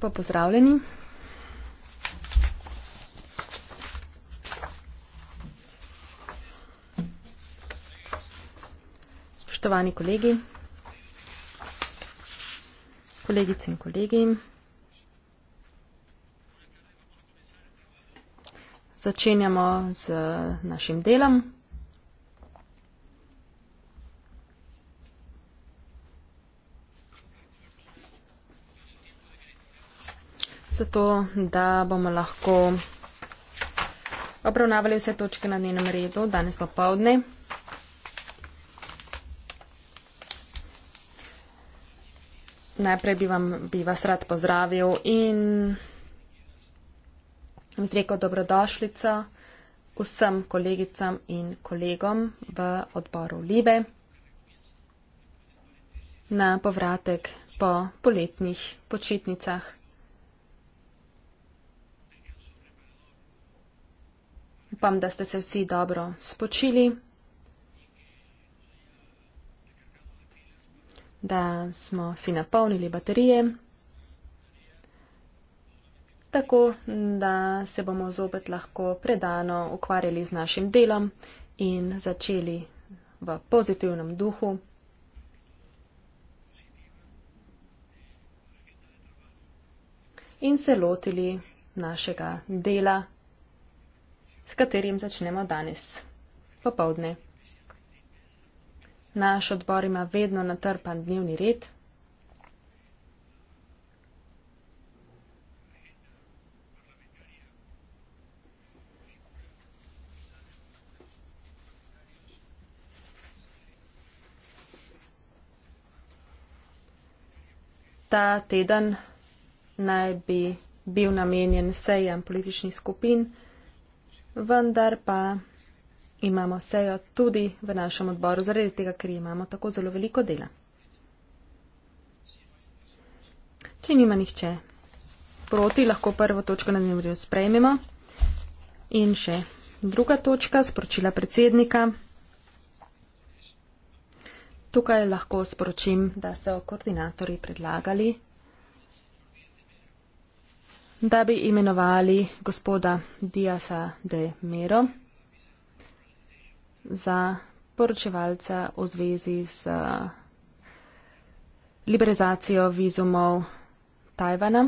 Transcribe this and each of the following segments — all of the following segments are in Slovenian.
Pa pozdravljeni. Spoštovani kolegi, kolegice in kolegi. Začenjamo z našim delom. za to, da bomo lahko obravnavali vse točke na njenem redu. Danes pa povdne. Najprej bi, vam, bi vas rad pozdravil in vam izrekel dobrodošlico vsem kolegicam in kolegom v odboru Libe na povratek po poletnih počitnicah. upam, da ste se vsi dobro spočili, da smo si napolnili baterije, tako da se bomo zopet lahko predano ukvarjali z našim delom in začeli v pozitivnem duhu. In se lotili našega dela s katerim začnemo danes, popovdne. Naš odbor ima vedno natrpan dnevni red. Ta teden naj bi bil namenjen sejam političnih skupin, vendar pa imamo sejo tudi v našem odboru, zaradi tega, ker imamo tako zelo veliko dela. Če nima nihče proti, lahko prvo točko na dnevni red sprejmemo. In še druga točka, sporočila predsednika. Tukaj lahko sporočim, da so koordinatorji predlagali da bi imenovali gospoda Diasa de Mero za poročevalca v zvezi z eh, liberalizacijo vizumov Tajvana.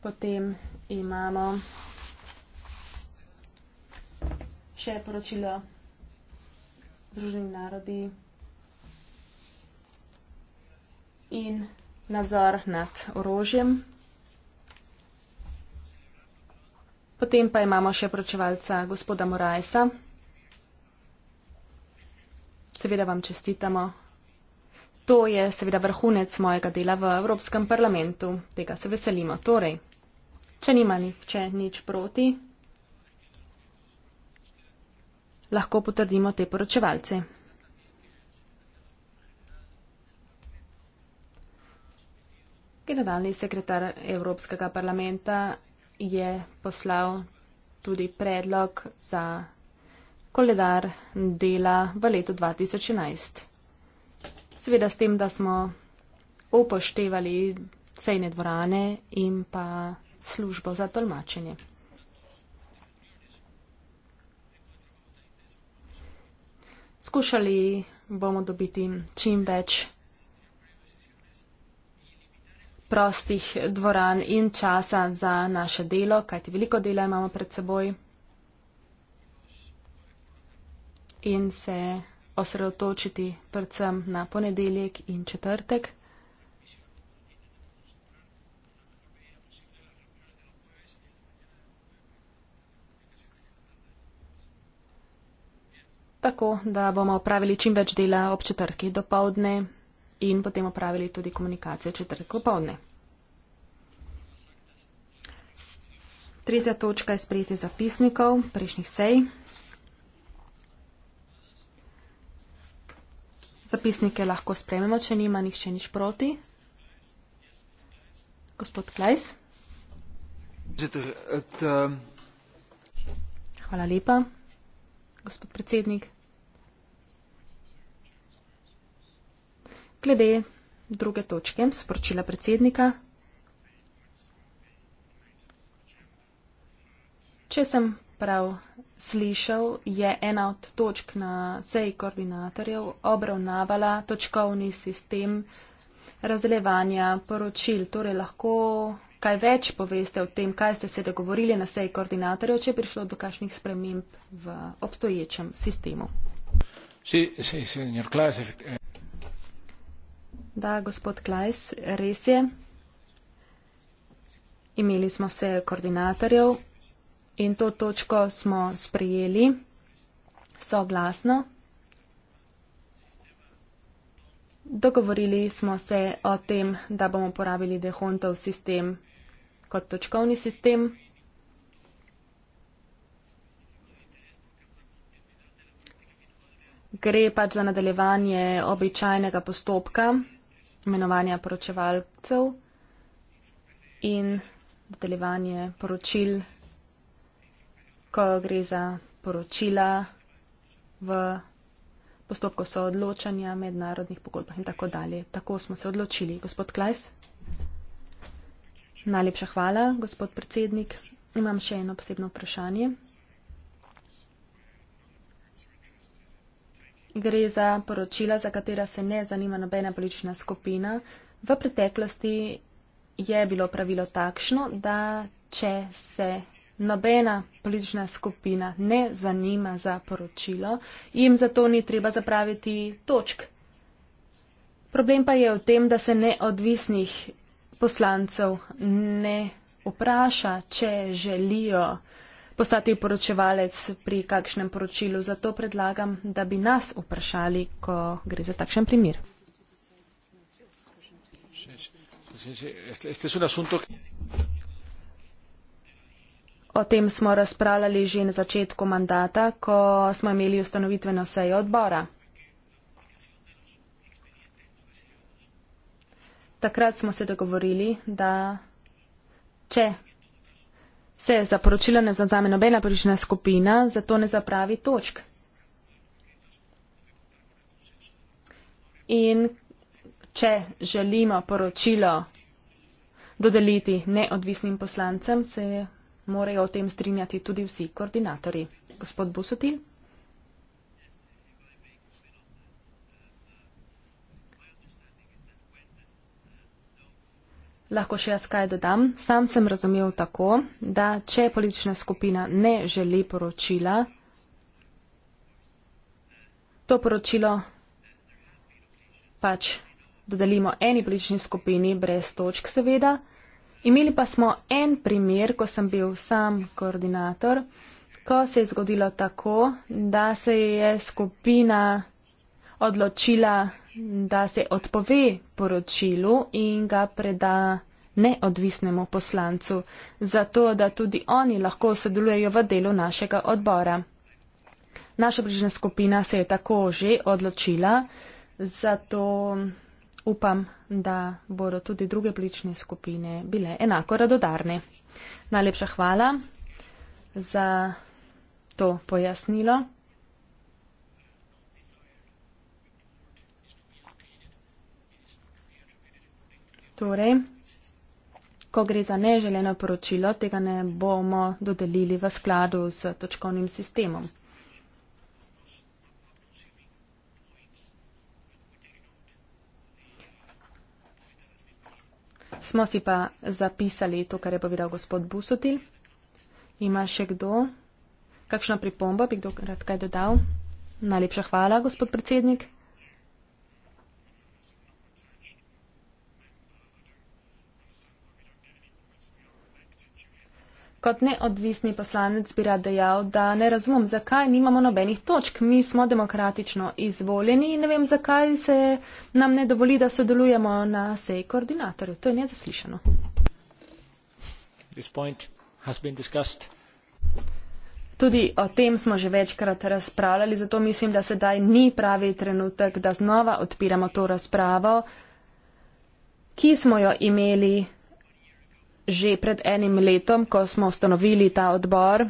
Potem imamo še poročilo Združenih narodi in nadzor nad orožjem. Potem pa imamo še pročevalca gospoda Morajsa. Seveda vam čestitamo. To je seveda vrhunec mojega dela v Evropskem parlamentu. Tega se veselimo. Torej, če nima nihče nič proti, lahko potrdimo te poročevalce. Generalni sekretar Evropskega parlamenta je poslal tudi predlog za koledar dela v letu 2011. Seveda s tem, da smo upoštevali cene dvorane in pa službo za tolmačenje. Skušali bomo dobiti čim več prostih dvoran in časa za naše delo, kajti veliko dela imamo pred seboj in se osredotočiti predvsem na ponedeljek in četrtek. Tako, da bomo opravili čim več dela ob četrtki do povdne in potem opravili tudi komunikacijo četrtek popovdne. Tretja točka je sprejetje zapisnikov prejšnjih sej. Zapisnike lahko sprememo, če nima nihče nič proti. Gospod Klajs. Eh, Hvala lepa, gospod predsednik. glede druge točke sporočila predsednika. Če sem prav slišal, je ena od točk na seji koordinatorjev obravnavala točkovni sistem razdelevanja poročil. Torej lahko kaj več poveste o tem, kaj ste se dogovorili na seji koordinatorjev, če je prišlo do kakšnih sprememb v obstoječem sistemu. Sí, sí, señor Klaas. Da, gospod Klajs, res je. Imeli smo se koordinatorjev in to točko smo sprejeli soglasno. Dogovorili smo se o tem, da bomo uporabili dehontov sistem kot točkovni sistem. Gre pač za nadaljevanje običajnega postopka imenovanja poročevalcev in dodeljevanje poročil, ko gre za poročila v postopku soodločanja, mednarodnih pogodbah in tako dalje. Tako smo se odločili. Gospod Klajs, najlepša hvala, gospod predsednik. Imam še eno posebno vprašanje. gre za poročila, za katera se ne zanima nobena politična skupina. V preteklosti je bilo pravilo takšno, da če se nobena politična skupina ne zanima za poročilo, jim zato ni treba zapraviti točk. Problem pa je v tem, da se neodvisnih poslancev ne vpraša, če želijo postati poročevalec pri kakšnem poročilu. Zato predlagam, da bi nas vprašali, ko gre za takšen primer. O tem smo razpravljali že na začetku mandata, ko smo imeli ustanovitveno sejo odbora. Takrat smo se dogovorili, da če Se za poročilo ne zavzame nobena prična skupina, zato ne zapravi točk. In če želimo poročilo dodeliti neodvisnim poslancem, se morajo o tem strinjati tudi vsi koordinatori. Gospod Busotil. Lahko še jaz kaj dodam. Sam sem razumel tako, da če politična skupina ne želi poročila, to poročilo pač dodelimo eni politični skupini, brez točk seveda. Imeli pa smo en primer, ko sem bil sam koordinator, ko se je zgodilo tako, da se je skupina odločila, da se odpove poročilu in ga preda neodvisnemu poslancu, zato da tudi oni lahko sodelujejo v delu našega odbora. Naša bližna skupina se je tako že odločila, zato upam, da bodo tudi druge blične skupine bile enako radodarne. Najlepša hvala za to pojasnilo. Torej, ko gre za neželeno poročilo, tega ne bomo dodelili v skladu s točkovnim sistemom. Smo si pa zapisali to, kar je povedal gospod Busotil. Ima še kdo? Kakšna pripomba bi kdo rad kaj dodal? Najlepša hvala, gospod predsednik. Kot neodvisni poslanec bi rad dejal, da ne razumem, zakaj nimamo nobenih točk. Mi smo demokratično izvoljeni in ne vem, zakaj se nam ne dovoli, da sodelujemo na seji koordinatorjev. To je nezaslišano. Tudi o tem smo že večkrat razpravljali, zato mislim, da sedaj ni pravi trenutek, da znova odpiramo to razpravo, ki smo jo imeli že pred enim letom, ko smo ustanovili ta odbor.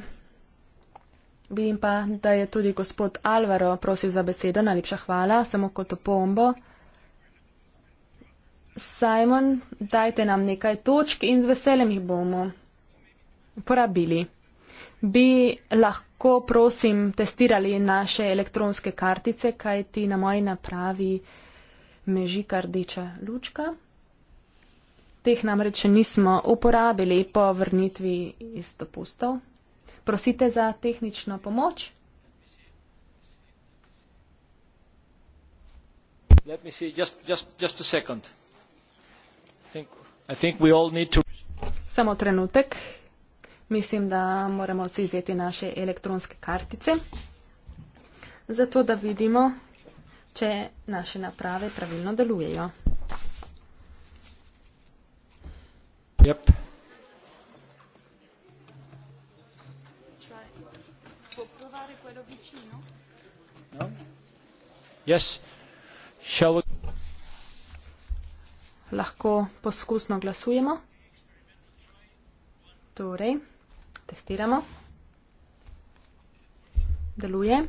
Vidim pa, da je tudi gospod Alvaro prosil za besedo. Najlepša hvala, samo kot opombo. Simon, dajte nam nekaj točk in z veseljem jih bomo porabili. Bi lahko, prosim, testirali naše elektronske kartice, kaj ti na moji napravi meži kardiča lučka. Teh namreč še nismo uporabili po vrnitvi iz dopustov. Prosite za tehnično pomoč. Samo trenutek. Mislim, da moramo vsi izjeti naše elektronske kartice, zato da vidimo, če naše naprave pravilno delujejo. Yep. No? Yes. Shall we... Lahko poskusno glasujemo. Torej, testiramo. Deluje.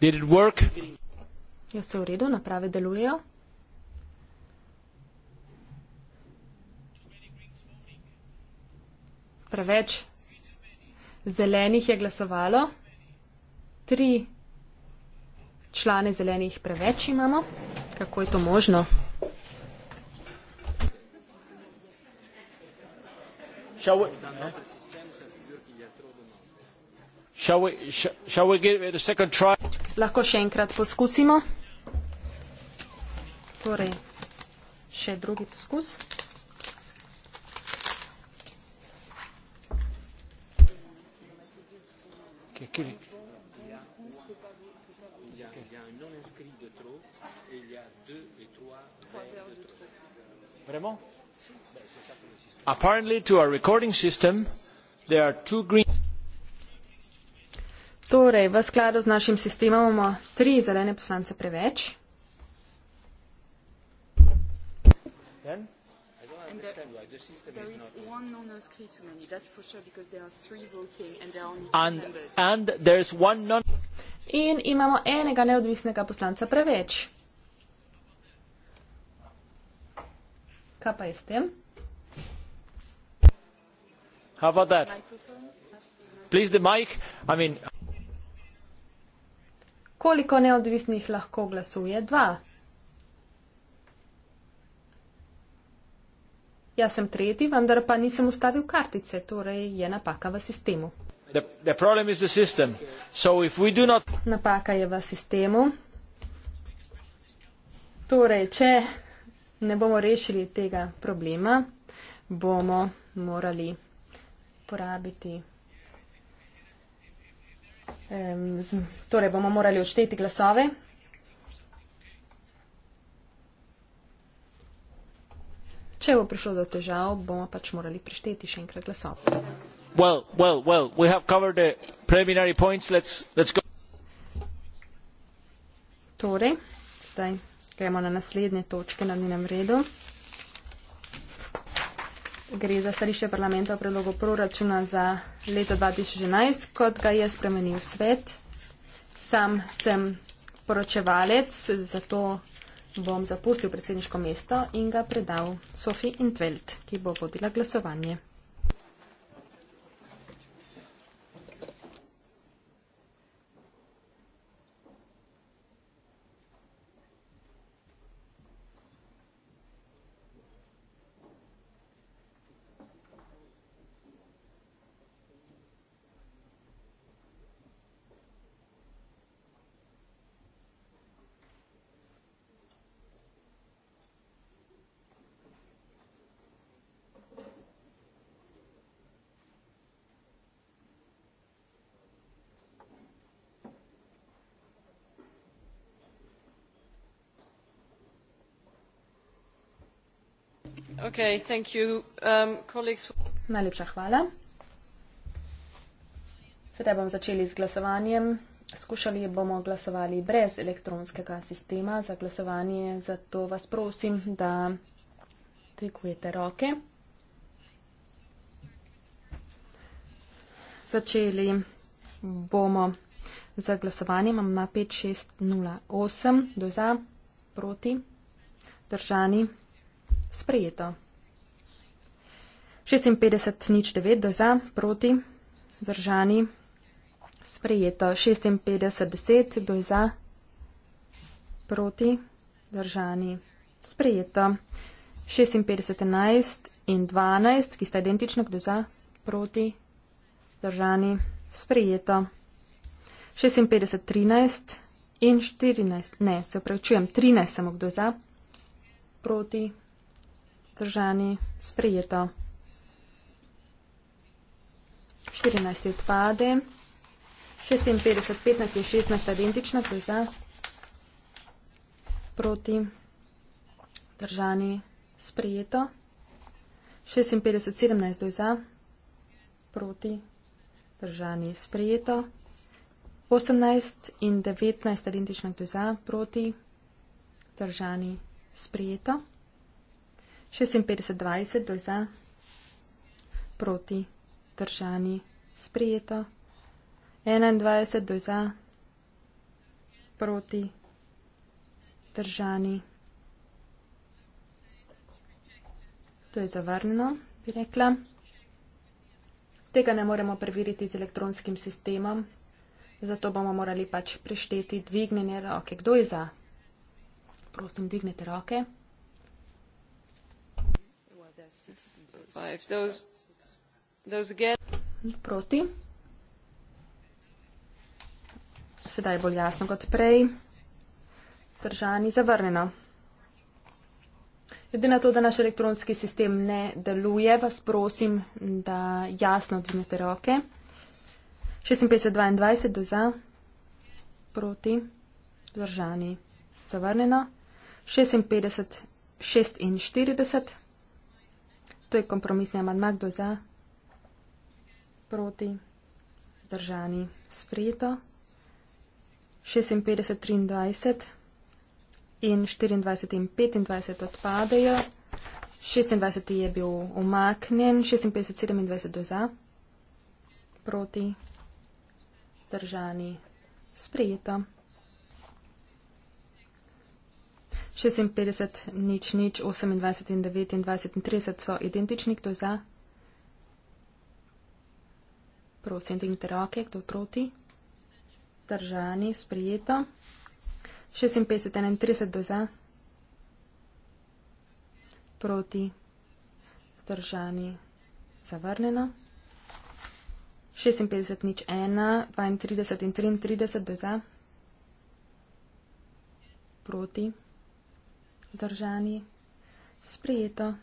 Did it work? Je ja, vse v redu, naprave delujejo. Preveč zelenih je glasovalo. Tri člane zelenih preveč imamo. Kako je to možno? Shall we, shall we, shall we give it a second try? lahko še enkrat poskusimo. Torej, še drugi poskus. Apparently to our recording system there are two green Torej, v skladu z našim sistemom imamo tri zelene poslance preveč. Then? In imamo enega neodvisnega poslanca preveč. Kaj pa je s tem? How about that? Please the mic. I mean, koliko neodvisnih lahko glasuje? Dva. Jaz sem tretji, vendar pa nisem ustavil kartice, torej je napaka v sistemu. The, the system. not... Napaka je v sistemu. Torej, če ne bomo rešili tega problema, bomo morali porabiti Torej bomo morali odšteti glasove. Če bo prišlo do težav, bomo pač morali prišteti še enkrat glasov. Well, well, well, we have covered the preliminary points, let's, let's go. Torej, zdaj gremo na naslednje točke na njenem redu. Gre za starišče parlamenta o predlogu proračuna za leto 2011, kot ga je spremenil svet. Sam sem poročevalec, zato bom zapustil predsedniško mesto in ga predal Sofi Intveld, ki bo vodila glasovanje. Okay, thank you. Um, colleagues... Najlepša hvala. Sedaj bom začeli z glasovanjem. Skušali bomo glasovali brez elektronskega sistema za glasovanje, zato vas prosim, da trikujete roke. Začeli bomo z glasovanjem. Imam na 5608 do za, proti, držani, sprejeta. 56 nič 9 do za, proti, zdržani, sprejeta. 56 10 do za, proti, zdržani, sprejeta. 56 11 in 12, ki sta identična, kdo za, proti, zdržani, sprejeta. 56 13 in 14, ne, se pravčujem, 13 samo kdo za, proti, zdržani vzdržani, sprijeto. 14 odpade, 56, 15 in 16 identična, to je za, proti, držani, sprijeto. 56, 17, to je za, proti, držani, sprijeto. 18 in 19 identična, to je za, proti, držani, sprijeto. 56-20, to je za, proti, držani, sprijeto. 21, to je za, proti, držani, to je zavrnjeno, bi rekla. Tega ne moremo preveriti z elektronskim sistemom, zato bomo morali pač prešteti dvignjene roke. Kdo je za? Prosim, dvignite roke. Proti. Sedaj je bolj jasno kot prej. Držani zavrnjeno. Glede na to, da naš elektronski sistem ne deluje, vas prosim, da jasno dvignete roke. 56.22 do za, proti, držani, zavrnjeno. 56.46. To je kompromisni amadma, kdo za, proti, zdržani, sprejeto. 56, 23 in 24 in 25 odpadejo. 26 je bil umaknjen, 56, 27 do za, proti, zdržani, sprejeto. 56, nič, nič, 28 in 29 in 30 so identični, kdo za? Prosim, dignite roke, kdo proti? Držani, sprijeto. 56, 31, kdo za? Proti, zdržani, zavrnjeno. 56, nič, 1, 32 in 33, kdo za? Proti. Vzdržani. Sprijeto.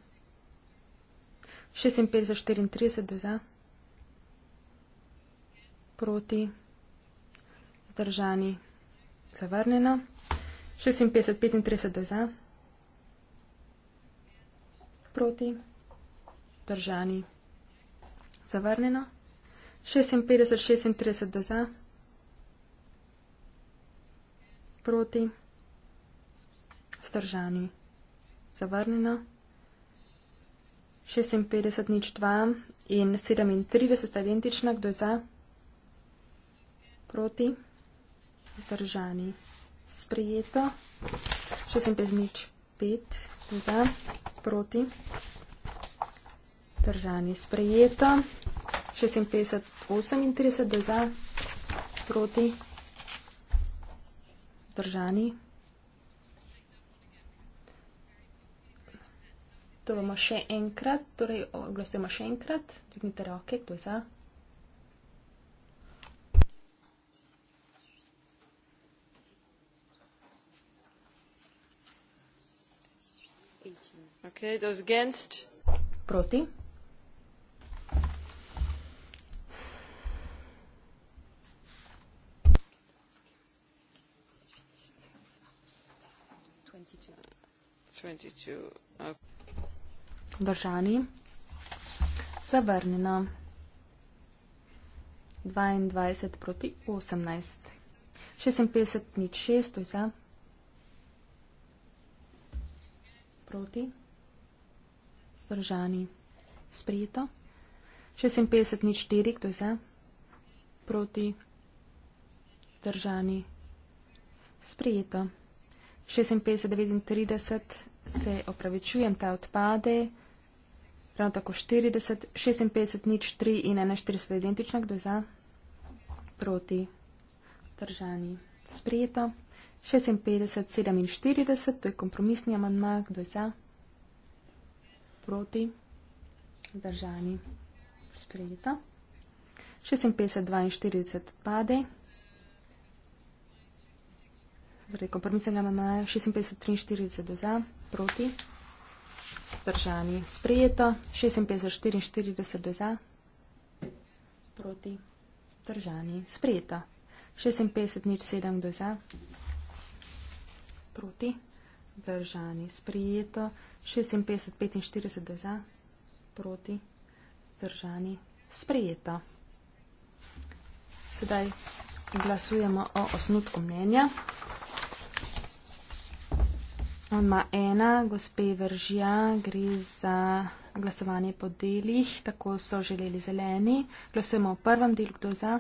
56-34 za. Proti. Vzdržani. Zavrnjeno. 56-35 za. Proti. Vzdržani. Zavrnjeno. 56-36 za. Proti stržani. Zavrnjeno. 56 nič 2 in 37 sta identična, kdo je za? Proti. Zdržani. Sprijeto. 56 nič 5, kdo je za? Proti. Zdržani. Sprijeto. 56, 38, kdo je za? Proti. Zdržani. Zdržani. To bomo še enkrat, torej oglasujemo še enkrat, dvignite roke, kdo je za. Okay, those against. Proti. Twenty-two. Twenty-two. Okay vprašanji. Zavrnjeno. 22 proti 18. 56 nič 6, to je za. Proti. Vzdržani. Sprijeto. 56 nič 4, to je za. Proti. Vzdržani. Sprijeto. 56 39 se opravičujem, ta odpade. Ravno tako 40, 56, nič, 3 in 41 identična, kdo za? Proti. Držani. Sprijeta. 56, 47, to je kompromisni amandma, kdo je za? Proti. Držani. Sprijeta. 56, 42 odpade. Torej, kompromisni amandma je 56, 43, kdo je za? Proti vzdržani. Sprejeto 56-44 za, proti vzdržani. Sprejeto 56-07 za, proti vzdržani. Sprejeto 56-45 za, proti vzdržani. Sprejeto. Sedaj glasujemo o osnutku mnenja. Ma ena, gospe Veržja, gre za glasovanje po delih, tako so želeli zeleni. Glasujemo v prvem delu, kdo za?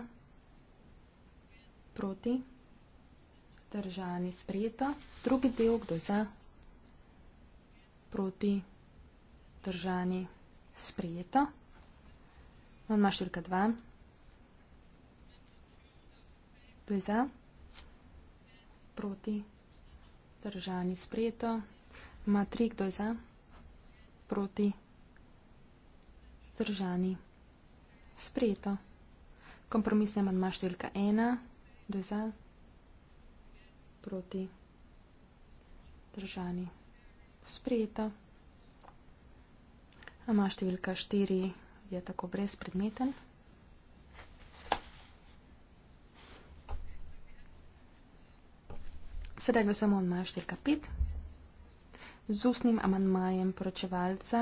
Proti. Držani sprejeto. Drugi del, kdo za? Proti. Držani sprejeto. Ma številka dva. Kdo je za? Proti. Vzdržani sprejeto. Ma tri, kdo je za? Proti. Vzdržani. Sprejeto. Kompromisne manjma številka ena. Kdo je za? Proti. Vzdržani. Sprejeto. Ama številka 4 je tako brezpredmeten. Sedaj glasujemo na številka 5 z ustnim amantmajem poročevalca.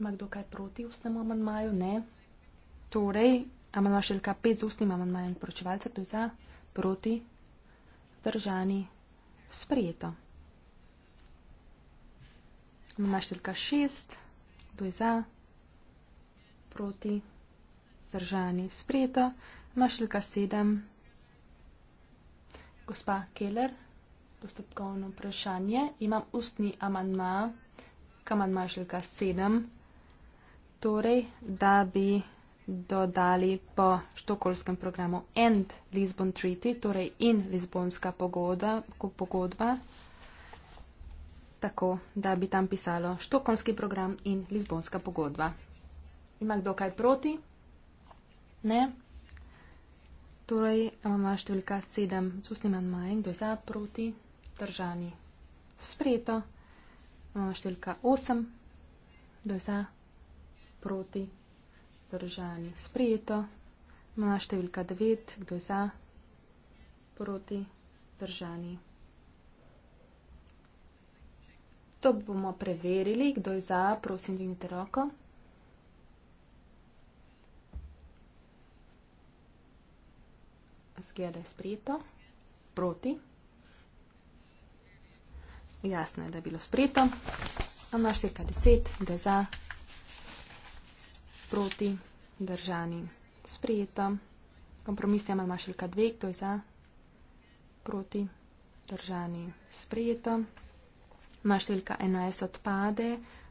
Ima kdo kaj proti ustnemu amantmaju? Ne. Torej, amantma številka 5 z ustnim amantmajem poročevalca, kdo za, proti, držani, sprejeto. Amantma številka 6, kdo je za, proti, držani, sprejeto. Amantma številka 7. Gospa Keller, postopkovno vprašanje. Imam ustni amandma, kamen mašljka 7, torej, da bi dodali po štokolskem programu End Lisbon Treaty, torej in Lisbonska pogoda, pogodba, tako, da bi tam pisalo štokolski program in Lisbonska pogodba. Ima kdo kaj proti? Ne. Torej, amandma številka 7, odsustni amandmaj, kdo je za, proti, držani. Sprejeto. Amandma številka 8, kdo je za, proti, držani. Sprejeto. Amandma številka 9, kdo je za, proti, držani. To bomo preverili, kdo je za, prosim, dvignite roko. zgleda spreto. Proti. Jasno je, da je bilo spreto. Ampak številka 10, da je za. Proti. Držani. Sprejeto. Kompromisna ima številka 2, to je za. Proti. Držani. Sprejeto. Številka 11 odpade.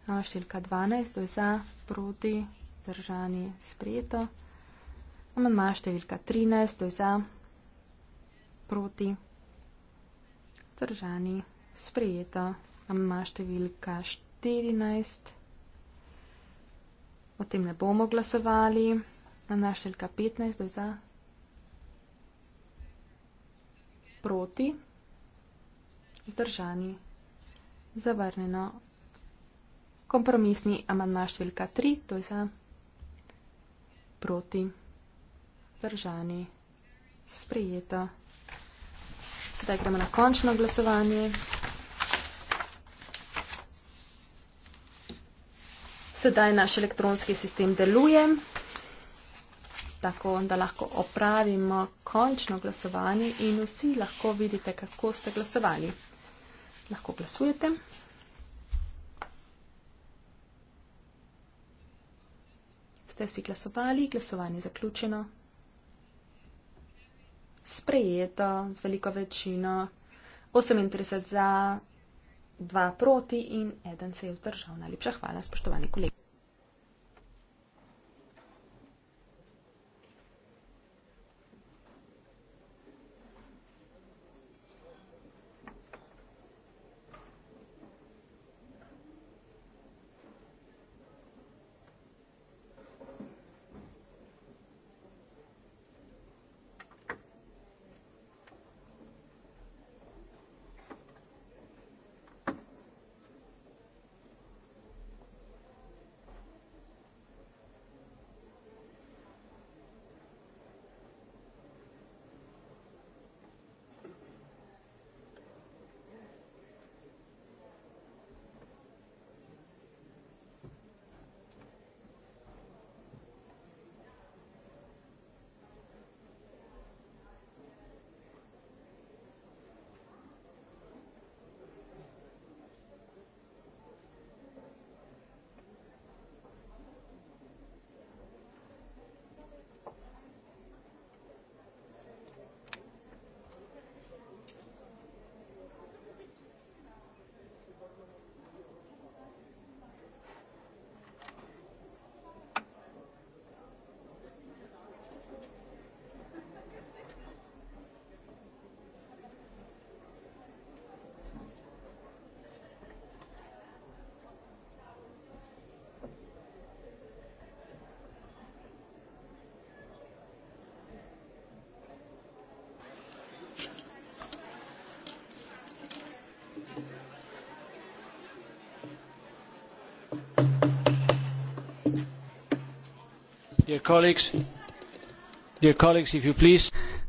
Številka 12, to je za. Proti. Držani. Sprejeto. Amandma številka 13, to je za proti, vzdržani, sprejeta, amma številka 14. O tem ne bomo glasovali, amma številka 15, doj za, proti, vzdržani, zavrnjeno, kompromisni, amma številka 3, doj za, proti, vzdržani, sprejeta. Sedaj gremo na končno glasovanje. Sedaj naš elektronski sistem deluje, tako da lahko opravimo končno glasovanje in vsi lahko vidite, kako ste glasovali. Lahko glasujete. Ste vsi glasovali, glasovanje je zaključeno sprejeta z veliko večino 38 za, 2 proti in eden se je vzdržal. Najlepša hvala, spoštovani kolegi.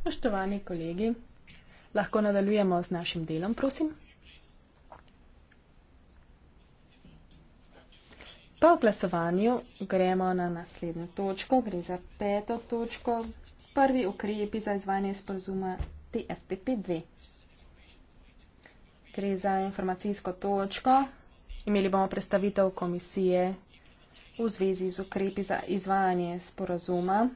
Poštovani kolegi, lahko nadaljujemo z našim delom, prosim. Po glasovanju gremo na naslednjo točko, gre za peto točko, prvi ukrepi za izvajanje sporozuma TFTP2. Gre za informacijsko točko. Imeli bomo predstavitev komisije v zvezi z ukrepi za izvajanje sporazuma.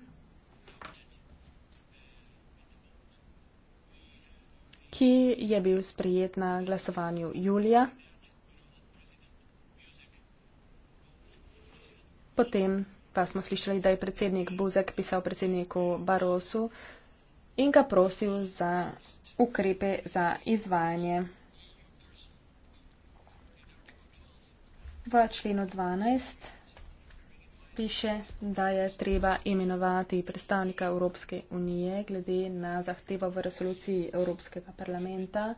ki je bil sprejet na glasovanju julija. Potem pa smo slišali, da je predsednik Buzek pisal predsedniku Barosu in ga prosil za ukrepe za izvajanje. V členu 12 piše, da je treba imenovati predstavnika Evropske unije glede na zahtevo v resoluciji Evropskega parlamenta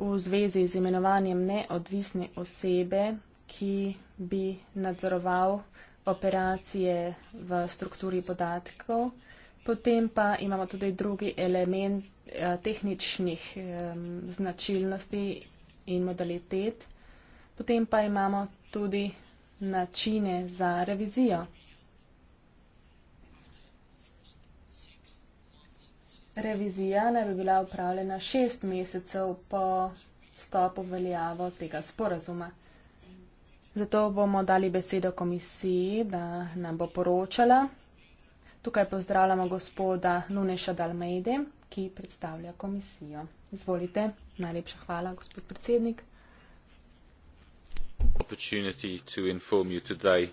v zvezi z imenovanjem neodvisne osebe, ki bi nadzoroval operacije v strukturi podatkov. Potem pa imamo tudi drugi element eh, tehničnih eh, značilnosti in modalitet. Potem pa imamo tudi načine za revizijo. Revizija naj bi bila upravljena šest mesecev po vstopu veljavo tega sporazuma. Zato bomo dali besedo komisiji, da nam bo poročala. Tukaj pozdravljamo gospoda Nuneša Dalmejde, ki predstavlja komisijo. Izvolite, najlepša hvala, gospod predsednik opportunity to inform you today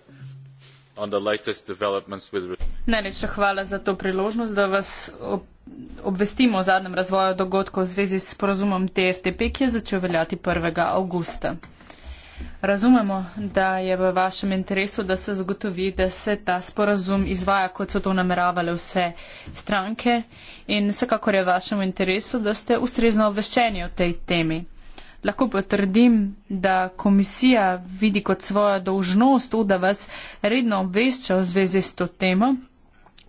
on the latest developments with Najlepša hvala za to priložnost, da vas obvestimo o zadnjem razvoju dogodkov v zvezi s porazumom TFTP, ki je začel veljati 1. augusta. Razumemo, da je v vašem interesu, da se zagotovi, da se ta sporazum izvaja, kot so to nameravale vse stranke in vsekakor je v vašem interesu, da ste ustrezno obveščeni o tej temi. Lahko pa trdim, da komisija vidi kot svojo dolžnost to, da vas redno obvešča v zvezi s to temo.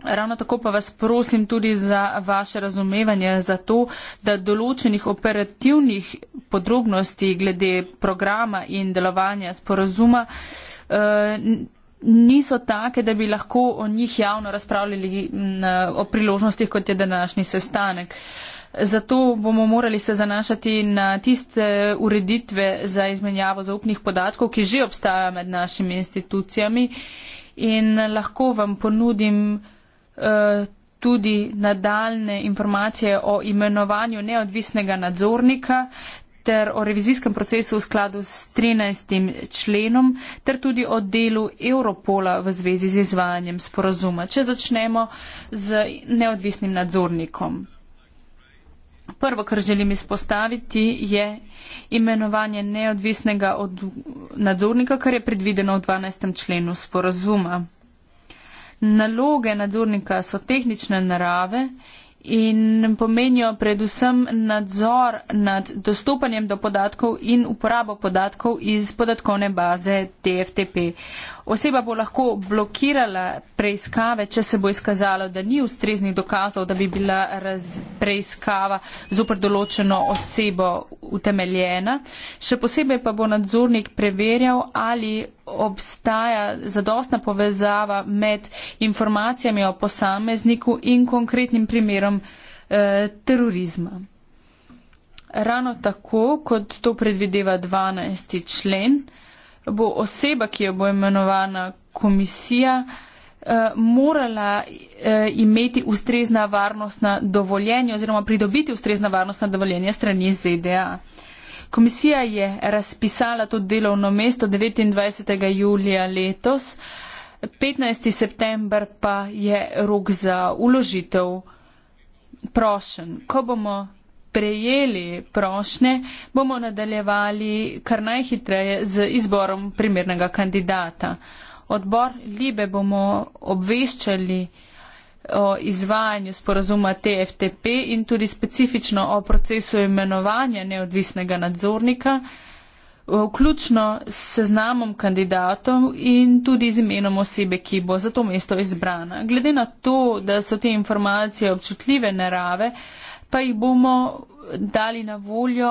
Ravno tako pa vas prosim tudi za vaše razumevanje za to, da določenih operativnih podrobnosti glede programa in delovanja sporazuma eh, niso take, da bi lahko o njih javno razpravljali na, mm, eh, o priložnostih, kot je današnji sestanek. Zato bomo morali se zanašati na tiste ureditve za izmenjavo zaupnih podatkov, ki že obstajajo med našimi institucijami in lahko vam ponudim uh, tudi nadaljne informacije o imenovanju neodvisnega nadzornika ter o revizijskem procesu v skladu s 13. členom ter tudi o delu Europola v zvezi z izvajanjem sporazuma. Če začnemo z neodvisnim nadzornikom. Prvo, kar želim izpostaviti, je imenovanje neodvisnega nadzornika, kar je predvideno v 12. členu sporazuma. Naloge nadzornika so tehnične narave in pomenijo predvsem nadzor nad dostopanjem do podatkov in uporabo podatkov iz podatkovne baze TFTP. Oseba bo lahko blokirala preiskave, če se bo izkazalo, da ni ustreznih dokazov, da bi bila preiskava zoper določeno osebo utemeljena. Še posebej pa bo nadzornik preverjal, ali obstaja zadostna povezava med informacijami o posamezniku in konkretnim primerom eh, terorizma. Ravno tako, kot to predvideva 12. člen, eh, bo oseba, ki jo bo imenovana komisija, eh, morala eh, imeti ustrezna varnostna dovoljenja oziroma pridobiti ustrezna varnostna dovoljenja strani ZDA. Komisija je razpisala to delovno mesto 29. julija letos, 15. september pa je rok za uložitev prošen. Ko bomo prejeli prošnje, bomo nadaljevali kar najhitreje z izborom primernega kandidata. Odbor Libe bomo obveščali o izvajanju sporazuma TFTP in tudi specifično o procesu imenovanja neodvisnega nadzornika, vključno s seznamom kandidatov in tudi z imenom osebe, ki bo za to mesto izbrana. Glede na to, da so te informacije občutljive narave, pa jih bomo dali na voljo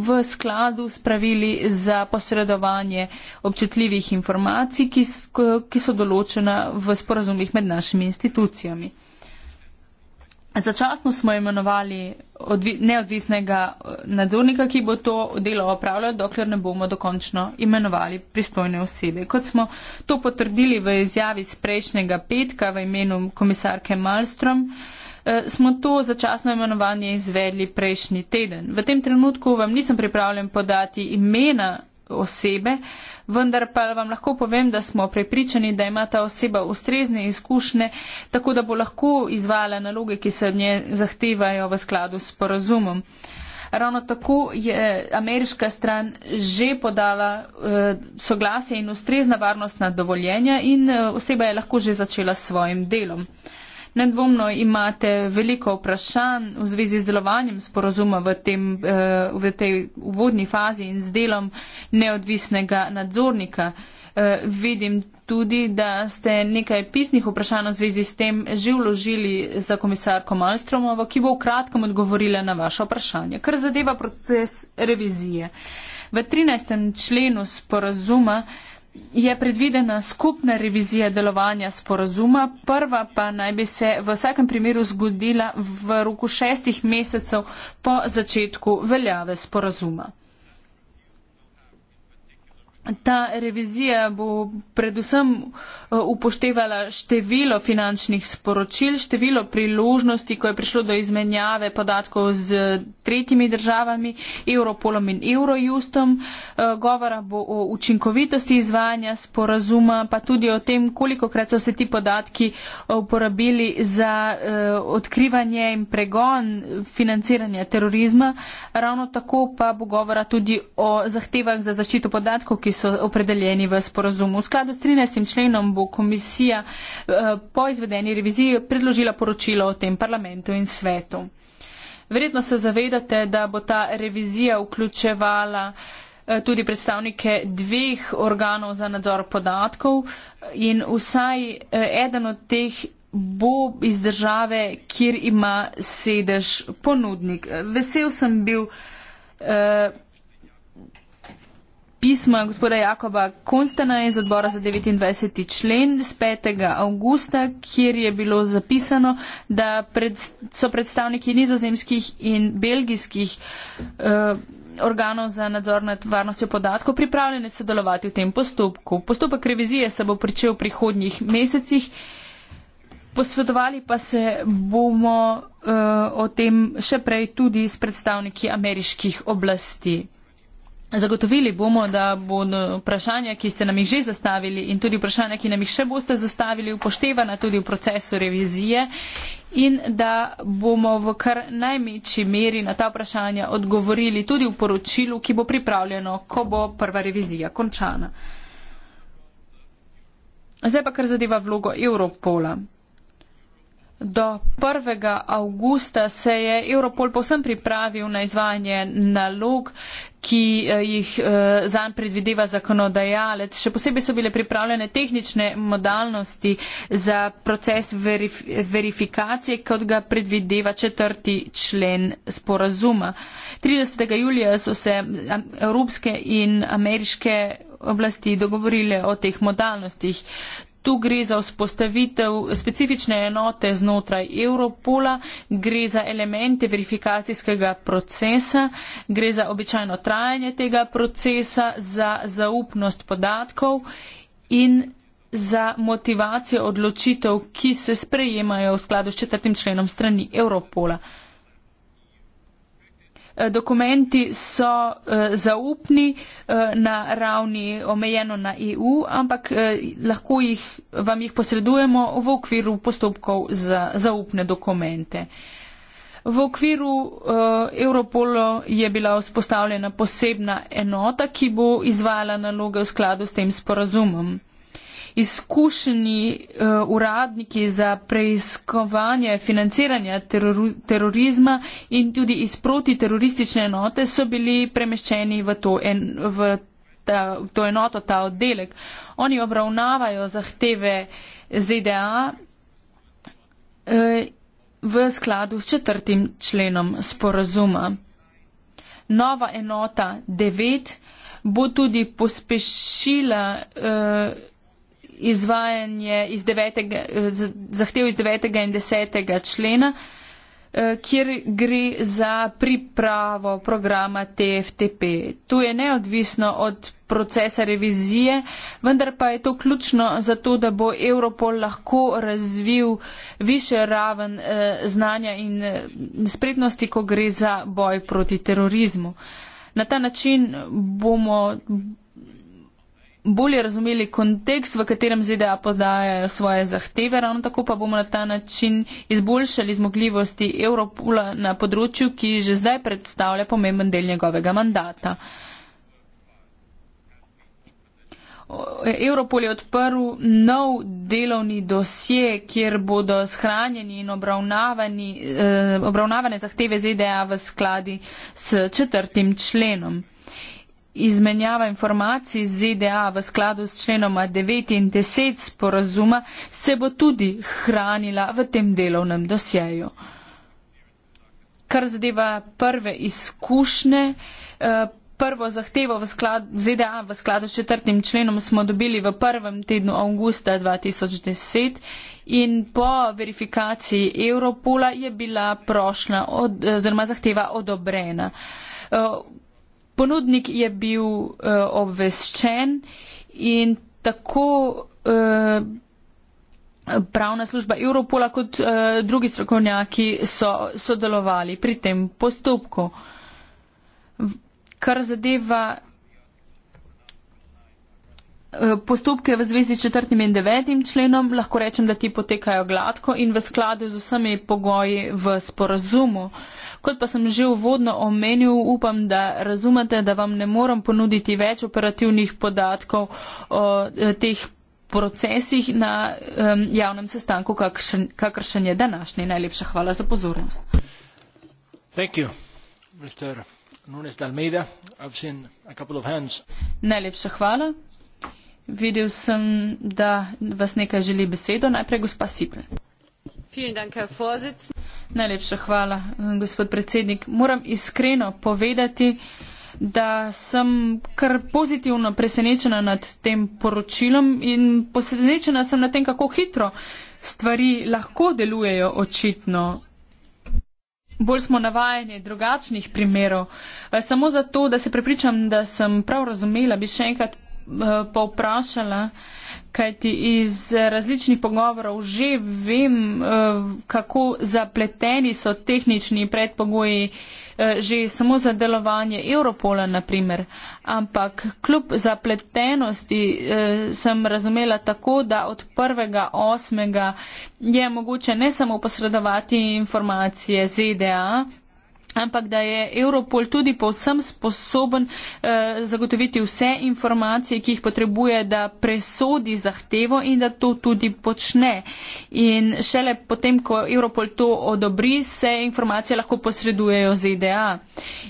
v skladu s pravili za posredovanje občutljivih informacij, ki so določena v sporazumih med našimi institucijami. Začasno smo imenovali neodvisnega eh, nadzornika, ki bo to delo opravljal, dokler ne bomo dokončno imenovali pristojne osebe. Kot smo to potrdili v izjavi z prejšnjega petka v imenu komisarke Malstrom, uh, Eh, smo to začasno imenovanje izvedli prejšnji teden. V tem trenutku vam nisem pripravljen podati imena osebe, vendar pa vam lahko povem, da smo prepričani, da ima ta oseba ustrezne izkušnje, tako da bo lahko izvala naloge, ki se od nje zahtevajo v skladu s porazumom. Ravno tako je ameriška stran že podala eh, soglasje in ustrezna varnostna dovoljenja in eh, oseba je lahko že začela s svojim delom. Eh, Nedvomno imate veliko vprašanj v zvezi z delovanjem sporozuma v, tem, eh, v tej uvodni fazi in z delom neodvisnega nadzornika. Eh, vidim tudi, da ste nekaj pisnih vprašanj v zvezi s tem že vložili za komisarko Malstromovo, ki bo v kratkem odgovorila na vaše vprašanje, kar zadeva proces revizije. V 13. členu sporozuma je predvidena skupna revizija delovanja sporazuma, prva pa naj bi se v vsakem primeru zgodila v roku šestih mesecev po začetku veljave sporazuma. Ta revizija bo predvsem eh, upoštevala število finančnih sporočil, število priložnosti, ko je prišlo do izmenjave podatkov z eh, tretjimi državami, Europolom in Eurojustom. Eh, govora bo o učinkovitosti izvajanja sporazuma, pa tudi o tem, kolikokrat so se ti podatki uporabili za odkrivanje in pregon financiranja terorizma. Ravno tako pa bo govora tudi o zahtevah za zaščito podatkov, so opredeljeni v sporozumu. V skladu s 13. členom bo komisija eh, po izvedeni reviziji predložila poročilo o tem parlamentu in svetu. Verjetno se zavedate, da bo ta revizija vključevala eh, tudi predstavnike dveh organov za nadzor podatkov in vsaj eh, eden od teh bo iz države, kjer ima sedež ponudnik. Vesel sem bil, pisma gospoda Jakoba Konstana iz odbora za 29. člen z 5. augusta, kjer je bilo zapisano, da pred, so predstavniki nizozemskih in belgijskih uh, organov za nadzor nad varnostjo podatkov pripravljeni sodelovati v tem postopku. Postopek revizije se bo pričel v prihodnjih mesecih. Posvetovali pa se bomo uh, o tem še prej tudi s predstavniki ameriških oblasti. Zagotovili bomo, da bodo vprašanja, ki ste nam jih že zastavili in tudi vprašanja, ki nam jih še boste zastavili, upoštevana tudi v procesu revizije in da bomo v kar največji meri na ta vprašanja odgovorili tudi v poročilu, ki bo pripravljeno, ko bo prva revizija končana. Zdaj pa kar zadeva vlogo Europola. Do 1. avgusta se je Europol povsem pripravil na izvajanje nalog, ki eh, jih eh, zanj predvideva zakonodajalec. Še posebej so bile pripravljene tehnične modalnosti za proces verif verifikacije, kot ga predvideva četrti člen sporazuma. 30. julija so se eh, evropske in ameriške oblasti dogovorile o teh modalnostih. Tu gre za vzpostavitev specifične enote znotraj Europola, gre za elemente verifikacijskega procesa, gre za običajno trajanje tega procesa, za zaupnost podatkov in za motivacijo odločitev, ki se sprejemajo v skladu s četrtim členom strani Europola. Eh, dokumenti so eh, zaupni eh, na ravni omejeno na EU, ampak lahko jih, vam jih posredujemo v okviru postopkov za zaupne dokumente. V okviru uh, Europolo je bila vzpostavljena posebna enota, ki bo izvajala naloge v skladu s tem sporazumom izkušeni uh, uradniki za preiskovanje financiranja teroru, terorizma in tudi iz protiteroristične enote so bili premeščeni v to, en, v ta, v to enoto, ta oddelek. Oni obravnavajo zahteve ZDA uh, eh, v skladu s četrtim členom sporazuma. Nova enota 9 bo tudi pospešila uh, izvajanje iz devetega, zahtev iz 9. in 10. člena, eh, kjer gre za pripravo programa TFTP. To je neodvisno od procesa revizije, vendar pa je to ključno za to, da bo Europol lahko razvil više raven eh, znanja in eh, spretnosti, ko gre za boj proti terorizmu. Na ta način bomo bolje razumeli kontekst, v katerem ZDA podajajo svoje zahteve, ravno tako pa bomo na ta način izboljšali zmogljivosti Evropula na področju, ki že zdaj predstavlja pomemben del njegovega mandata. Evropol je odprl nov delovni dosje, kjer bodo shranjeni in eh, obravnavane zahteve ZDA v skladi s četrtim členom izmenjava informacij z ZDA v skladu s členoma 9 in 10 sporazuma se bo tudi hranila v tem delovnem dosjeju. Kar zadeva prve izkušnje, eh, prvo zahtevo v sklad, ZDA v skladu s četrtim členom smo dobili v prvem tednu avgusta 2010 in po verifikaciji Europola je bila prošla, od, eh, oziroma zahteva odobrena. Eh, Ponudnik je bil uh, obveščen in tako uh, pravna služba Europola kot uh, drugi strokovnjaki so sodelovali pri tem postopku. V, kar zadeva Eh, postopke v zvezi s četrtim in devetim členom, lahko rečem, da ti potekajo gladko in v skladu z vsemi pogoji v sporazumu. Kot pa sem že uvodno omenil, upam, da razumete, da vam ne moram ponuditi več operativnih podatkov o eh, teh procesih na um, javnem sestanku, kakšen, kakršen je današnji. Najlepša hvala za pozornost. Thank you, Mr. Nunes de Almeida. I've seen a couple of hands. Najlepša hvala. Videl sem, da vas nekaj želi besedo. Najprej gospa Sipl. Najlepša hvala, gospod predsednik. Moram iskreno povedati, da sem kar pozitivno presenečena nad tem poročilom in presenečena sem nad tem, kako hitro stvari lahko delujejo očitno. Bolj smo navajeni drugačnih primerov. Samo zato, da se prepričam, da sem prav razumela, bi še enkrat Eh, povprašala, kajti iz različnih pogovorov že vem, eh, kako zapleteni so tehnični predpogoji eh, že samo za delovanje Europola, naprimer. Ampak kljub zapletenosti sem razumela tako, da od 1. 8. je mogoče ne samo posredovati informacije ZDA, ampak da je Europol tudi povsem sposoben eh, zagotoviti vse informacije, ki jih potrebuje, da presodi zahtevo in da to tudi počne. In šele potem, ko Europol to odobri, se informacije lahko posredujejo ZDA.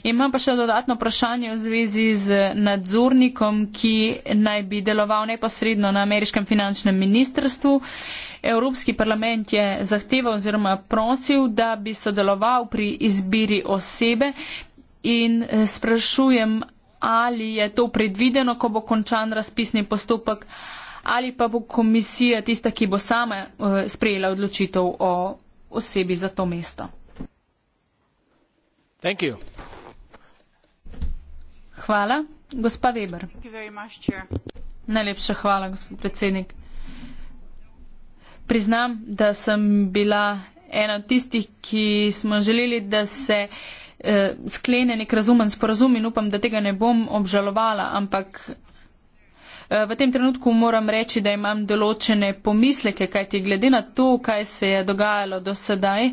Imam pa še dodatno vprašanje v zvezi z nadzornikom, ki naj bi deloval neposredno na ameriškem finančnem ministrstvu. Eh, Evropski parlament je zahteval oziroma prosil, da bi sodeloval pri izbiri osebe in eh, sprašujem, ali je to predvideno, ko bo končan razpisni postopek ali pa bo komisija tista, ki bo sama eh, sprejela odločitev o osebi za to mesto. Thank you. Hvala. Gospa Weber. Najlepša hvala, gospod predsednik. Priznam, da sem bila ena od tistih, ki smo želeli, da se eh, sklene nek razumen sporazum in upam, da tega ne bom obžalovala, ampak eh, v tem trenutku moram reči, da imam določene pomisleke, kajti glede na to, kaj se je dogajalo do sedaj,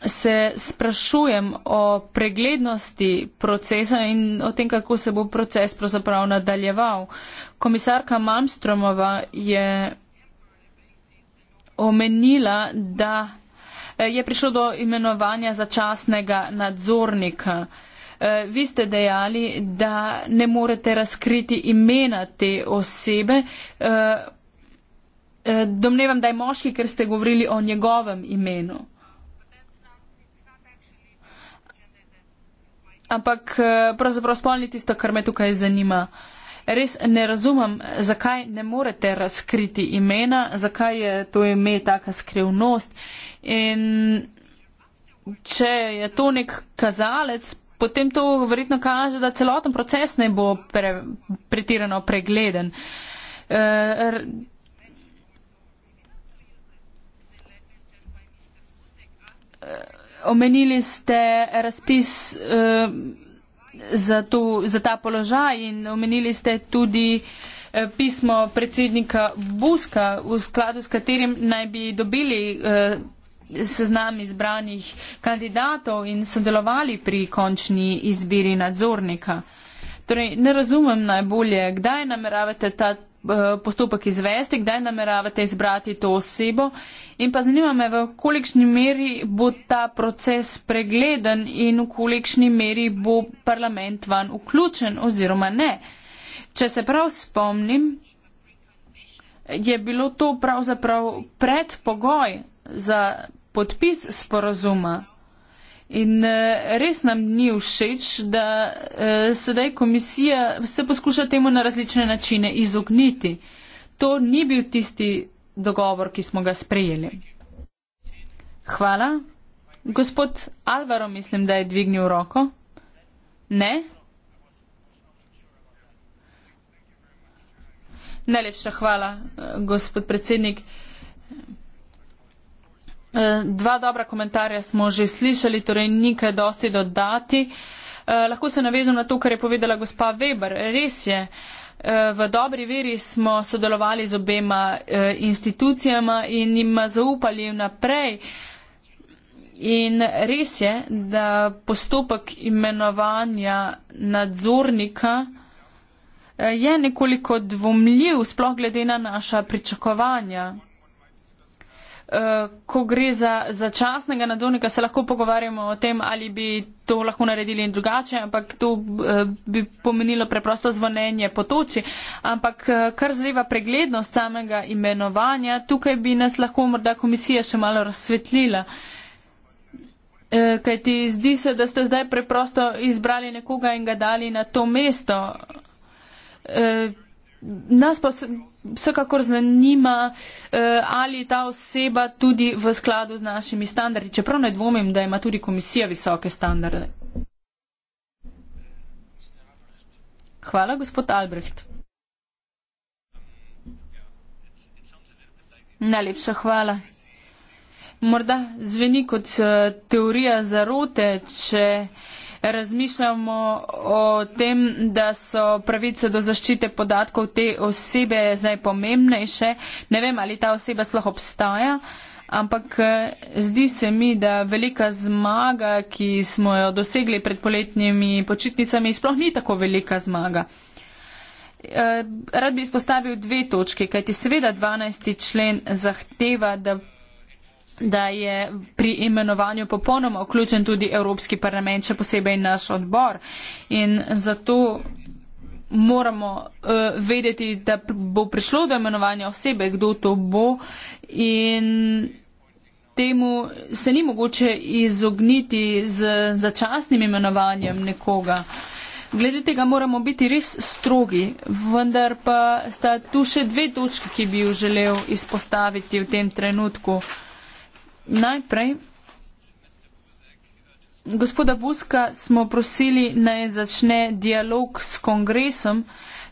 se sprašujem o preglednosti procesa in o tem, kako se bo proces pravzaprav nadaljeval. Komisarka Malmstromova je omenila, da eh, je prišlo do imenovanja začasnega nadzornika. Eh, vi ste dejali, da ne morete razkriti imena te osebe. Eh, domnevam, da je moški, ker ste govorili o njegovem imenu. Ampak pravzaprav spolni tisto, kar me tukaj zanima. Uh, res ne razumem, zakaj ne morete razkriti imena, zakaj je to ime taka skrivnost. In če je to nek kazalec, potem to verjetno kaže, da celoten proces ne bo pre, pretirano pregleden. Er, Omenili ste razpis eh, za, to, za ta položaj in omenili ste tudi eh, pismo predsednika Buska, v skladu s katerim naj bi dobili eh, seznam izbranih kandidatov in sodelovali pri končni izbiri nadzornika. Torej, ne razumem najbolje, kdaj nameravate ta Eh, postopek izvesti, kdaj nameravate izbrati to osebo in pa zanima me, v kolikšni meri bo ta proces pregleden in v kolikšni meri bo parlament van vključen oziroma ne. Če se prav spomnim, je bilo to pravzaprav predpogoj za podpis sporozuma. In eh, res nam ni všeč, da eh, sedaj komisija vse poskuša temu na različne načine izogniti. To ni bil tisti dogovor, ki smo ga sprejeli. Hvala. Gospod Alvaro, mislim, da je dvignil roko. Ne? Najlepša hvala, eh, gospod predsednik. E, dva dobra komentarja smo že slišali, torej nikaj dosti dodati. E, lahko se navežem na to, kar je povedala gospa Weber. Res je, e, v dobri veri smo sodelovali z obema institucijama in jim zaupali naprej. In res je, da postopek imenovanja nadzornika je nekoliko dvomljiv, sploh glede na naša pričakovanja ko gre za začasnega nadzornika, se lahko pogovarjamo o tem, ali bi to lahko naredili in drugače, ampak to eh, bi pomenilo preprosto zvonjenje potoči. Ampak eh, kar zadeva preglednost samega imenovanja, tukaj bi nas lahko morda komisija še malo razsvetlila. Eh, Kaj ti zdi se, da ste zdaj preprosto izbrali nekoga in ga dali na to mesto? Nas pa vsekakor zanima, eh, ali je ta oseba tudi v skladu z našimi standardi, čeprav ne dvomim, da ima tudi komisija visoke standarde. Hvala, gospod Albrecht. Najlepša hvala. Morda zveni kot eh, teorija zarote, če razmišljamo o tem, da so pravice do zaščite podatkov te osebe zdaj pomembnejše. Ne vem, ali ta oseba sploh obstaja, ampak eh, zdi se mi, da velika zmaga, ki smo jo dosegli pred poletnimi počitnicami, sploh ni tako velika zmaga. Eh, rad bi izpostavil dve točke, kajti seveda 12. člen zahteva, da da je pri imenovanju popolnoma vključen tudi Evropski parlament, še posebej naš odbor. In zato moramo uh, vedeti, da bo prišlo do imenovanja osebe, kdo to bo in temu se ni mogoče izogniti z začasnim imenovanjem nekoga. Glede tega moramo biti res strogi, vendar pa sta tu še dve točke, ki bi jo želel izpostaviti v tem trenutku. Uh, Najprej, gospoda Buska smo prosili, naj začne dialog s kongresom,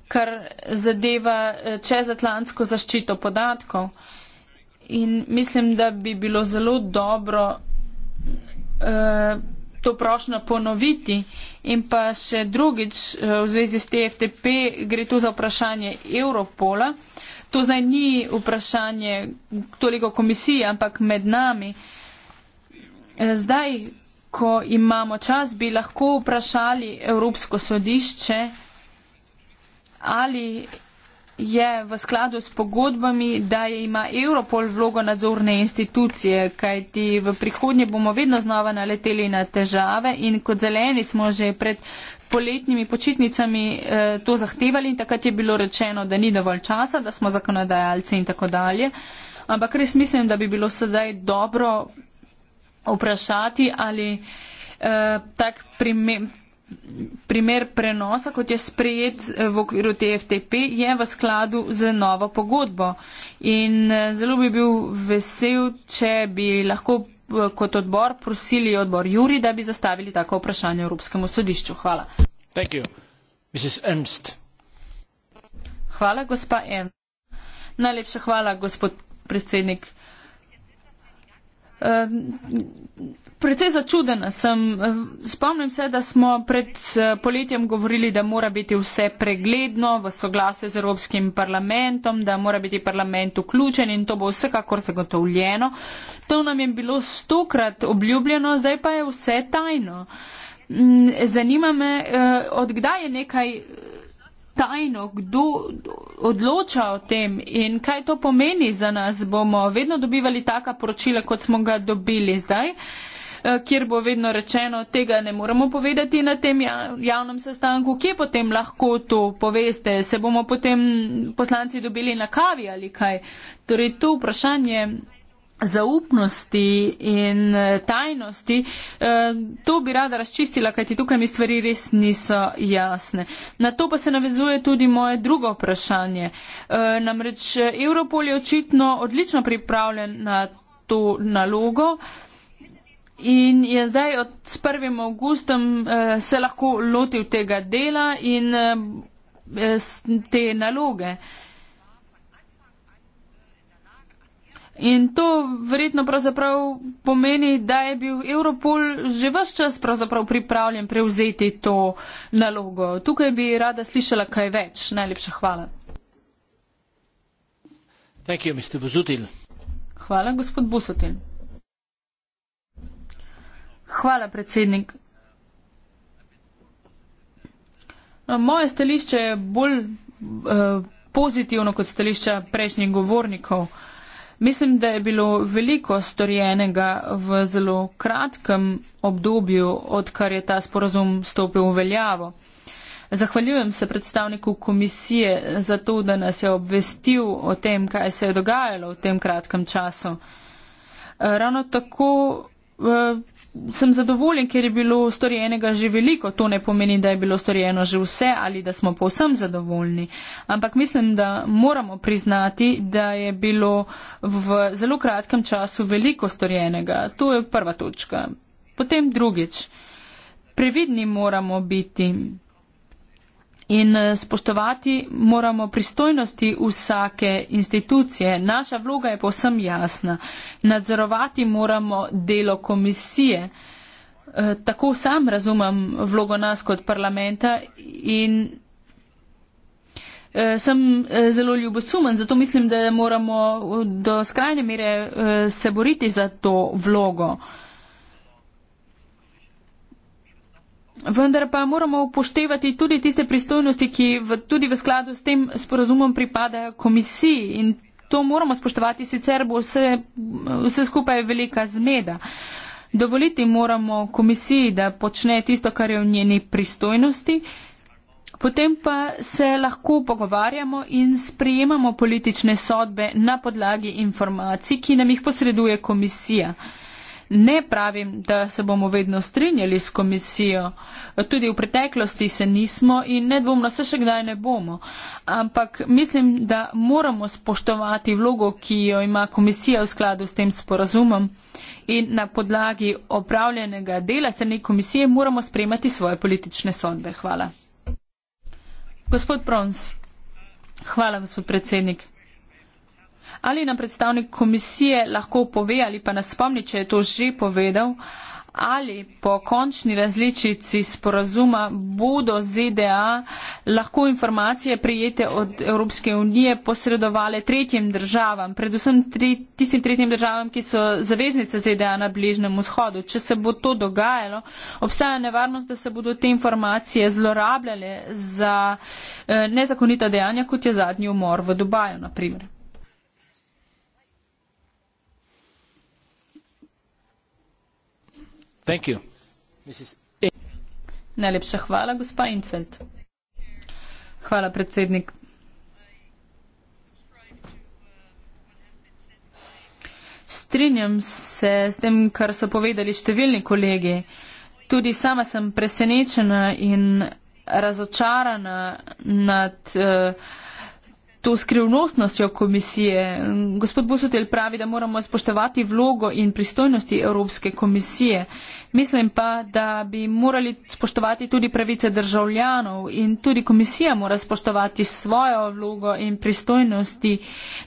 kar zadeva eh, čezatlantsko zaščito podatkov. In mislim, da bi bilo zelo dobro eh, to prošnjo ponoviti. In pa še drugič, eh, v zvezi s TFTP, gre tu za vprašanje Evropola. Eh, to zdaj ni vprašanje toliko komisije, ampak med nami. Zdaj, ko imamo čas, bi lahko vprašali Evropsko sodišče, ali je v skladu s pogodbami, da ima Europol vlogo nadzorne institucije, kajti v prihodnje bomo vedno znova naleteli na težave in kot zeleni smo že pred poletnimi počitnicami eh, to zahtevali in takrat je bilo rečeno, da ni dovolj časa, da smo zakonodajalci in tako dalje. Ampak res mislim, da bi bilo sedaj dobro vprašati, ali eh, tak primer, primer prenosa, kot je sprejet eh, v okviru TFTP, je v skladu z novo pogodbo. In eh, zelo bi bil vesel, če bi lahko eh, kot odbor prosili odbor Juri, da bi zastavili tako vprašanje Evropskemu sodišču. Hvala. Thank you. Mrs. Ernst. Hvala, gospa Ernst. Najlepša hvala, gospod predsednik precej začudena sem. Eh, spomnim se, da smo pred eh, poletjem govorili, da mora biti vse pregledno v soglase z Evropskim parlamentom, da mora biti parlament vključen in to bo vsekakor zagotovljeno. To nam je bilo stokrat obljubljeno, zdaj pa je vse tajno. Mm, zanima me, eh, od kdaj je nekaj tajno, kdo odloča o tem in kaj to pomeni za nas. Bomo vedno dobivali taka poročila, kot smo ga dobili zdaj. Uh, Eh, kjer bo vedno rečeno, tega ne moramo povedati na tem ja, javnem sestanku, kje potem lahko to poveste, se bomo potem poslanci dobili na kavi ali kaj. Torej, to vprašanje zaupnosti in eh, tajnosti, eh, to bi rada razčistila, kajti tukaj mi stvari res niso jasne. Na to pa se navezuje tudi moje drugo vprašanje. Namreč Europol je očitno odlično pripravljen na to nalogo, In je zdaj od 1. augustom eh, se lahko lotil tega dela in eh, eh, te naloge. In to verjetno pravzaprav pomeni, da je bil Europol že vse čas pravzaprav pripravljen prevzeti to nalogo. Tukaj bi rada slišala kaj več. Najlepša hvala. Thank you, Hvala, gospod Busotin. Hvala, predsednik. No, moje stališče je bolj eh, pozitivno kot stališča prejšnjih govornikov. Mislim, da je bilo veliko storjenega v zelo kratkem obdobju, odkar je ta sporazum stopil v veljavo. Zahvaljujem se predstavniku komisije za to, da nas je obvestil o tem, kaj se je dogajalo v tem kratkem času. Eh, ravno tako eh, sem zadovoljen, ker je bilo storjenega že veliko. To ne pomeni, da je bilo storjeno že vse ali da smo povsem zadovoljni. Ampak mislim, da moramo priznati, da je bilo v zelo kratkem času veliko storjenega. To je prva točka. Potem drugič. Previdni moramo biti in eh, spoštovati moramo pristojnosti vsake institucije. Naša vloga je posem jasna. Nadzorovati moramo delo komisije. Eh, tako sam razumem vlogo nas kot parlamenta in eh, sem zelo ljubosumen, zato mislim, da moramo do skrajne mere se boriti za to vlogo. Vendar pa moramo upoštevati tudi tiste pristojnosti, ki v, tudi v skladu s tem sporozumom pripada komisiji in to moramo spoštovati, sicer bo vse, vse skupaj velika zmeda. Dovoliti moramo komisiji, da počne tisto, kar je v njeni pristojnosti, potem pa se lahko pogovarjamo in sprejemamo politične sodbe na podlagi informacij, ki nam jih posreduje komisija. Ne pravim, da se bomo vedno strinjali s komisijo. Tudi v preteklosti se nismo in nedvomno se še kdaj ne bomo. Ampak mislim, da moramo spoštovati vlogo, ki jo ima komisija v skladu s tem sporazumom in na podlagi opravljenega dela strani komisije moramo spremati svoje politične sodbe. Hvala. Gospod Prons. Hvala, gospod predsednik. Ali nam predstavnik komisije lahko pove ali pa nas spomni, če je to že povedal, ali po končni različici sporazuma bodo ZDA lahko informacije prijete od Evropske unije posredovale tretjim državam, predvsem tri, tistim tretjim državam, ki so zaveznice ZDA na Bližnem vzhodu. Če se bo to dogajalo, obstaja nevarnost, da se bodo te informacije zlorabljale za eh, nezakonita dejanja, kot je zadnji umor v Dubaju, na primer. Thank you. Najlepša hvala, gospa Infeld. Hvala, predsednik. Strinjam se s tem, kar so povedali številni kolegi. Tudi sama sem presenečena in razočarana nad. Uh, to skrivnostnostjo komisije. Gospod Busutelj pravi, da moramo spoštovati vlogo in pristojnosti Evropske komisije. Mislim pa, da bi morali spoštovati tudi pravice državljanov in tudi komisija mora spoštovati svojo vlogo in pristojnosti,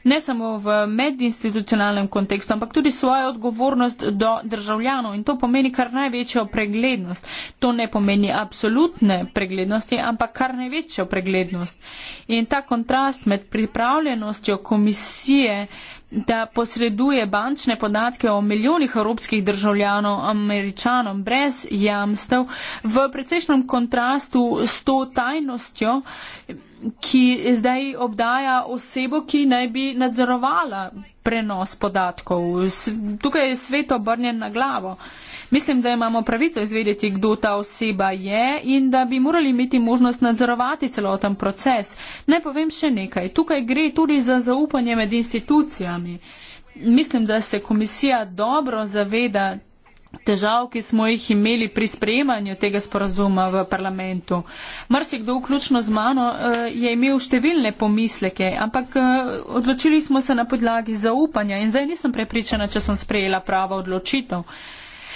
ne samo v medinstitucionalnem kontekstu, ampak tudi svojo odgovornost do državljanov. In to pomeni kar največjo preglednost. To ne pomeni absolutne preglednosti, ampak kar največjo preglednost. In ta kontrast med pripravljenostjo komisije, da posreduje bančne podatke o milijonih evropskih državljanov američanom brez jamstev v precejšnjem kontrastu s to tajnostjo, ki zdaj obdaja osebo, ki naj bi nadzorovala prenos podatkov. Tukaj je svet obrnjen na glavo. Mislim, da imamo pravico izvedeti, kdo ta oseba je in da bi morali imeti možnost nadzorovati celoten proces. Ne povem še nekaj. Tukaj gre tudi za zaupanje med institucijami. Mislim, da se komisija dobro zaveda težav, ki smo jih imeli pri sprejemanju tega sporazuma v parlamentu. Marsikdo, vključno z mano, eh, je imel številne pomisleke, ampak eh, odločili smo se na podlagi zaupanja in zdaj nisem prepričana, če sem sprejela pravo odločitev.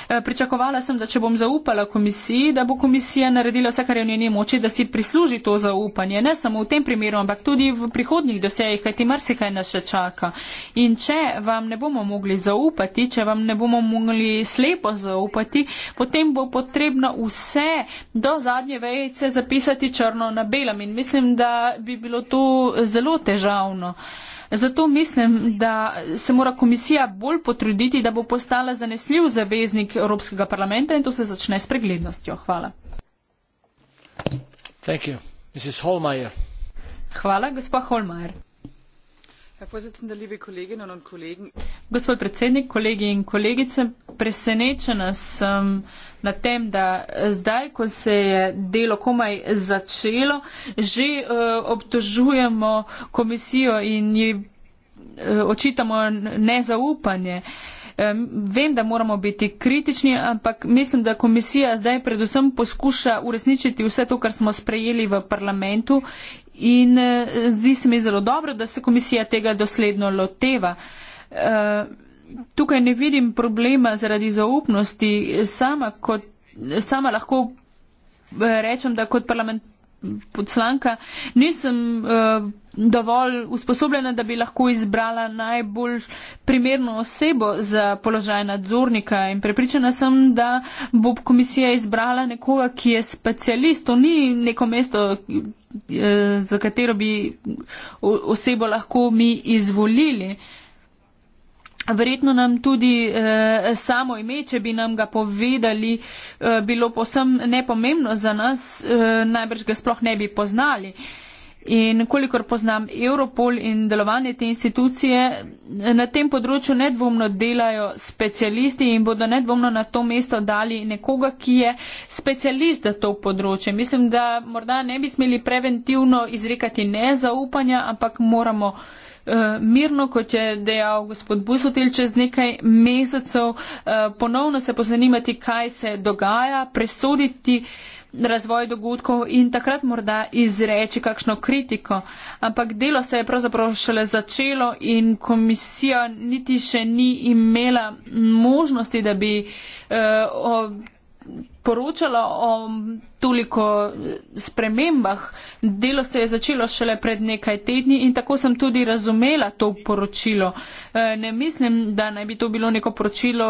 Eh, pričakovala sem, da če bom zaupala komisiji, da bo komisija naredila vse, kar je v njeni moči, da si prisluži to zaupanje. Ne samo v tem primeru, ampak tudi v prihodnjih dosejih, kajti marsikaj nas še čaka. In če vam ne bomo mogli zaupati, če vam ne bomo mogli slepo zaupati, potem bo potrebno vse do zadnje vejce zapisati črno na belem. In mislim, da bi bilo to zelo težavno. Uh, Zato mislim, da se mora komisija bolj potruditi, da bo postala zanesljiv zaveznik Evropskega parlamenta in to se začne s preglednostjo. Hvala. Hvala, gospod Holmajer. Gospod predsednik, kolegi in kolegice, presenečena sem na tem, da zdaj, ko se je delo komaj začelo, že uh, obtožujemo komisijo in ji uh, očitamo nezaupanje. Vem, da moramo biti kritični, ampak mislim, da komisija zdaj predvsem poskuša uresničiti vse to, kar smo sprejeli v parlamentu in eh, zdi se mi zelo dobro, da se komisija tega dosledno loteva. Eh, tukaj ne vidim problema zaradi zaupnosti. Sama, kot, sama lahko eh, rečem, da kot parlament poslanka nisem dovolj usposobljena, da bi lahko izbrala najbolj primerno osebo za položaj nadzornika in prepričana sem, da bo komisija izbrala nekoga, ki je specialist. To ni neko mesto, eh, za katero bi osebo lahko mi izvolili. Verjetno nam tudi eh, samo ime, če bi nam ga povedali, eh, bilo posem nepomembno za nas, eh, najbrž ga sploh ne bi poznali. Eh, In kolikor poznam Europol in delovanje te institucije, na tem področju nedvomno delajo specialisti in bodo nedvomno na to mesto dali nekoga, ki je specialist za to področje. Mislim, da morda ne bi smeli preventivno izrekati nezaupanja, ampak moramo eh, mirno, kot je dejal gospod Busotil, čez nekaj mesecev eh, ponovno se pozanimati, kaj se dogaja, presoditi, razvoj dogodkov in takrat morda izreči kakšno kritiko. Ampak delo se je pravzaprav šele začelo in komisija niti še ni imela možnosti, da bi uh, poročalo o toliko spremembah. Delo se je začelo šele pred nekaj tedni in tako sem tudi razumela to poročilo. E, ne mislim, da naj bi to bilo neko poročilo,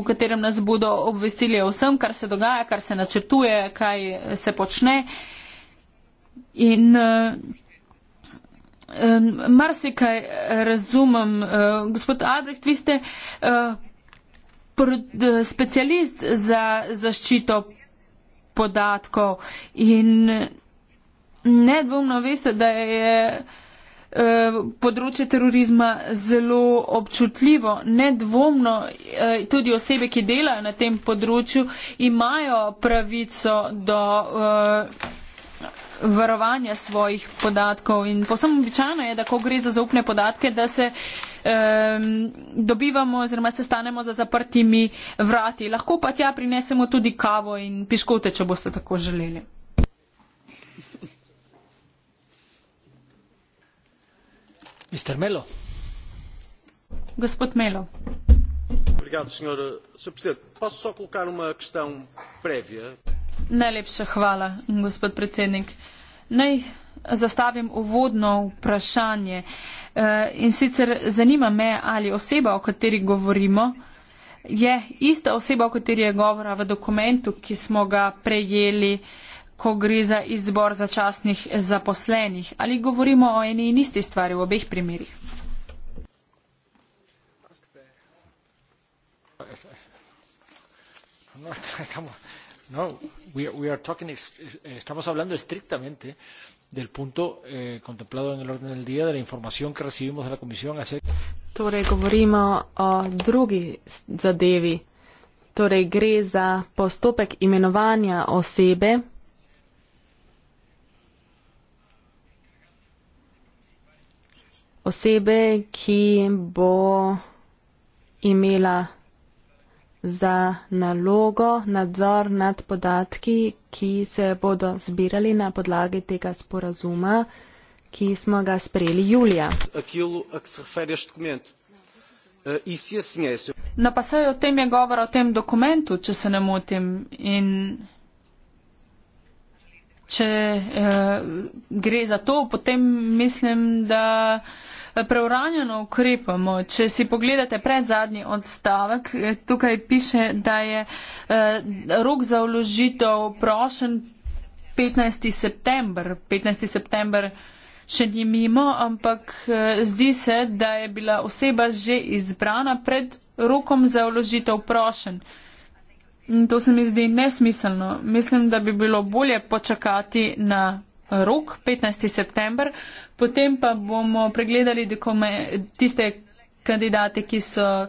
v katerem nas bodo obvestili o vsem, kar se dogaja, kar se načrtuje, kaj se počne. In, e, e, Mar se kaj razumem, gospod Albrecht, vi ste specialist za zaščito podatkov in nedvomno veste, da je e, področje terorizma zelo občutljivo. Nedvomno e, tudi osebe, ki delajo na tem področju, imajo pravico do e, varovanja svojih podatkov. In posem običajno je, da ko gre za zaupne podatke, da se um, dobivamo oziroma se stanemo za zaprtimi vrati. Lahko pa tja prinesemo tudi kavo in piškote, če boste tako želeli. Mr. Melo. Gospod Melo. Obrigado, senhora Subsidente posso só colocar uma questão prévia? Najlepša hvala, gospod predsednik. Naj zastavim uvodno vprašanje eh, in sicer zanima me, ali oseba, o kateri govorimo, je ista oseba, o kateri je govora v dokumentu, ki smo ga prejeli, ko gre za izbor začasnih zaposlenih. Ali govorimo o eni in isti stvari v obeh primerih? no, estamos, no we, we are talking, eh, estamos hablando estrictamente del punto eh, contemplado en el orden del día de la información que recibimos de la comisión acerca Torej, govorimo o drugi zadevi. Torej, gre za postopek imenovanja osebe. Osebe, ki bo imela za nalogo nadzor nad podatki, ki se bodo zbirali na podlagi tega sporazuma, ki smo ga sprejeli julija. Na eh, e no, pasaju o tem je govor o tem dokumentu, če se ne motim. In če eh, gre za to, potem mislim, da preuranjeno ukrepamo. Če si pogledate pred zadnji odstavek, eh, tukaj piše, da je eh, rok za vložitev prošen 15. september. 15. september še ni mimo, ampak eh, zdi se, da je bila oseba že izbrana pred rokom za vložitev prošen. In to se mi zdi nesmiselno. Mislim, da bi bilo bolje počakati na rok, 15. september. Potem pa bomo pregledali dokume, tiste kandidate, ki so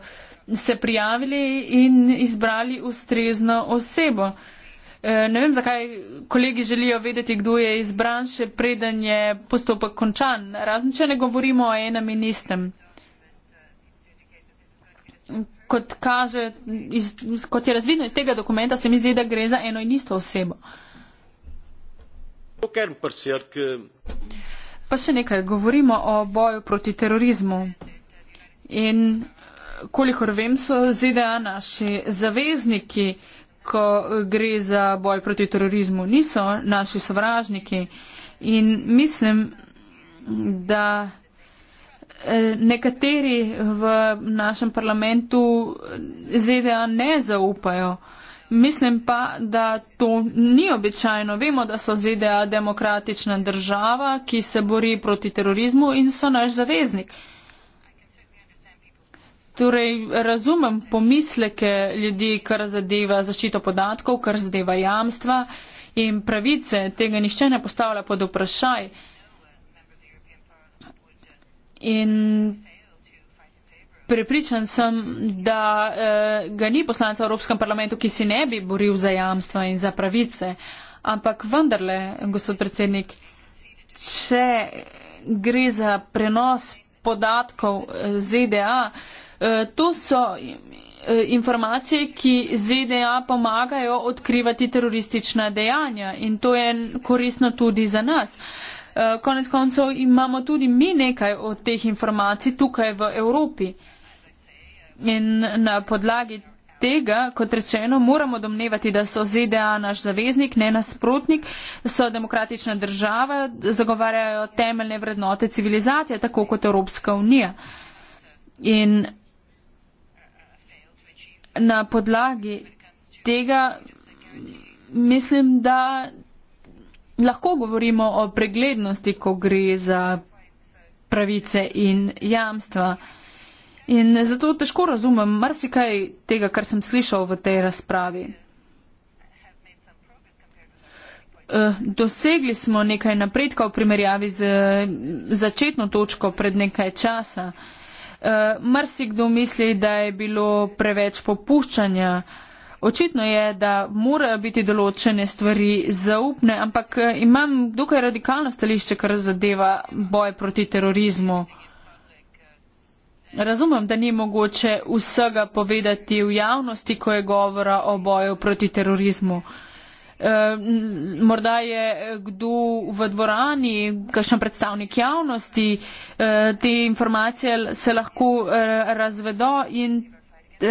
se prijavili in izbrali ustrezno osebo. E, ne vem, zakaj kolegi želijo vedeti, kdo je izbran, še preden je postopek končan, razen če ne govorimo o enem in istem. Kot, kaže, iz, kot je razvidno iz tega dokumenta, se mi zdi, da gre za eno in isto osebo to quer me parecer que. Pa še nekaj, govorimo o boju proti terorizmu. In kolikor vem, so ZDA naši zavezniki, ko gre za boj proti terorizmu, niso naši sovražniki. In mislim, da eh, nekateri v našem parlamentu ZDA ne zaupajo. Mislim pa, da to ni običajno. Vemo, da so ZDA demokratična država, ki se bori proti terorizmu in so naš zaveznik. Torej, razumem pomisleke ljudi, kar zadeva zaščito podatkov, kar zadeva jamstva in pravice. Tega nišče ne postavlja pod vprašaj. In Prepričan sem, da eh, ga ni poslanca v Evropskem parlamentu, ki si ne bi boril za jamstva in za pravice. Ampak vendarle, gospod predsednik, če gre za prenos podatkov eh, ZDA, eh, to so eh, informacije, ki ZDA pomagajo odkrivati teroristična dejanja in to je koristno tudi za nas. Eh, konec koncev imamo tudi mi nekaj od teh informacij tukaj v Evropi in na podlagi tega, kot rečeno, moramo domnevati, da so ZDA naš zaveznik, ne nasprotnik, so demokratična država, zagovarjajo temeljne vrednote civilizacije, tako kot Evropska unija. In na podlagi tega mislim, da lahko govorimo o preglednosti, ko gre za pravice in jamstva. In zato težko razumem marsikaj tega, kar sem slišal v tej razpravi. Eh, dosegli smo nekaj napredka v primerjavi z začetno točko pred nekaj časa. Eh, Mrsikdo misli, da je bilo preveč popuščanja. Očitno je, da morajo biti določene stvari zaupne, ampak eh, imam dokaj radikalno stališče, kar zadeva boj proti terorizmu. Razumem, da ni mogoče vsega povedati v javnosti, ko je govora o boju proti terorizmu. E, morda je kdo v dvorani, kakšen predstavnik javnosti, e, te informacije se lahko e, razvedo in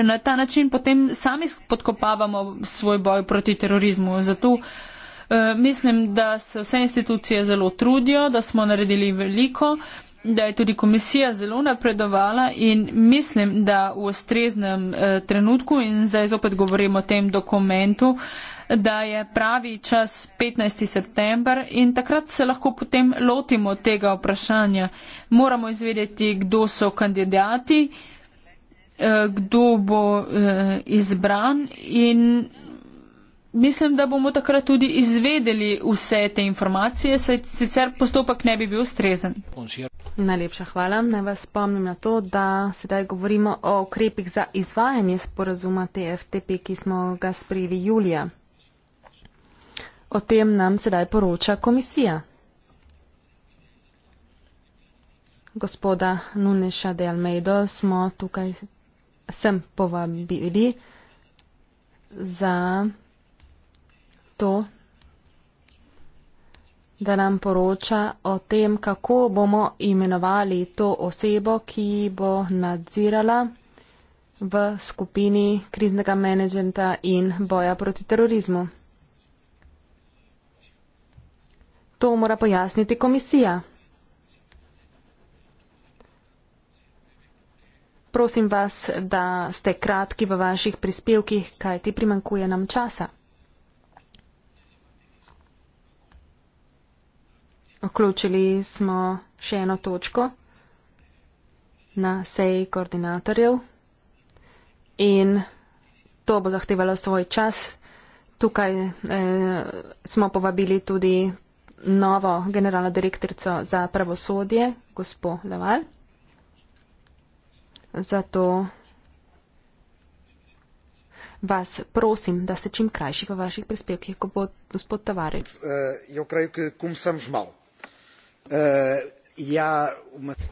na ta način potem sami podkopavamo svoj boj proti terorizmu. Zato e, mislim, da se vse institucije zelo trudijo, da smo naredili veliko da je tudi komisija zelo napredovala in mislim, da v ustreznem eh, trenutku in zdaj zopet govorim o tem dokumentu, da je pravi čas 15. september in takrat se lahko potem lotimo tega vprašanja. Moramo izvedeti, kdo so kandidati, eh, kdo bo eh, izbran in mislim, da bomo takrat tudi izvedeli vse te informacije, saj sicer postopek ne bi bil strezen. Najlepša hvala. Naj vas spomnim na to, da sedaj govorimo o ukrepih za izvajanje sporazuma TFTP, ki smo ga sprejeli julija. O tem nam sedaj poroča komisija. Gospoda Nuneša de Almeido smo tukaj sem povabili za to, da nam poroča o tem, kako bomo imenovali to osebo, ki bo nadzirala v skupini kriznega menedžmenta in boja proti terorizmu. To mora pojasniti komisija. Prosim vas, da ste kratki v vaših prispevkih, kaj ti primankuje nam časa. Oključili smo še eno točko na seji koordinatorjev in to bo zahtevalo svoj čas. Tukaj eh, smo povabili tudi novo generalno direktorico za pravosodje, gospo Leval. Zato vas prosim, da ste čim krajši v vaših prispevkih, ko bo gospod Tavarec. Uh, eh, Uh, ja,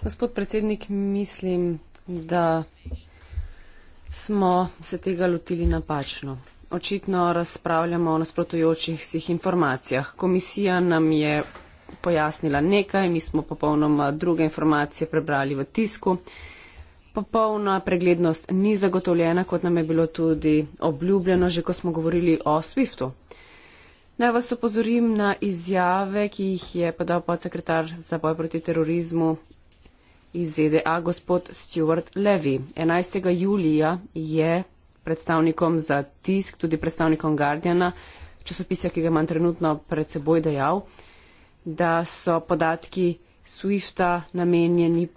Gospod predsednik, mislim, da smo se tega lotili napačno. Očitno razpravljamo o nasprotujočih sih informacijah. Komisija nam je pojasnila nekaj, mi smo popolnoma druge informacije prebrali v tisku. Popolna preglednost ni zagotovljena, kot nam je bilo tudi obljubljeno, že ko smo govorili o SWIFT-u. Uh, Naj vas opozorim na izjave, ki jih je podal podsekretar za boj proti terorizmu iz ZDA, gospod Stuart Levy. 11. julija je predstavnikom za tisk, tudi predstavnikom Guardiana, časopisja, ki ga imam trenutno pred seboj dejal, da so podatki SWIFT-a namenjeni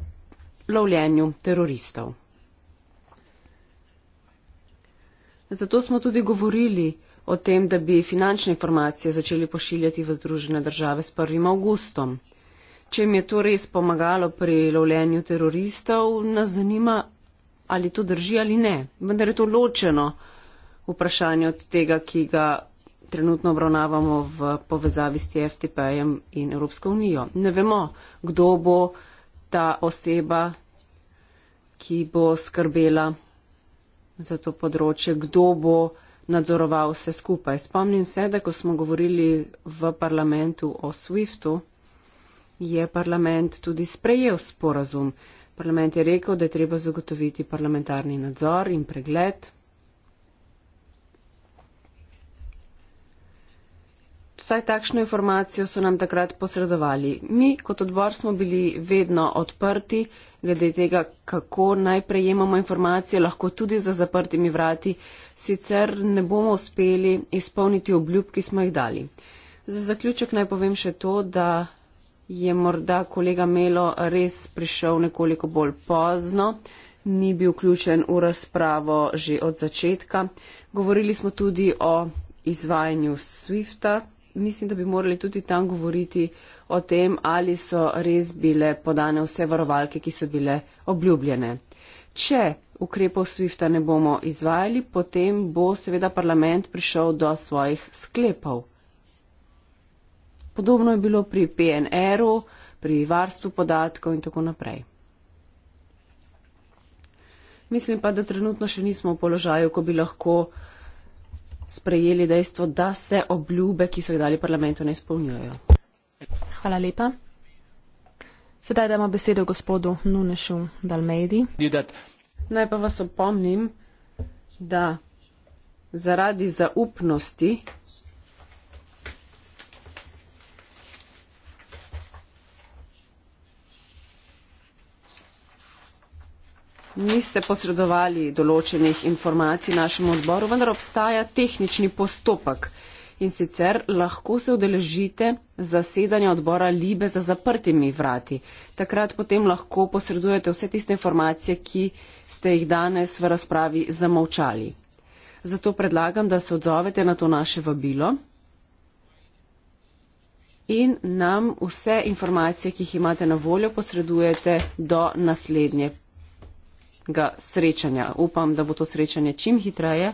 lovljenju teroristov. Zato smo tudi govorili o tem, da bi finančne informacije začeli pošiljati v Združene države s 1. augustom. Če jim je to res pomagalo pri lovljenju teroristov, nas zanima, ali to drži ali ne. Vendar je to ločeno vprašanje od tega, ki ga trenutno obravnavamo v povezavi s TFTP-jem in Evropsko unijo. Ne vemo, kdo bo ta oseba, ki bo skrbela za to področje, kdo bo nadzoroval vse skupaj. Spomnim se, da ko smo govorili v parlamentu o SWIFT-u, je parlament tudi sprejel sporazum. Parlament je rekel, da je treba zagotoviti parlamentarni nadzor in pregled. Vsaj takšno informacijo so nam takrat posredovali. Mi kot odbor smo bili vedno odprti glede tega, kako naj prejemamo informacije, lahko tudi za zaprtimi vrati, sicer ne bomo uspeli izpolniti obljub, ki smo jih dali. Za zaključek naj povem še to, da je morda kolega Melo res prišel nekoliko bolj pozno, ni bil vključen v razpravo že od začetka. Govorili smo tudi o izvajanju SWIFT-a mislim, da bi morali tudi tam govoriti o tem, ali so res bile podane vse varovalke, ki so bile obljubljene. Če ukrepov SWIFT-a ne bomo izvajali, potem bo seveda parlament prišel do svojih sklepov. Podobno je bilo pri PNR-u, pri varstvu podatkov in tako naprej. Mislim pa, da trenutno še nismo v položaju, ko bi lahko uh, sprejeli dejstvo, da se obljube, ki so jih dali parlamentu, ne izpolnjujejo. Hvala lepa. Sedaj damo besedo gospodu Nunešu Dalmedi. Naj pa vas opomnim, da zaradi zaupnosti niste posredovali določenih informacij našemu odboru, vendar obstaja tehnični postopek. In sicer lahko se odeležite zasedanja odbora Libe za zaprtimi vrati. Takrat potem lahko posredujete vse tiste informacije, ki ste jih danes v razpravi zamovčali. Zato predlagam, da se odzovete na to naše vabilo in nam vse informacije, ki jih imate na voljo, posredujete do naslednje ga srečanja. Upam, da bo to srečanje čim hitreje,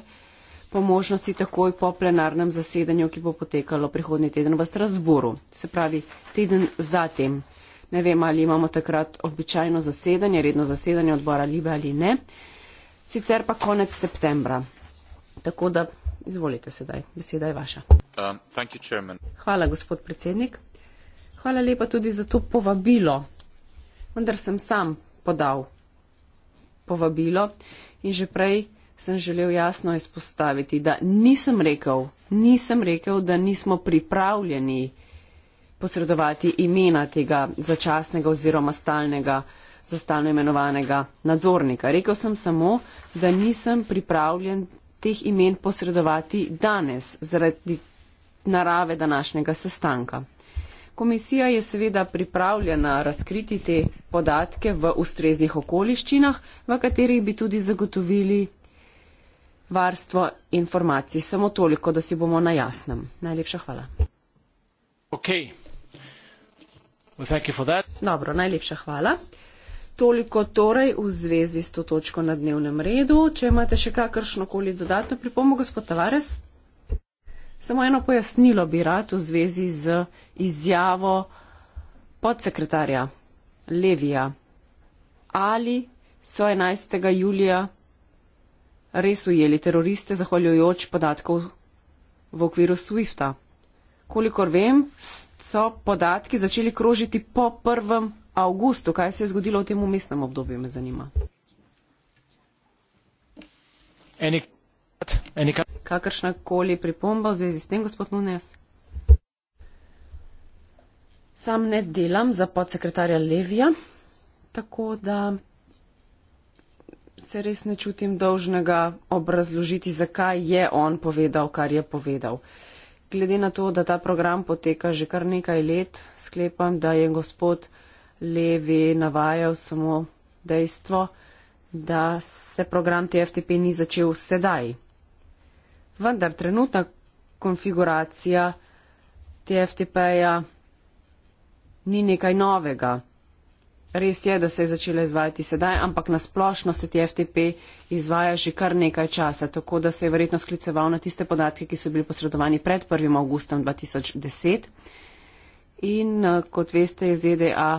po možnosti takoj po plenarnem zasedanju, ki bo potekalo prihodnji teden v Strasburu, se pravi teden zatem. Ne vem, ali imamo takrat običajno zasedanje, redno zasedanje odbora Libe ali ne. Sicer pa konec septembra. Tako da izvolite sedaj, beseda je vaša. Um, Hvala, gospod predsednik. Hvala lepa tudi za to povabilo. Vendar sem sam podal povabilo in že prej sem želel jasno izpostaviti, da nisem rekel, nisem rekel, da nismo pripravljeni posredovati imena tega začasnega oziroma stalnega, za stalno imenovanega nadzornika. Rekel sem samo, da nisem pripravljen teh imen posredovati danes zaradi narave današnjega sestanka. Komisija je seveda pripravljena razkriti te podatke v ustreznih okoliščinah, v katerih bi tudi zagotovili varstvo informacij. Samo toliko, da si bomo na jasnem. Najlepša hvala. Okay. Well, Dobro, najlepša hvala. Toliko torej v zvezi s to točko na dnevnem redu. Če imate še kakršnokoli dodatno pripomo, gospod Tavares? Samo eno pojasnilo bi rad v zvezi z izjavo podsekretarja Levija. Ali so 11. julija res ujeli teroriste, zahvaljujoč podatkov v okviru SWIFT-a? Kolikor vem, so podatki začeli krožiti po 1. augustu. Kaj se je zgodilo v tem umestnem obdobju, me zanima. Any Kakršna koli pripomba v zvezi s tem, gospod Munes? Sam ne delam za podsekretarja Levija, tako da se res ne čutim dolžnega obrazložiti, zakaj je on povedal, kar je povedal. Glede na to, da ta program poteka že kar nekaj let, sklepam, da je gospod Levi navajal samo dejstvo, da se program TFTP ni začel sedaj, vendar trenutna konfiguracija TFTP-ja ni nekaj novega. Res je, da se je začela izvajati sedaj, ampak nasplošno se TFTP izvaja že kar nekaj časa, tako da se je verjetno skliceval na tiste podatke, ki so bili posredovani pred 1. avgustom 2010. In eh, kot veste, je ZDA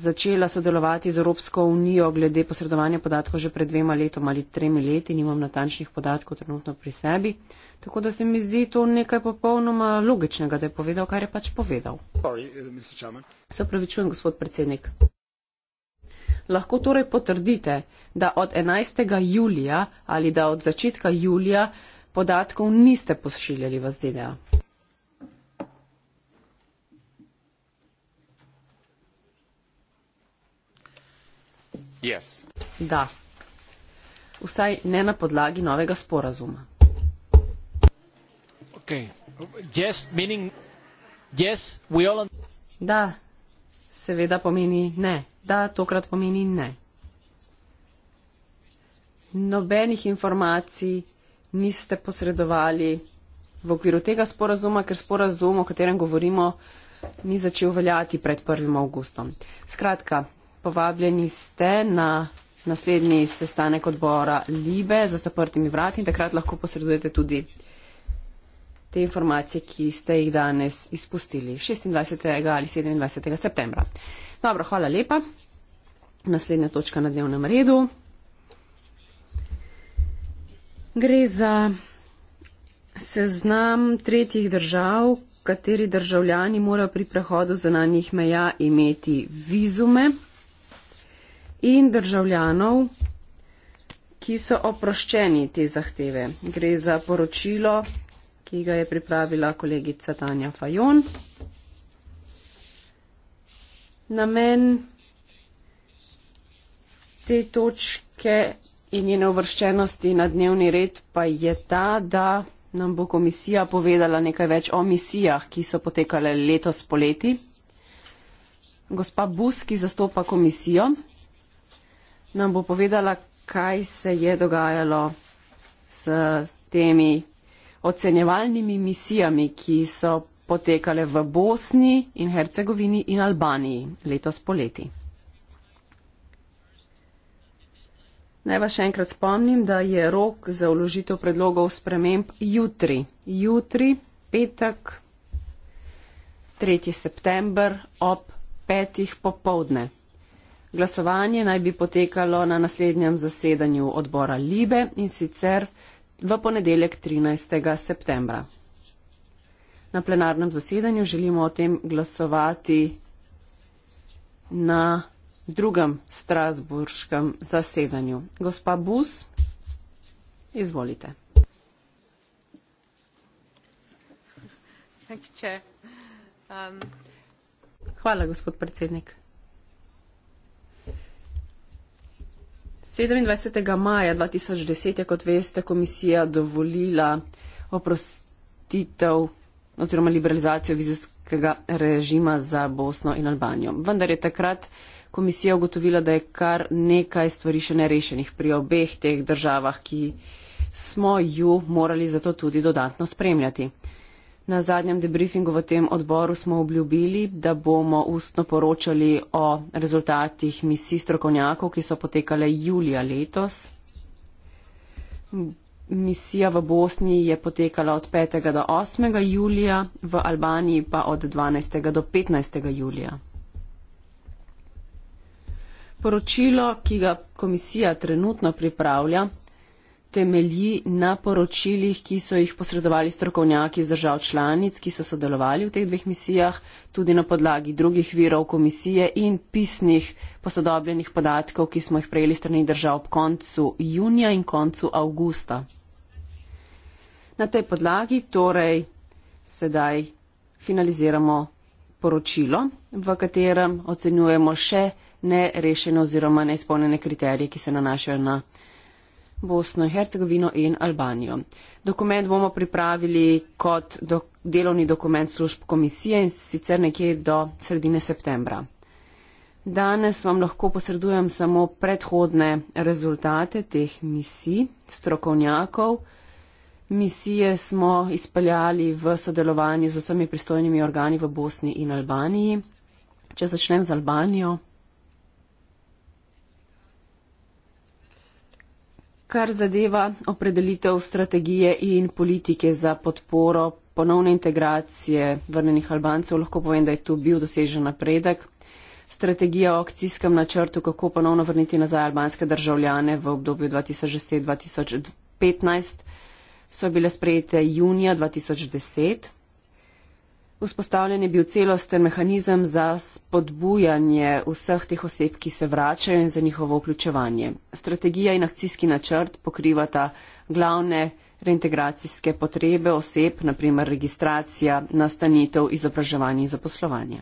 začela sodelovati z Evropsko unijo glede posredovanja podatkov že pred dvema letoma ali tremi leti, nimam natančnih podatkov trenutno pri sebi. Tako da se mi zdi to nekaj popolnoma logičnega, da je povedal, kar je pač povedal. Uh, se upravičujem, gospod predsednik. Lahko torej potrdite, da od 11. julija ali da od začetka julija podatkov niste pošiljali v ZDA. Yes. Da. Vsaj ne na podlagi novega sporazuma. Okay. Yes, meaning, yes, we all... Da, seveda pomeni ne. Da, tokrat pomeni ne. Nobenih informacij niste posredovali v okviru tega sporazuma, ker sporazum, o katerem govorimo, ni začel veljati pred 1. avgustom. Skratka, povabljeni ste na naslednji sestanek odbora Libe za zaprtimi vrati in takrat lahko posredujete tudi te informacije, ki ste jih danes izpustili 26. ali 27. septembra. Dobro, hvala lepa. Naslednja točka na dnevnem redu. Gre za seznam tretjih držav, kateri državljani morajo pri prehodu zunanjih meja imeti vizume in državljanov, ki so oproščeni te zahteve. Gre za poročilo, ki ga je pripravila kolegica Tanja Fajon. Namen te točke in njene uvrščenosti na dnevni red pa je ta, da nam bo komisija povedala nekaj več o misijah, ki so potekale letos poleti. Gospa Bus, ki zastopa komisijo, nam bo povedala, kaj se je dogajalo s temi ocenjevalnimi misijami, ki so potekale v Bosni in Hercegovini in Albaniji letos poleti. Naj vas še enkrat spomnim, da je rok za uložitev predlogov sprememb jutri. Jutri, petek, 3. september ob petih popovdne. Glasovanje naj bi potekalo na naslednjem zasedanju odbora Libe in sicer v ponedeljek 13. septembra. Na plenarnem zasedanju želimo o tem glasovati na drugem strasburškem zasedanju. Gospa Bus, izvolite. Um, Hvala, gospod predsednik. 27. maja 2010 je, kot veste, komisija dovolila oprostitev oziroma liberalizacijo vizijskega režima za Bosno in Albanijo. Vendar je takrat komisija ugotovila, da je kar nekaj stvari še nerešenih pri obeh teh državah, ki smo ju morali zato tudi dodatno spremljati. Na zadnjem debriefingu v tem odboru smo obljubili, da bomo ustno poročali o rezultatih misij strokovnjakov, ki so potekale julija letos. Misija v Bosni je potekala od 5. do 8. julija, v Albaniji pa od 12. do 15. julija. Poročilo, ki ga komisija trenutno pripravlja, temelji na poročilih, ki so jih posredovali strokovnjaki iz držav članic, ki so sodelovali v teh dveh misijah, tudi na podlagi drugih virov komisije in pisnih posodobljenih podatkov, ki smo jih prejeli strani držav ob koncu junija in koncu avgusta. Na tej podlagi torej sedaj finaliziramo poročilo, v katerem ocenjujemo še nerešene oziroma neizpolnjene kriterije, ki se nanašajo na. Bosno in Hercegovino in Albanijo. Dokument bomo pripravili kot do, delovni dokument služb komisije in sicer nekje do sredine septembra. Danes vam lahko posredujem samo predhodne rezultate teh misij strokovnjakov. Misije smo izpeljali v sodelovanju z vsemi pristojnimi organi v Bosni in Albaniji. Če začnem z Albanijo, kar zadeva opredelitev strategije in politike za podporo ponovne integracije vrnenih Albancev, lahko povem, da je tu bil dosežen napredek. Strategija o akcijskem načrtu, kako ponovno vrniti nazaj albanske državljane v obdobju 2010-2015, so bile sprejete junija 2010. Vzpostavljen je bil celosten mehanizem za spodbujanje vseh teh oseb, ki se vračajo in za njihovo vključevanje. Strategija in akcijski načrt pokrivata glavne reintegracijske potrebe oseb, naprimer registracija, nastanitev, izobraževanje in zaposlovanje.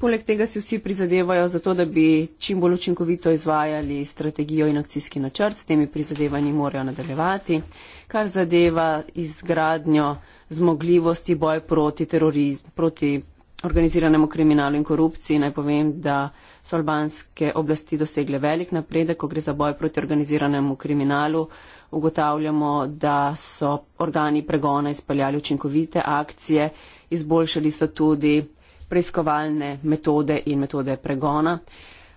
Poleg tega si vsi prizadevajo za to, da bi čim bolj učinkovito izvajali strategijo in akcijski načrt, s temi prizadevanji morajo nadaljevati, kar zadeva izgradnjo zmogljivosti, boj proti terorizmu, proti organiziranemu kriminalu in korupciji. Naj povem, da so albanske oblasti dosegle velik napredek, ko gre za boj proti organiziranemu kriminalu. Ugotavljamo, da so organi pregona izpeljali učinkovite akcije, izboljšali so tudi preiskovalne metode in metode pregona.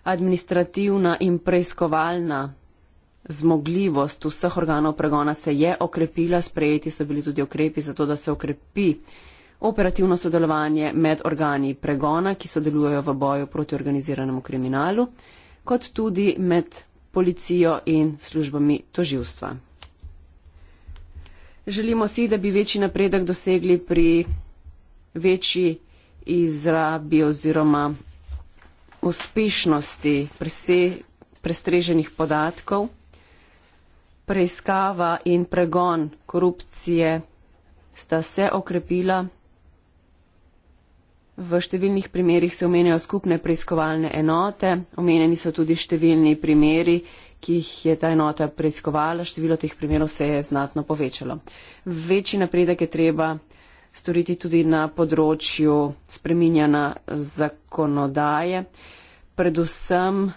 Administrativna in preiskovalna zmogljivost vseh organov pregona se je okrepila, sprejeti so bili tudi okrepi za to, da se okrepi operativno sodelovanje med organi pregona, ki sodelujejo v boju proti organiziranemu kriminalu, kot tudi med policijo in službami toživstva. Želimo si, da bi večji napredek dosegli pri večji izrabi oziroma uspešnosti prese, prestreženih podatkov preiskava in pregon korupcije sta se okrepila. V številnih primerjih se omenjajo skupne preiskovalne enote, omenjeni so tudi številni primeri, ki jih je ta enota preiskovala, število teh primerov se je znatno povečalo. Večji napredek je treba storiti tudi na področju spreminjana zakonodaje, predvsem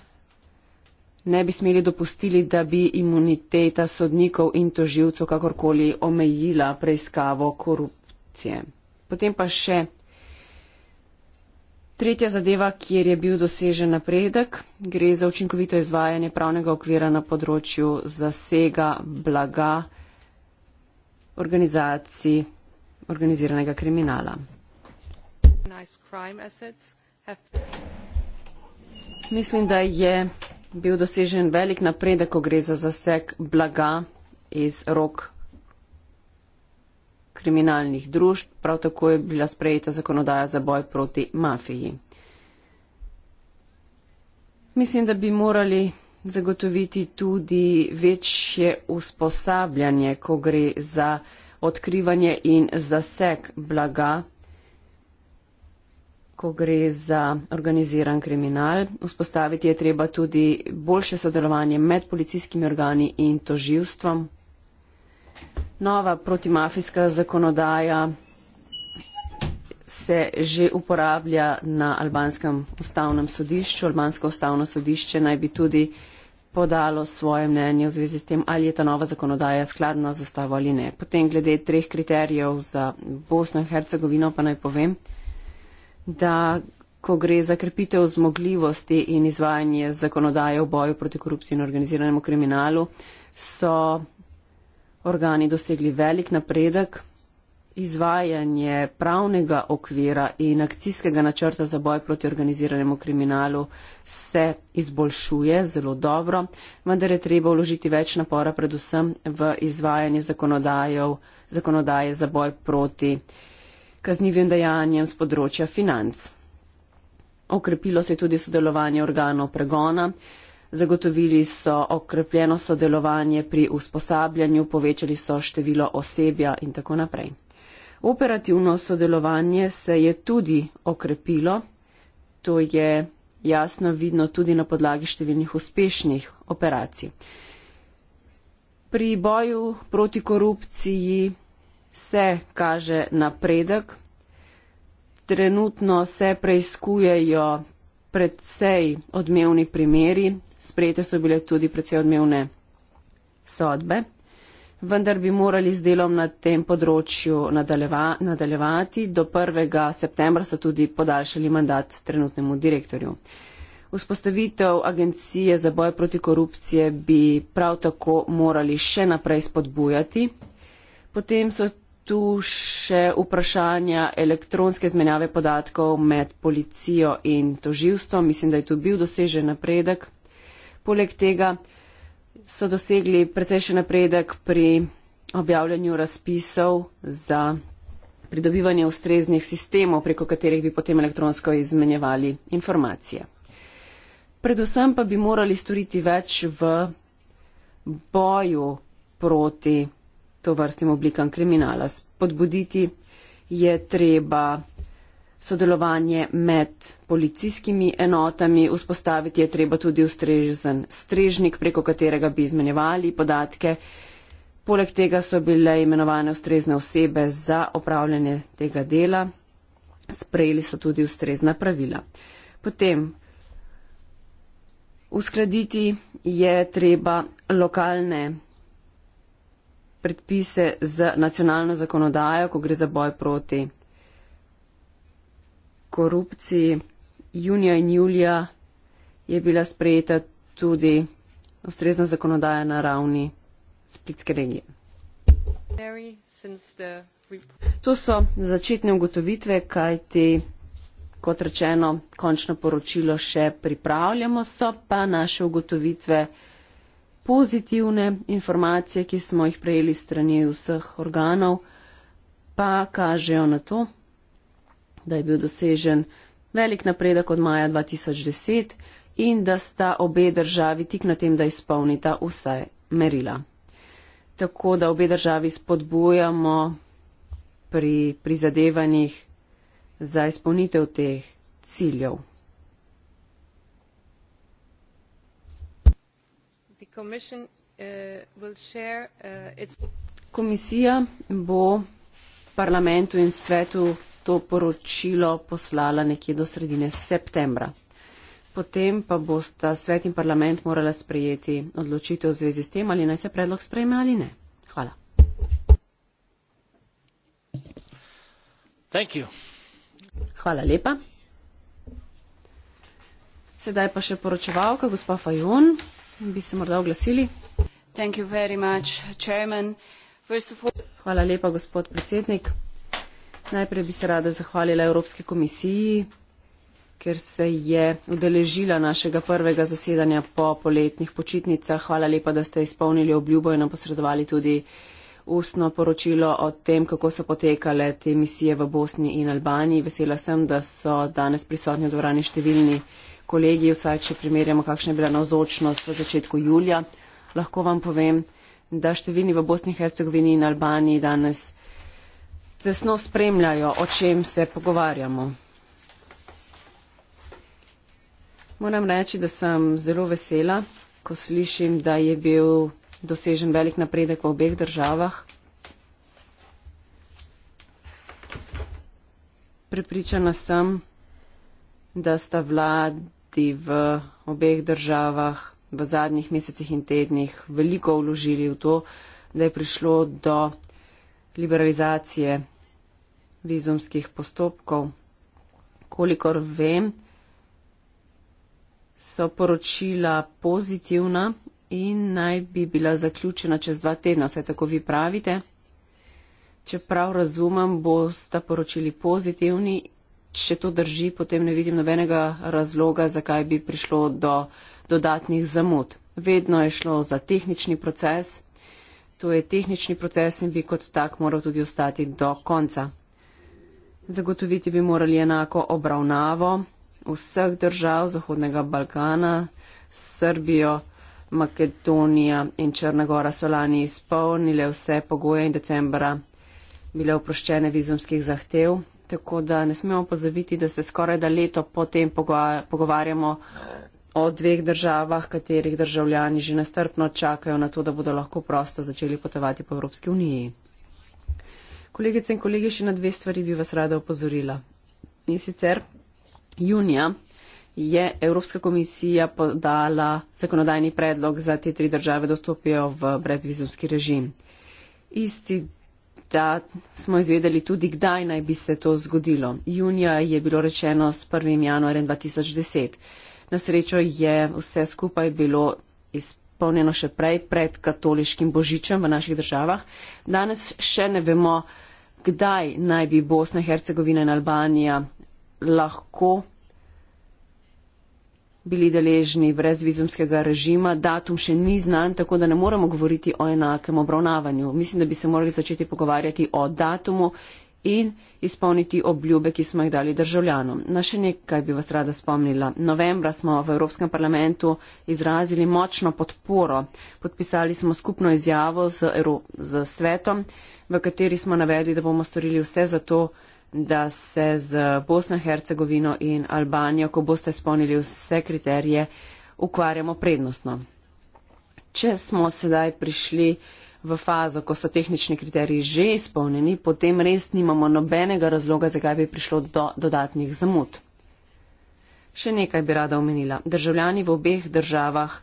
ne bi smeli dopustili, da bi imuniteta sodnikov in toživcev kakorkoli omejila preiskavo korupcije. Potem pa še tretja zadeva, kjer je bil dosežen napredek, gre za učinkovito izvajanje pravnega okvira na področju zasega blaga organizacij organiziranega kriminala. Mislim, da je bil dosežen velik napredek, ko gre za zaseg blaga iz rok kriminalnih družb, prav tako je bila sprejeta zakonodaja za boj proti mafiji. Mislim, da bi morali zagotoviti tudi večje usposabljanje, ko gre za odkrivanje in zaseg blaga ko gre za organiziran kriminal. Vzpostaviti je treba tudi boljše sodelovanje med policijskimi organi in toživstvom. Nova protimafijska zakonodaja se že uporablja na albanskem ustavnem sodišču. Albansko ustavno sodišče naj bi tudi podalo svoje mnenje v zvezi s tem, ali je ta nova zakonodaja skladna z ustavo ali ne. Potem glede treh kriterijev za Bosno in Hercegovino pa naj povem da ko gre za krepitev zmogljivosti in izvajanje zakonodaje v boju proti korupciji in organiziranemu kriminalu, so organi dosegli velik napredek. Izvajanje pravnega okvira in akcijskega načrta za boj proti organiziranemu kriminalu se izboljšuje zelo dobro, vendar je treba vložiti več napora predvsem v izvajanje zakonodaje za boj proti kaznivim dejanjem z področja financ. Okrepilo se je tudi sodelovanje organov pregona, zagotovili so okrepljeno sodelovanje pri usposabljanju, povečali so število osebja in tako naprej. Operativno sodelovanje se je tudi okrepilo, to je jasno vidno tudi na podlagi številnih uspešnih operacij. Pri boju proti korupciji se kaže napredek. Trenutno se preizkujejo predvsej odmevni primeri, sprejete so bile tudi predvsej odmevne sodbe, vendar bi morali z delom na tem področju nadaleva, nadaljevati. Do 1. septembra so tudi podaljšali mandat trenutnemu direktorju. Vzpostavitev agencije za boj proti korupcije bi prav tako morali še naprej spodbujati. Potem so tu še vprašanja elektronske zmenjave podatkov med policijo in toživstvom. Mislim, da je tu bil dosežen napredek. Poleg tega so dosegli precejšen napredek pri objavljanju razpisov za pridobivanje ustreznih sistemov, preko katerih bi potem elektronsko izmenjevali informacije. Predvsem pa bi morali storiti več v boju proti to vrstnim oblikam kriminala. Spodbuditi je treba sodelovanje med policijskimi enotami, vzpostaviti je treba tudi ustrežen strežnik, preko katerega bi izmenjevali podatke. Poleg tega so bile imenovane ustrezne osebe za opravljanje tega dela, sprejeli so tudi ustrezna pravila. Potem uskladiti je treba lokalne predpise z nacionalno zakonodajo, ko gre za boj proti korupciji. Junija in julija je bila sprejeta tudi ustrezna zakonodaja na ravni Splitske regije. To so začetne ugotovitve, kajti, kot rečeno, končno poročilo še pripravljamo, so pa naše ugotovitve pozitivne informacije, ki smo jih prejeli strani vseh organov, pa kažejo na to, da je bil dosežen velik napredek od maja 2010 in da sta obe državi tik na tem, da izpolnita vsaj merila. Tako da obe državi spodbujamo pri prizadevanjih za izpolnitev teh ciljev. Uh, uh, komisija bo parlamentu in svetu to poročilo poslala nekje do sredine septembra. Potem pa bosta svet in parlament morala sprejeti odločitev v zvezi s tem, ali naj se predlog sprejme ali ne. Hvala. Hvala lepa. Sedaj pa še poročevalka, gospa Fajon bi se morda oglasili. Hvala lepa, gospod predsednik. Najprej bi se rada zahvalila Evropske komisiji, ker se je udeležila našega prvega zasedanja po poletnih počitnicah. Hvala lepa, da ste izpolnili obljubo in nam posredovali tudi ustno poročilo o tem, kako so potekale te misije v Bosni in Albaniji. Vesela sem, da so danes prisotni v dvorani številni kolegi, vsaj če primerjamo, kakšna je bila navzočnost v začetku julija, lahko vam povem, da številni v Bosni in Hercegovini in Albaniji danes tesno spremljajo, o čem se pogovarjamo. Moram reči, da sem zelo vesela, ko slišim, da je bil dosežen velik napredek v obeh državah. Prepričana sem, da sta vlada biti v obeh državah v zadnjih mesecih in tednih veliko vložili v to, da je prišlo do liberalizacije vizumskih postopkov. Kolikor vem, so poročila pozitivna in naj bi bila zaključena čez dva tedna, vse tako vi pravite. Če prav razumem, bo sta poročili pozitivni če to drži, potem ne vidim nobenega razloga, zakaj bi prišlo do dodatnih zamud. Vedno je šlo za tehnični proces, to je tehnični proces in bi kot tak moral tudi ostati do konca. Zagotoviti bi morali enako obravnavo vseh držav Zahodnega Balkana, Srbijo, Makedonija in Črnagora so lani izpolnile vse pogoje in decembra bile oproščene vizumskih zahtev, tako da ne smemo pozabiti, da se skoraj da leto potem pogovarjamo o dveh državah, katerih državljani že nestrpno čakajo na to, da bodo lahko prosto začeli potovati po Evropski uniji. Kolegice in kolegi, še na dve stvari bi vas rada opozorila. In sicer junija je Evropska komisija podala zakonodajni predlog za te tri države, da vstopijo v brezvizumski režim. Isti da smo izvedeli tudi, kdaj naj bi se to zgodilo. Junija je bilo rečeno s 1. januarjem 2010. Na srečo je vse skupaj bilo izpolnjeno še prej, pred katoliškim božičem v naših državah. Danes še ne vemo, kdaj naj bi Bosna, Hercegovina in Albanija lahko bili deležni brezvizumskega režima, datum še ni znan, tako da ne moramo govoriti o enakem obravnavanju. Mislim, da bi se morali začeti pogovarjati o datumu in izpolniti obljube, ki smo jih dali državljanom. Na še nekaj bi vas rada spomnila. Novembra smo v Evropskem parlamentu izrazili močno podporo. Podpisali smo skupno izjavo z, Evrop z svetom, v kateri smo navedli, da bomo storili vse za to, da se z Bosno, Hercegovino in Albanijo, ko boste spomnili vse kriterije, ukvarjamo prednostno. Če smo sedaj prišli v fazo, ko so tehnični kriteriji že izpolnjeni, potem res nimamo nobenega razloga, zakaj bi prišlo do dodatnih zamud. Še nekaj bi rada omenila. Državljani v obeh državah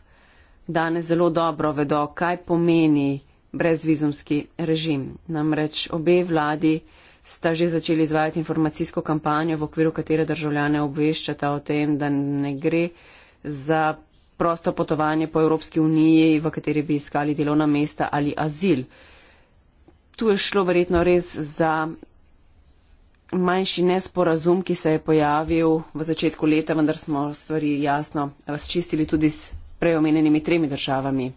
danes zelo dobro vedo, kaj pomeni brezvizumski režim. Namreč obe vladi sta že začeli izvajati informacijsko kampanjo, v okviru katere državljane obveščata o tem, da ne gre za prosto potovanje po Evropski uniji, v kateri bi iskali delovna mesta ali azil. Tu je šlo verjetno res za manjši nesporazum, ki se je pojavil v začetku leta, vendar smo stvari jasno razčistili tudi s preomenjenimi tremi državami.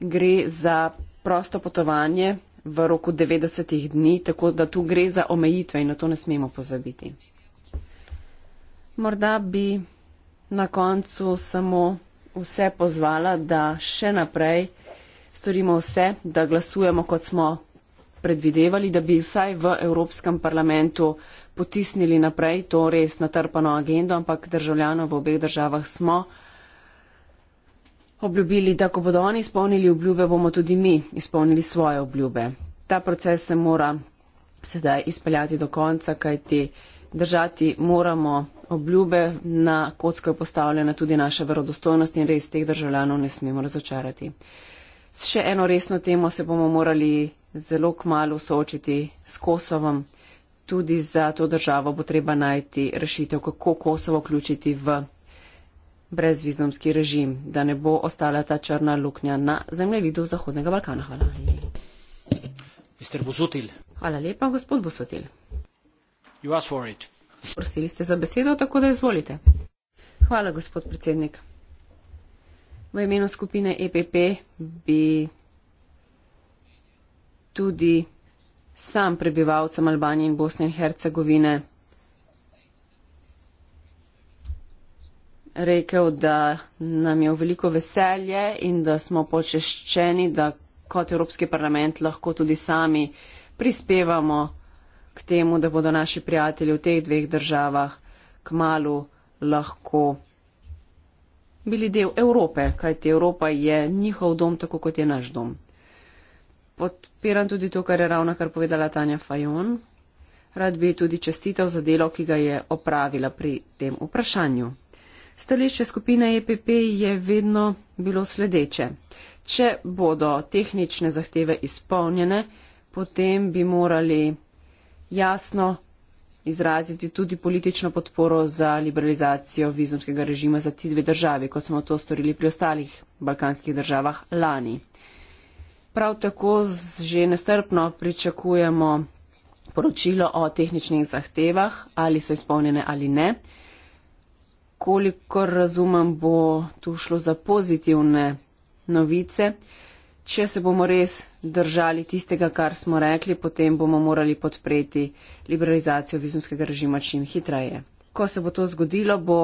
Gre za prosto potovanje v roku 90 dni, tako da tu gre za omejitve in na to ne smemo pozabiti. Morda bi na koncu samo vse pozvala, da še naprej storimo vse, da glasujemo, kot smo predvidevali, da bi vsaj v Evropskem parlamentu potisnili naprej to res natrpano agendo, ampak državljanov v obeh državah smo obljubili, da ko bodo oni izpolnili obljube, bomo tudi mi izpolnili svoje obljube. Ta proces se mora sedaj izpeljati do konca, kajti držati moramo obljube, na kocko je postavljena tudi naša verodostojnost in res teh državljanov ne smemo razočarati. S še eno resno temo se bomo morali zelo kmalo soočiti s Kosovom. Tudi za to državo bo treba najti rešitev, kako Kosovo vključiti v brezvizumski režim, da ne bo ostala ta črna luknja na zemljevidu Zahodnega Balkana. Hvala. Mr. Busutil. Hvala lepa, gospod Busutil. Prosili ste za besedo, tako da izvolite. Hvala, gospod predsednik. V imenu skupine EPP bi tudi sam prebivalcem Albanije in Bosne in Hercegovine rekel, da nam je v veliko veselje in da smo počeščeni, da kot Evropski parlament lahko tudi sami prispevamo k temu, da bodo naši prijatelji v teh dveh državah kmalo lahko bili del Evrope, kajti Evropa je njihov dom, tako kot je naš dom. Podpiram tudi to, kar je ravno kar povedala Tanja Fajon. Rad bi tudi čestitev za delo, ki ga je opravila pri tem vprašanju. Stališče skupine EPP je vedno bilo sledeče. Če bodo tehnične zahteve izpolnjene, potem bi morali jasno izraziti tudi politično podporo za liberalizacijo vizumskega režima za ti dve državi, kot smo to storili pri ostalih balkanskih državah lani. Prav tako že nestrpno pričakujemo poročilo o tehničnih zahtevah, ali so izpolnjene ali ne kolikor razumem, bo tu šlo za pozitivne novice. Če se bomo res držali tistega, kar smo rekli, potem bomo morali podpreti liberalizacijo vizumskega režima čim hitreje. Ko se bo to zgodilo, bo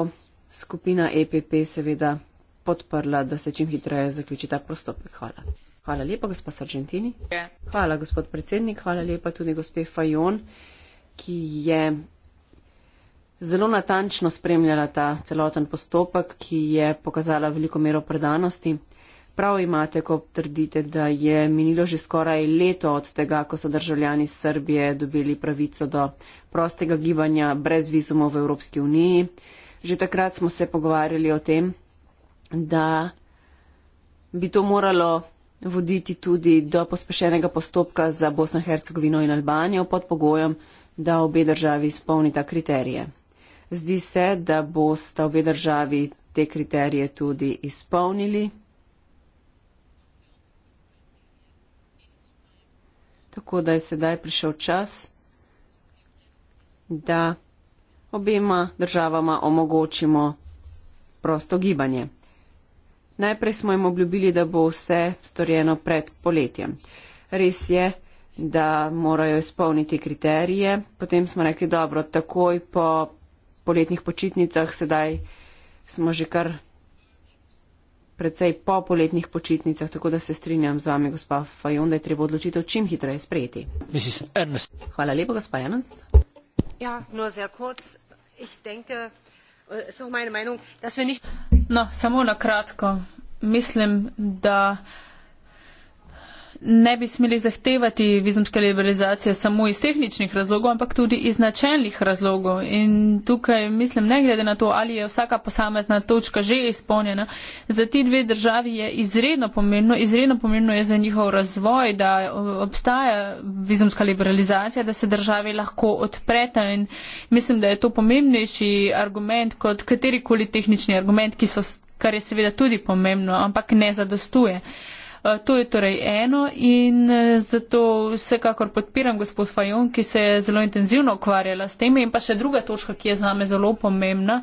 skupina EPP seveda podprla, da se čim hitreje zaključi ta postopek. Hvala. Hvala lepa, gospod Sargentini. Hvala, gospod predsednik. Hvala lepa tudi gospe Fajon, ki je zelo natančno spremljala ta celoten postopek, ki je pokazala veliko mero predanosti. Prav imate, ko trdite, da je minilo že skoraj leto od tega, ko so državljani Srbije dobili pravico do prostega gibanja brez vizumov v Evropski uniji. Že takrat smo se pogovarjali o tem, da bi to moralo voditi tudi do pospešenega postopka za Bosno, Hercegovino in Albanijo pod pogojem, da obe državi izpolnita kriterije. Zdi se, da boste obe državi te kriterije tudi izpolnili. Tako da je sedaj prišel čas, da obema državama omogočimo prosto gibanje. Najprej smo jim obljubili, da bo vse storjeno pred poletjem. Res je, da morajo izpolniti kriterije, potem smo rekli, dobro, takoj po poletnih počitnicah, sedaj smo že kar predvsej po poletnih počitnicah, tako da se strinjam z vami, gospa Fajon, da je treba odločitev čim hitreje sprejeti. Hvala lepa, gospa Janons. Ja, äh, no, zelo kratko. Mislim, da ne bi smeli zahtevati vizumske liberalizacije samo iz tehničnih razlogov, ampak tudi iz načelnih razlogov. In tukaj mislim, ne glede na to, ali je vsaka posamezna točka že izpolnjena, za ti dve državi je izredno pomembno, izredno pomembno je za njihov razvoj, da obstaja vizumska liberalizacija, da se državi lahko odpreta in mislim, da je to pomembnejši argument kot katerikoli tehnični argument, ki so kar je seveda tudi pomembno, ampak ne zadostuje. Eh, to je torej eno in eh, zato vsekakor podpiram gospod Fajon, ki se je zelo intenzivno ukvarjala s temi in pa še druga točka, ki je z nami zelo pomembna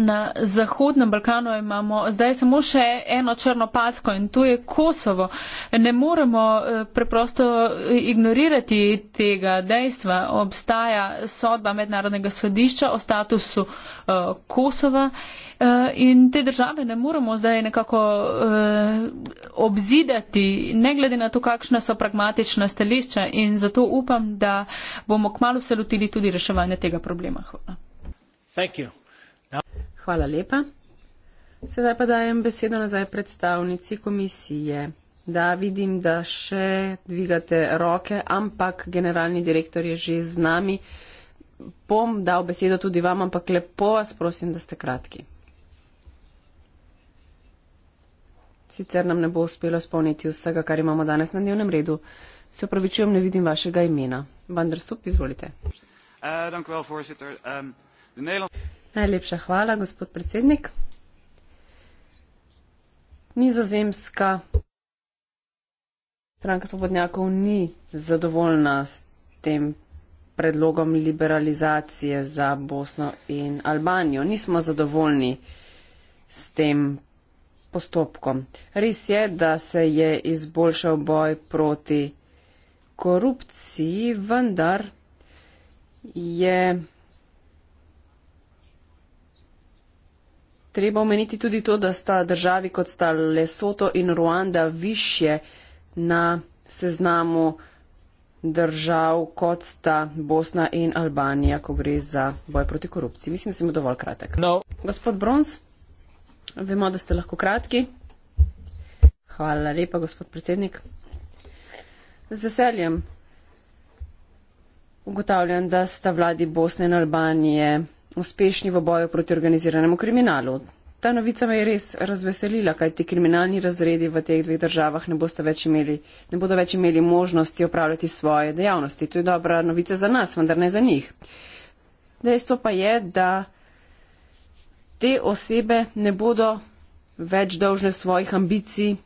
na Zahodnem Balkanu imamo zdaj samo še eno črno packo in to je Kosovo. Ne moremo eh, preprosto eh, ignorirati tega dejstva. Obstaja sodba mednarodnega sodišča o statusu eh, Kosova in te države ne moremo zdaj nekako obzidati, ne glede na to, kakšna so pragmatična stališča in zato upam, da bomo kmalo se lotili tudi reševanja tega problema. Hvala. Thank you. Now Hvala lepa. Sedaj pa dajem besedo nazaj predstavnici komisije. Da, vidim, da še dvigate roke, ampak generalni direktor je že z nami. Bom dal besedo tudi vam, ampak lepo vas prosim, da ste kratki. Sicer nam ne bo uspelo spolniti vsega, kar imamo danes na dnevnem redu. Se upravičujem, ne vidim vašega imena. Vandr Sup, izvolite. Uh, Najlepša hvala, gospod predsednik. Nizozemska stranka svobodnjakov ni zadovoljna s tem predlogom liberalizacije za Bosno in Albanijo. Nismo zadovoljni s tem postopkom. Res je, da se je izboljšal boj proti korupciji, vendar je Treba omeniti tudi to, da sta državi kot sta Lesoto in Ruanda više na seznamu držav kot sta Bosna in Albanija, ko gre za boj proti korupciji. Mislim, da sem dovolj kratek. No. Gospod Brons, vemo, da ste lahko kratki. Hvala lepa, gospod predsednik. Z veseljem ugotavljam, da sta vladi Bosne in Albanije uspešni v boju proti organiziranemu kriminalu. Ta novica me je res razveselila, kaj ti kriminalni razredi v teh dveh državah ne, več imeli, ne bodo več imeli možnosti opravljati svoje dejavnosti. To je dobra novica za nas, vendar ne za njih. Dejstvo pa je, da te osebe ne bodo več dolžne svojih ambicij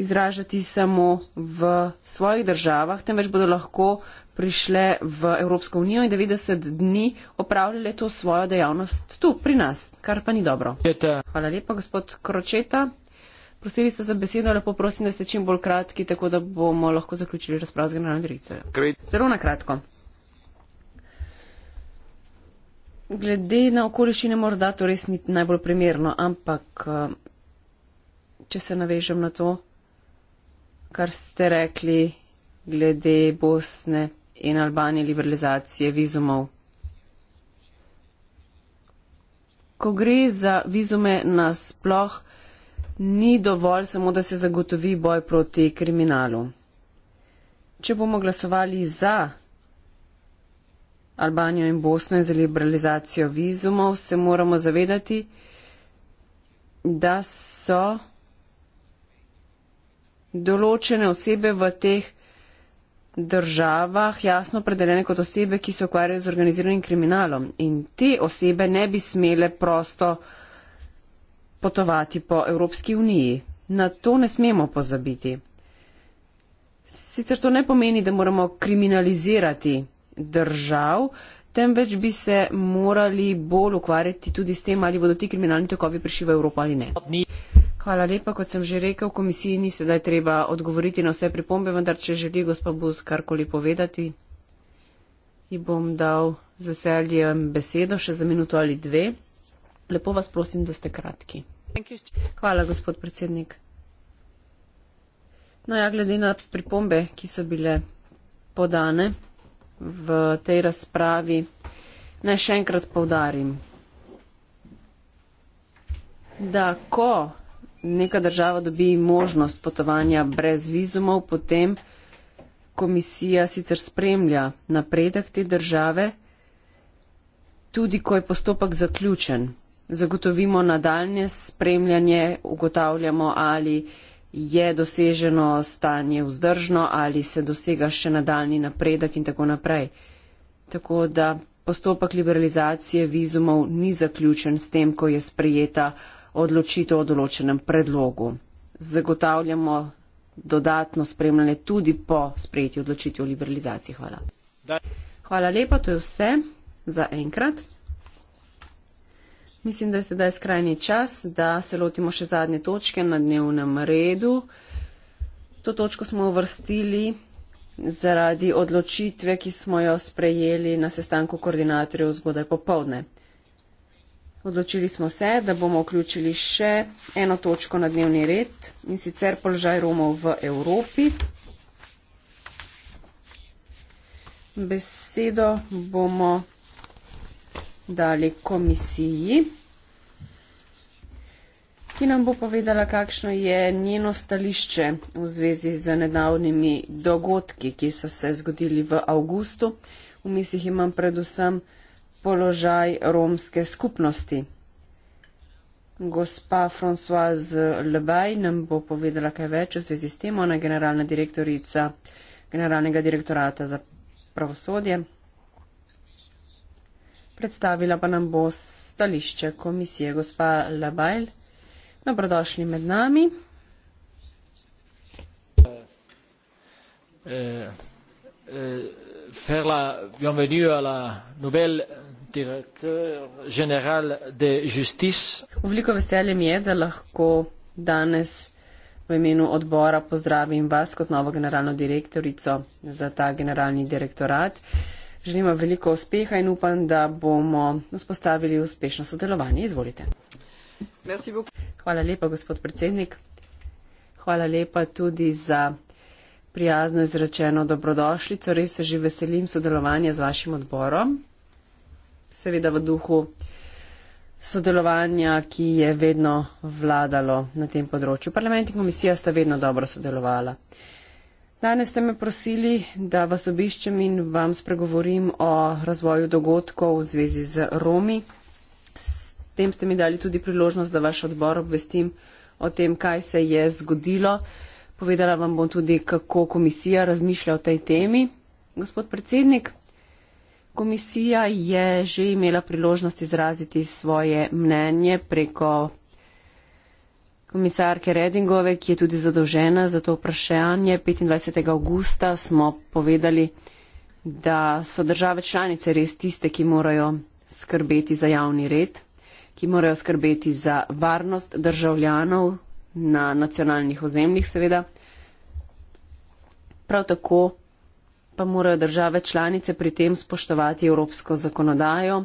izražati samo v svojih državah, temveč bodo lahko prišle v Evropsko unijo in 90 dni opravljale to svojo dejavnost tu, pri nas, kar pa ni dobro. Leta. Hvala lepa, gospod Kročeta. Prosili ste za besedo, lepo prosim, da ste čim bolj kratki, tako da bomo lahko zaključili razpravo z generalno direkcijo. Zelo na kratko. Glede na okoliščine morda to res ni najbolj primerno, ampak eh, če se navežem na to, kar ste rekli glede Bosne, in Albanije liberalizacije vizumov. Ko gre za vizume nasploh, ni dovolj samo, da se zagotovi boj proti kriminalu. Če bomo glasovali za Albanijo in Bosno in za liberalizacijo vizumov, se moramo zavedati, da so določene osebe v teh državah jasno opredeljene kot osebe, ki se ukvarjajo z organiziranim kriminalom. In te osebe ne bi smele prosto potovati po Evropski uniji. Na to ne smemo pozabiti. Sicer to ne pomeni, da moramo kriminalizirati držav, temveč bi se morali bolj ukvarjati tudi s tem, ali bodo ti kriminalni tokovi prišli v Evropo ali ne. Hvala lepa. Kot sem že rekel, komisiji ni sedaj treba odgovoriti na vse pripombe, vendar če želi gospa Bus karkoli povedati, ji bom dal z veseljem besedo še za minuto ali dve. Lepo vas prosim, da ste kratki. Hvala, gospod predsednik. No ja, glede na pripombe, ki so bile podane v tej razpravi, naj še enkrat povdarim, da ko neka država dobi možnost potovanja brez vizumov, potem komisija sicer spremlja napredek te države, tudi ko je postopek zaključen. Zagotovimo nadaljne spremljanje, ugotavljamo, ali je doseženo stanje vzdržno, ali se dosega še nadaljni napredek in tako naprej. Tako da postopek liberalizacije vizumov ni zaključen s tem, ko je sprejeta odločitev o določenem predlogu. Zagotavljamo dodatno spremljanje tudi po sprejeti odločitev o liberalizaciji. Hvala. Hvala lepa, to je vse za enkrat. Mislim, da je sedaj skrajni čas, da se lotimo še zadnje točke na dnevnem redu. To točko smo uvrstili zaradi odločitve, ki smo jo sprejeli na sestanku koordinatorjev zgodaj popovdne. Odločili smo se, da bomo vključili še eno točko na dnevni red in sicer položaj Romov v Evropi. Besedo bomo dali komisiji, ki nam bo povedala, kakšno je njeno stališče v zvezi z nedavnimi dogodki, ki so se zgodili v avgustu. V mislih imam predvsem položaj romske skupnosti. Gospa Françoise Lebaj nam bo povedala kaj več v zvezi s tem. Ona je generalna direktorica Generalnega direktorata za pravosodje. Predstavila pa nam bo stališče komisije. Gospa Lebaj, dobrodošli med nami. Eh, eh, eh Ferla, bienvenue à la nouvelle Veliko veselje mi je, da lahko danes v imenu odbora pozdravim vas kot novo generalno direktorico za ta generalni direktorat. Želim vam veliko uspeha in upam, da bomo vzpostavili uspešno sodelovanje. Izvolite. Hvala lepa, gospod predsednik. Hvala lepa tudi za prijazno izrečeno dobrodošlico. Res se že veselim sodelovanja z vašim odborom seveda v duhu sodelovanja, ki je vedno vladalo na tem področju. Parlament in komisija sta vedno dobro sodelovala. Danes ste me prosili, da vas obiščem in vam spregovorim o razvoju dogodkov v zvezi z Romi. S tem ste mi dali tudi priložnost, da vaš odbor obvestim o tem, kaj se je zgodilo. Povedala vam bom tudi, kako komisija razmišlja o tej temi. Gospod predsednik, Komisija je že imela priložnost izraziti svoje mnenje preko komisarke Redingove, ki je tudi zadolžena za to vprašanje. 25. augusta smo povedali, da so države članice res tiste, ki morajo skrbeti za javni red, ki morajo skrbeti za varnost državljanov na nacionalnih ozemljih, seveda. Prav tako pa morajo države članice pri tem spoštovati evropsko zakonodajo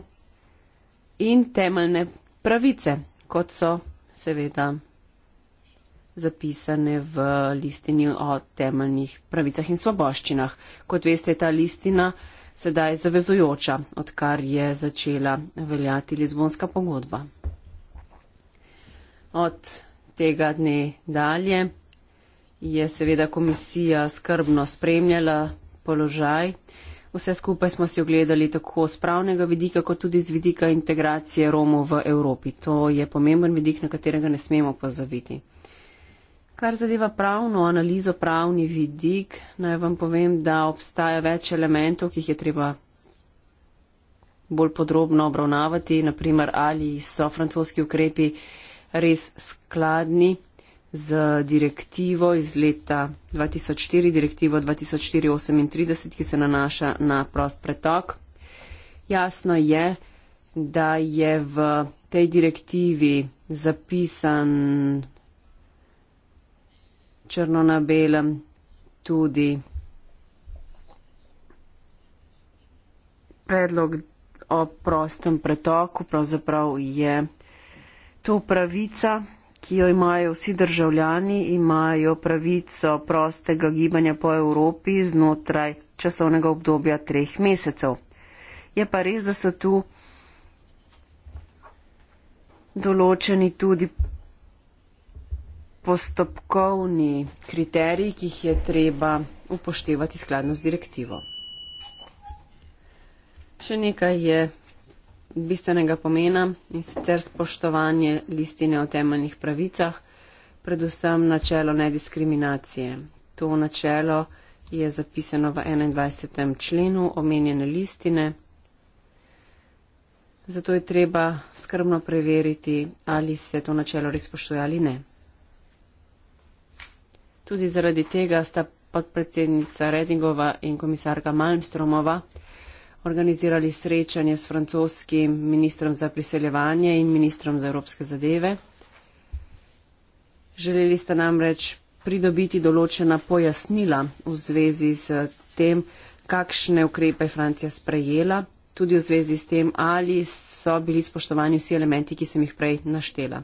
in temeljne pravice, kot so seveda zapisane v listini o temeljnih pravicah in svoboščinah. Kot veste, je ta listina sedaj zavezujoča, odkar je začela veljati Lizbonska pogodba. Od tega dne dalje je seveda komisija skrbno spremljala položaj. Vse skupaj smo si ogledali tako z pravnega vidika, kot tudi z vidika integracije Romov v Evropi. To je pomemben vidik, na katerega ne smemo pozaviti. Kar zadeva pravno analizo, pravni vidik, naj vam povem, da obstaja več elementov, ki jih je treba bolj podrobno obravnavati, naprimer ali so francoski ukrepi res skladni z direktivo iz leta 2004, direktivo 2004-38, ki se nanaša na prost pretok. Jasno je, da je v tej direktivi zapisan črno na belem tudi predlog o prostem pretoku. Pravzaprav je to pravica ki jo imajo vsi državljani, imajo pravico prostega gibanja po Evropi znotraj časovnega obdobja treh mesecev. Je pa res, da so tu določeni tudi postopkovni kriteriji, ki jih je treba upoštevati skladno z direktivo. Še nekaj je bistvenega pomena in sicer spoštovanje listine o temeljnih pravicah, predvsem načelo nediskriminacije. To načelo je zapisano v 21. členu omenjene listine. Zato je treba skrbno preveriti, ali se to načelo res spoštuje ali ne. Tudi zaradi tega sta podpredsednica Redingova in komisarka Malmstromova organizirali srečanje s francoskim ministrom za priseljevanje in ministrom za evropske zadeve. Želeli ste namreč pridobiti določena pojasnila v zvezi s tem, kakšne ukrepe je Francija sprejela, tudi v zvezi s tem, ali so bili spoštovani vsi elementi, ki sem jih prej naštela.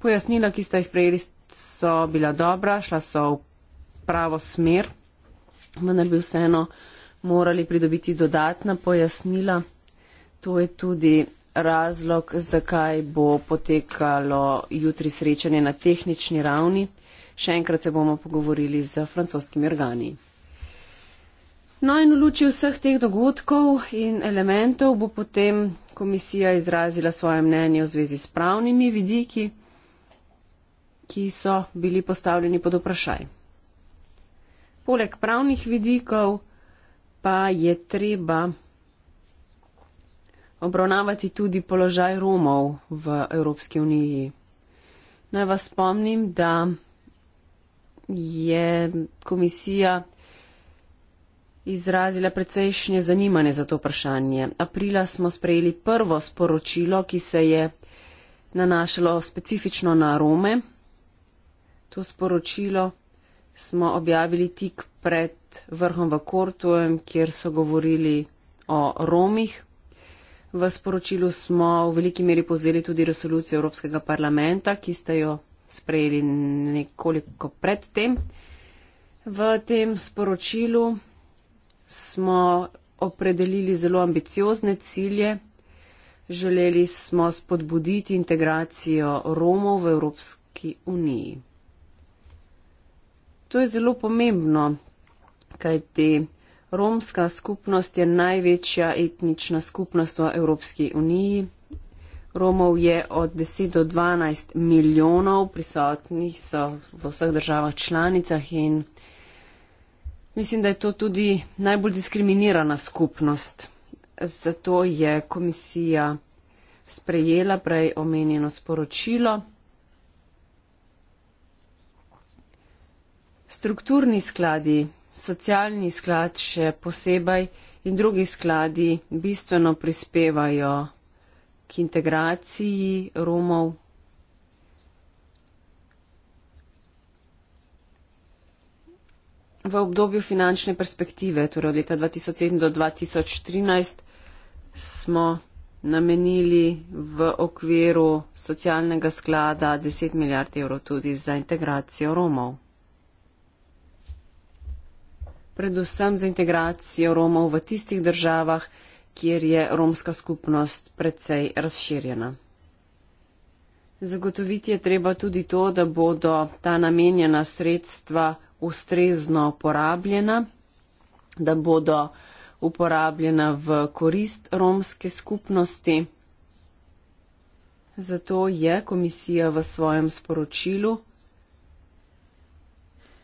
Pojasnila, ki ste jih prejeli, so bila dobra, šla so v pravo smer, vendar bi vseeno morali pridobiti dodatna pojasnila. To je tudi razlog, zakaj bo potekalo jutri srečanje na tehnični ravni. Še enkrat se bomo pogovorili z francoskimi organi. No in v luči vseh teh dogodkov in elementov bo potem komisija izrazila svoje mnenje v zvezi s pravnimi vidiki, ki so bili postavljeni pod vprašaj. Poleg pravnih vidikov pa je treba obravnavati tudi položaj Romov v Evropski uniji. Naj vas spomnim, da je komisija izrazila precejšnje zanimanje za to vprašanje. Aprila smo sprejeli prvo sporočilo, ki se je nanašalo specifično na Rome. To sporočilo smo objavili tik pred vrhom v Kortujem, kjer so govorili o Romih. V sporočilu smo v veliki meri pozeli tudi resolucijo Evropskega parlamenta, ki ste jo sprejeli nekoliko predtem. V tem sporočilu smo opredelili zelo ambiciozne cilje. Želeli smo spodbuditi integracijo Romov v Evropski uniji. To je zelo pomembno, kajti romska skupnost je največja etnična skupnost v Evropski uniji. Romov je od 10 do 12 milijonov, prisotnih so v vseh državah članicah in mislim, da je to tudi najbolj diskriminirana skupnost. Zato je komisija sprejela prej omenjeno sporočilo. Strukturni skladi, socialni sklad še posebej in drugi skladi bistveno prispevajo k integraciji Romov. V obdobju finančne perspektive, torej od leta 2007 do 2013, smo namenili v okviru socialnega sklada 10 milijard evrov tudi za integracijo Romov predvsem za integracijo Romov v tistih državah, kjer je romska skupnost precej razširjena. Zagotoviti je treba tudi to, da bodo ta namenjena sredstva ustrezno porabljena, da bodo uporabljena v korist romske skupnosti. Zato je komisija v svojem sporočilu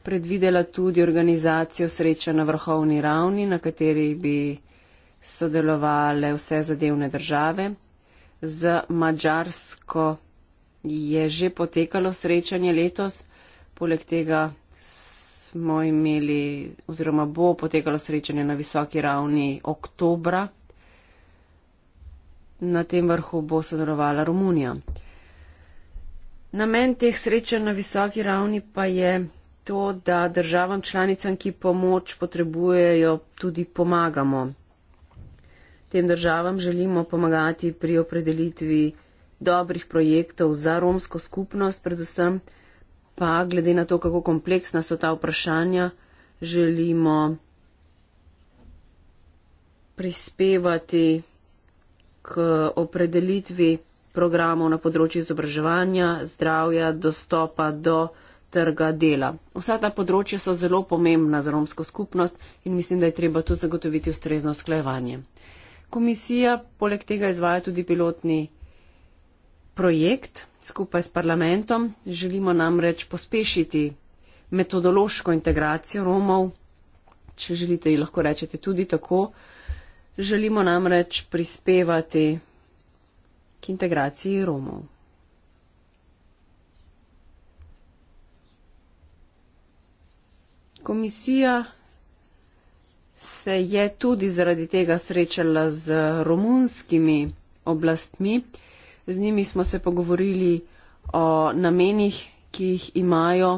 predvidela tudi organizacijo sreče na vrhovni ravni, na kateri bi sodelovale vse zadevne države. Z Mačarsko je že potekalo srečanje letos, poleg tega smo imeli oziroma bo potekalo srečanje na visoki ravni oktobra. Na tem vrhu bo sodelovala Romunija. Namen teh srečanj na visoki ravni pa je to, da državam članicam, ki pomoč potrebujejo, tudi pomagamo. Tem državam želimo pomagati pri opredelitvi dobrih projektov za romsko skupnost, predvsem pa glede na to, kako kompleksna so ta vprašanja, želimo prispevati k opredelitvi programov na področju izobraževanja, zdravja, dostopa do trga dela. Vsa ta področja so zelo pomembna za romsko skupnost in mislim, da je treba tu zagotoviti ustrezno sklajevanje. Komisija poleg tega izvaja tudi pilotni projekt skupaj s parlamentom. Želimo namreč pospešiti metodološko integracijo Romov, če želite, lahko rečete tudi tako. Želimo namreč prispevati k integraciji Romov. komisija se je tudi zaradi tega srečala z romunskimi oblastmi. Z njimi smo se pogovorili o namenih, ki jih imajo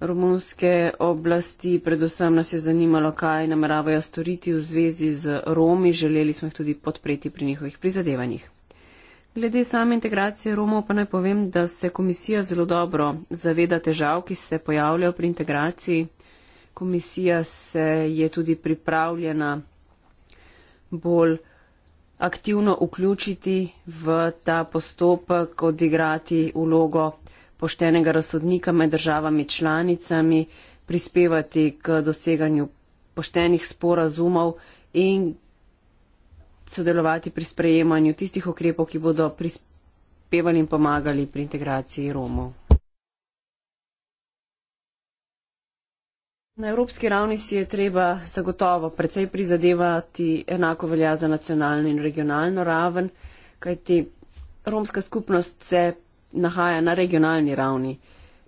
romunske oblasti. Predvsem nas je zanimalo, kaj nameravajo storiti v zvezi z Romi. Želeli smo jih tudi podpreti pri njihovih prizadevanjih. Glede same integracije Romov pa naj povem, da se komisija zelo dobro zaveda težav, ki se pojavljajo pri integraciji. Komisija se je tudi pripravljena bolj aktivno vključiti v ta postopek, odigrati vlogo poštenega razsodnika med državami članicami, prispevati k doseganju poštenih sporazumov in sodelovati pri sprejemanju tistih ukrepov, ki bodo prispevali in pomagali pri integraciji Romov. Na evropski ravni si je treba zagotovo precej prizadevati, enako velja za nacionalno in regionalno raven, kajti romska skupnost se nahaja na regionalni ravni.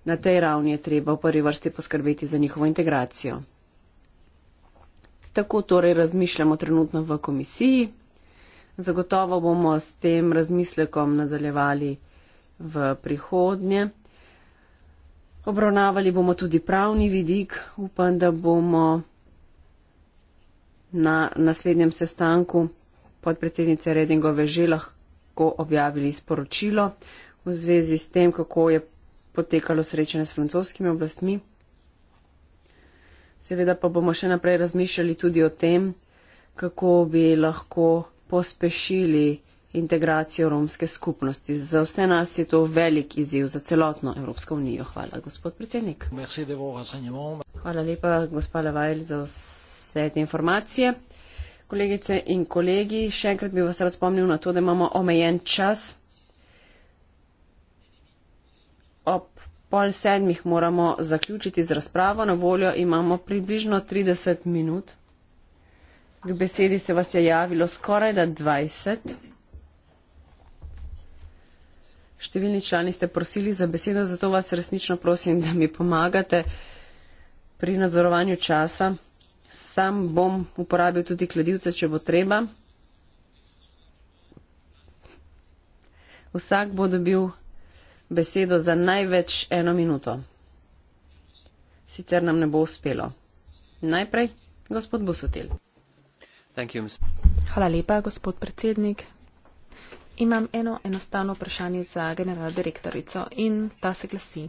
Na tej ravni je treba v prvi vrsti poskrbeti za njihovo integracijo. Tako torej razmišljamo trenutno v komisiji. Zagotovo bomo s tem razmislekom nadaljevali v prihodnje. Obravnavali bomo tudi pravni vidik. Upam, da bomo na naslednjem sestanku podpredsednice Redingove že lahko objavili sporočilo v zvezi s tem, kako je potekalo srečanje s francoskimi oblastmi. Seveda pa bomo še naprej razmišljali tudi o tem, kako bi lahko pospešili integracijo romske skupnosti. Za vse nas je to velik izziv, za celotno Evropsko unijo. Hvala, gospod predsednik. Hvala lepa, gospod Levajl, za vse te informacije. Kolegice in kolegi, še enkrat bi vas rad spomnil na to, da imamo omejen čas. Ob pol sedmih moramo zaključiti z razpravo. Na voljo imamo približno 30 minut. K besedi se vas je javilo skoraj da 20. Številni člani ste prosili za besedo, zato vas resnično prosim, da mi pomagate pri nadzorovanju časa. Sam bom uporabil tudi kladivce, če bo treba. Vsak bo dobil besedo za največ eno minuto. Sicer nam ne bo uspelo. Najprej, gospod Busotil. Hvala lepa, gospod predsednik. Imam eno enostavno vprašanje za general direktorico in ta se glasi.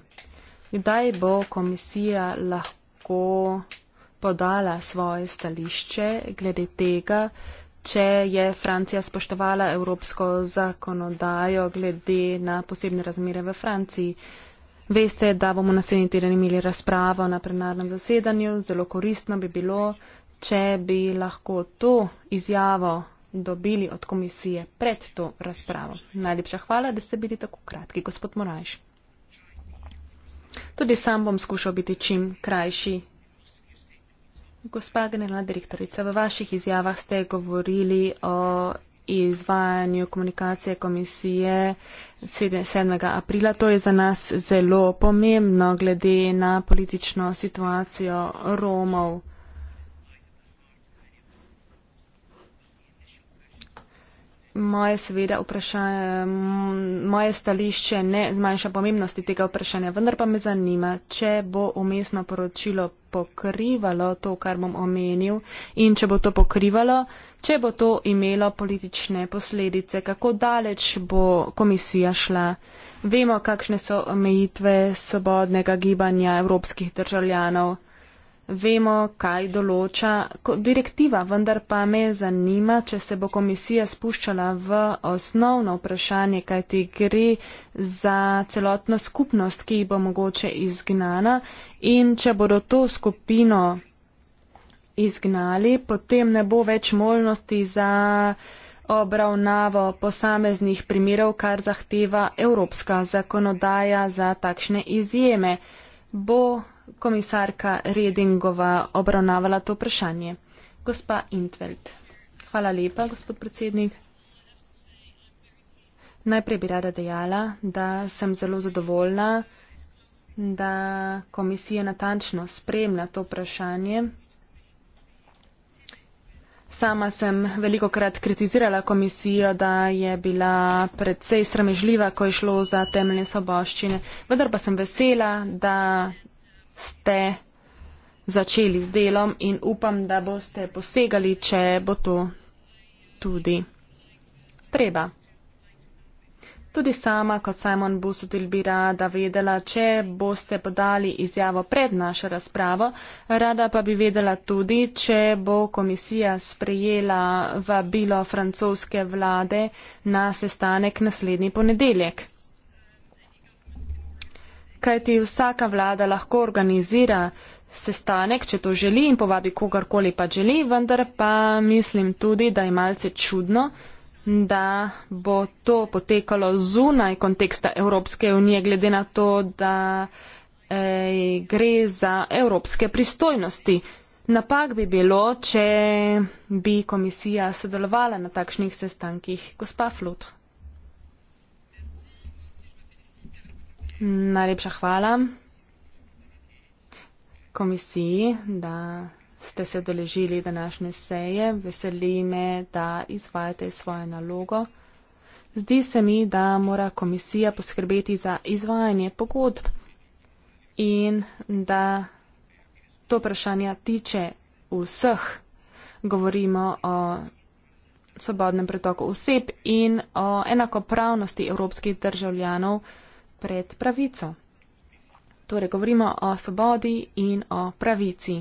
Kdaj bo komisija lahko podala svoje stališče glede tega, če je Francija spoštovala evropsko zakonodajo glede na posebne razmere v Franciji? Veste, da bomo naslednji teden imeli razpravo na plenarnem zasedanju, zelo koristno bi bilo, če bi lahko to izjavo dobili od komisije pred to razpravo. Najlepša hvala, da ste bili tako kratki, gospod Morajš. Tudi sam bom skušal biti čim krajši. Gospa generalna direktorica, v vaših izjavah ste govorili o izvajanju komunikacije komisije 7. aprila. To je za nas zelo pomembno glede na politično situacijo Romov. moje seveda vprašanje, moje stališče ne zmanjša pomembnosti tega vprašanja, vendar pa me zanima, če bo umestno poročilo pokrivalo to, kar bom omenil in če bo to pokrivalo, če bo to imelo politične posledice, kako daleč bo komisija šla. Vemo, kakšne so omejitve svobodnega gibanja evropskih državljanov vemo, kaj določa direktiva, vendar pa me zanima, če se bo komisija spuščala v osnovno vprašanje, kaj ti gre za celotno skupnost, ki bo mogoče izgnana in če bodo to skupino izgnali, potem ne bo več možnosti za obravnavo posameznih primerov, kar zahteva evropska zakonodaja za takšne izjeme. Bo komisarka Redingova obravnavala to vprašanje. Gospa Intveld. Hvala lepa, gospod predsednik. Najprej bi rada dejala, da sem zelo zadovoljna, da komisija natančno spremlja to vprašanje. Sama sem veliko krat kritizirala komisijo, da je bila predvsej sramežljiva, ko je šlo za temeljne soboščine. Vendar pa sem vesela, da ste začeli z delom in upam, da boste posegali, če bo to tudi treba. Tudi sama kot Simon Busutil bi rada vedela, če boste podali izjavo pred našo razpravo, rada pa bi vedela tudi, če bo komisija sprejela vabilo francoske vlade na sestanek naslednji ponedeljek kajti vsaka vlada lahko organizira sestanek, če to želi in povabi kogarkoli pa želi, vendar pa mislim tudi, da je malce čudno, da bo to potekalo zunaj konteksta Evropske unije, glede na to, da ej, eh, gre za evropske pristojnosti. Napak bi bilo, če bi komisija sodelovala na takšnih sestankih. Gospa Flut. Najlepša hvala komisiji, da ste se doležili današnje seje. Veseli me, da izvajate svojo nalogo. Zdi se mi, da mora komisija poskrbeti za izvajanje pogodb in da to vprašanje tiče vseh. Govorimo o svobodnem pretoku oseb in o enakopravnosti evropskih državljanov pred pravico. Torej, govorimo o svobodi in o pravici.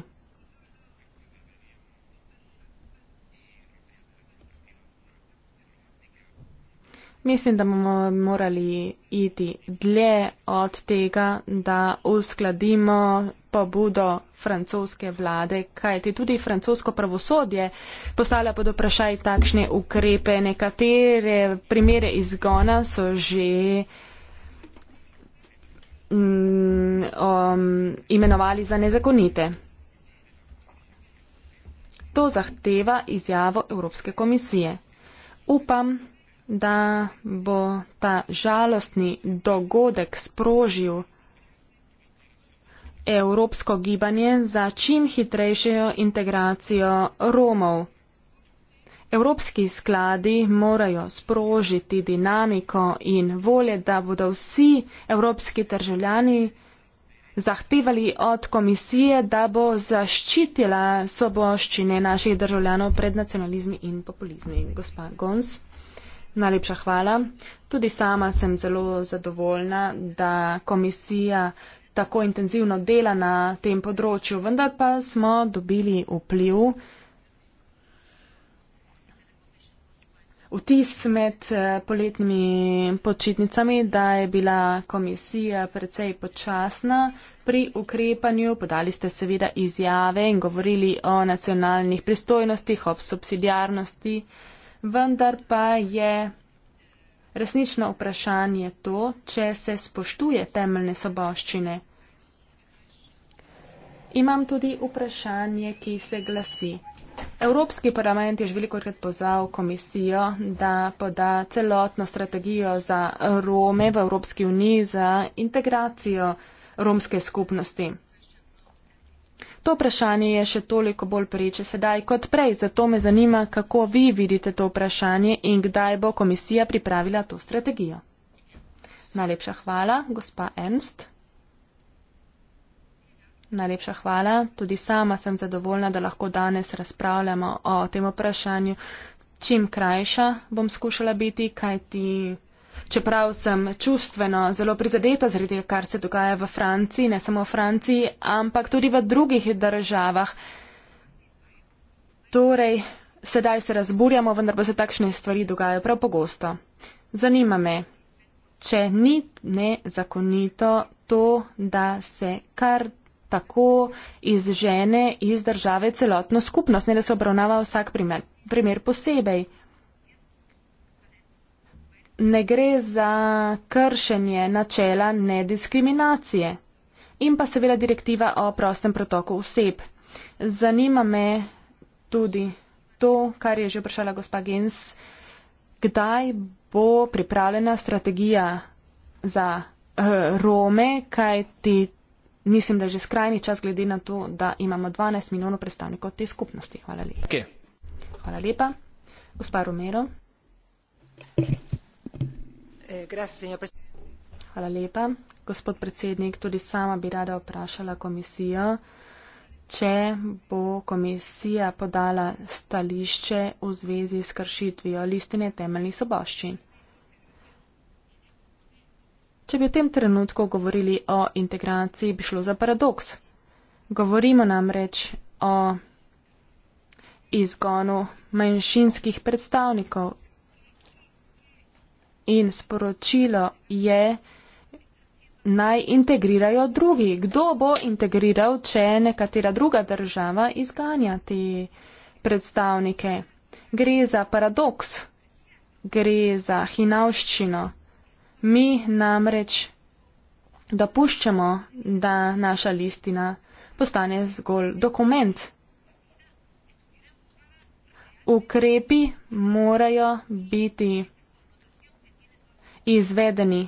Mislim, da bomo morali iti dlje od tega, da uskladimo pobudo francoske vlade, kajti tudi francosko pravosodje postavlja pod vprašaj takšne ukrepe. Nekatere primere izgona so že. Uh, Mm, um, imenovali za nezakonite. To zahteva izjavo Evropske komisije. Upam, da bo ta žalostni dogodek sprožil Evropsko gibanje za čim hitrejšo integracijo Romov. Evropski skladi morajo sprožiti dinamiko in volje, da bodo vsi evropski državljani zahtevali od komisije, da bo zaščitila soboščine naših državljanov pred nacionalizmi in populizmi. Gospa Gons, najlepša hvala. Tudi sama sem zelo zadovoljna, da komisija tako intenzivno dela na tem področju, vendar pa smo dobili vpliv. vtis med eh, poletnimi počitnicami, da je bila komisija precej počasna pri ukrepanju. Podali ste seveda izjave in govorili o nacionalnih pristojnostih, o subsidiarnosti, vendar pa je. Resnično vprašanje je to, če se spoštuje temeljne soboščine. Imam tudi vprašanje, ki se glasi. Evropski parlament je že velikokrat pozval komisijo, da poda celotno strategijo za Rome v Evropski uniji za integracijo romske skupnosti. To vprašanje je še toliko bolj preče sedaj kot prej, zato me zanima, kako vi vidite to vprašanje in kdaj bo komisija pripravila to strategijo. Najlepša hvala, gospa Ernst. Najlepša hvala. Tudi sama sem zadovoljna, da lahko danes razpravljamo o tem vprašanju. Čim krajša bom skušala biti, kajti čeprav sem čustveno zelo prizadeta zaradi tega, kar se dogaja v Franciji, ne samo v Franciji, ampak tudi v drugih državah. Torej, sedaj se razburjamo, vendar pa se takšne stvari dogajajo prav pogosto. Zanima me, če ni nezakonito to, da se kar tako iz žene, iz države celotno skupnost, ne da se obravnava vsak primer, primer posebej. Ne gre za kršenje načela nediskriminacije in pa seveda direktiva o prostem protoku oseb. Zanima me tudi to, kar je že vprašala gospa Gens, kdaj bo pripravljena strategija za uh, Rome, kaj ti mislim, da je že skrajni čas glede na to, da imamo 12 milijonov predstavnikov te skupnosti. Hvala lepa. Okay. Hvala lepa. Gospa Romero. Eh, Hvala lepa. Gospod predsednik, tudi sama bi rada vprašala komisijo, če bo komisija podala stališče v zvezi s kršitvijo listine temeljnih soboščin. Če bi v tem trenutku govorili o integraciji, bi šlo za paradoks. Govorimo namreč o izgonu manjšinskih predstavnikov. In sporočilo je, naj integrirajo drugi. Kdo bo integriral, če nekatera druga država izganja te predstavnike? Gre za paradoks, gre za hinavščino. Mi namreč dopuščamo, da naša listina postane zgolj dokument. Ukrepi morajo biti izvedeni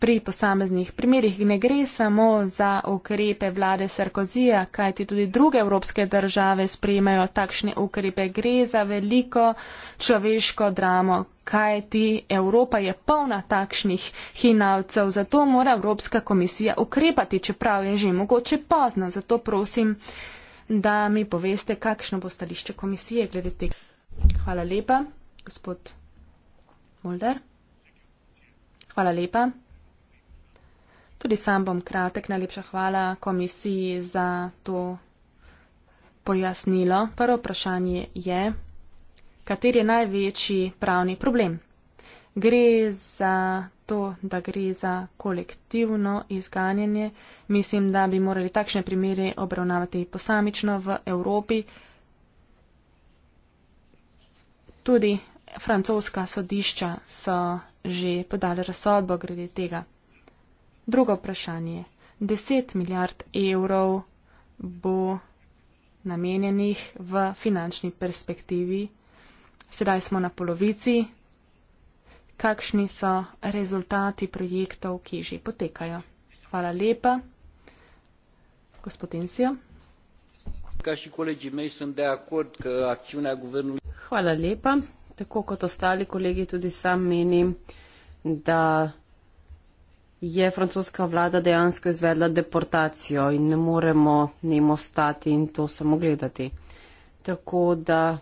pri posameznih primerjih ne gre samo za ukrepe vlade Sarkozija, kajti tudi druge evropske države sprejmejo takšne ukrepe, gre za veliko človeško dramo, kajti Evropa je polna takšnih hinavcev, zato mora Evropska komisija ukrepati, čeprav je že mogoče pozno. Zato prosim, da mi poveste, kakšno bo stališče komisije glede tega. Hvala lepa, gospod Mulder. Hvala lepa. Tudi sam bom kratek, najlepša hvala komisiji za to pojasnilo. Prvo vprašanje je, kater je največji pravni problem? Gre za to, da gre za kolektivno izganjanje. Mislim, da bi morali takšne primere obravnavati posamično v Evropi. Tudi francoska sodišča so že podali razsodbo glede tega. Drugo vprašanje. 10 milijard evrov bo namenjenih v finančni perspektivi. Sedaj smo na polovici. Kakšni so rezultati projektov, ki že potekajo? Hvala lepa. Gospodin Sijo. Hvala lepa. Tako kot ostali kolegi, tudi sam menim, da je francoska vlada dejansko izvedla deportacijo in ne moremo nemo stati in to samo gledati. Tako da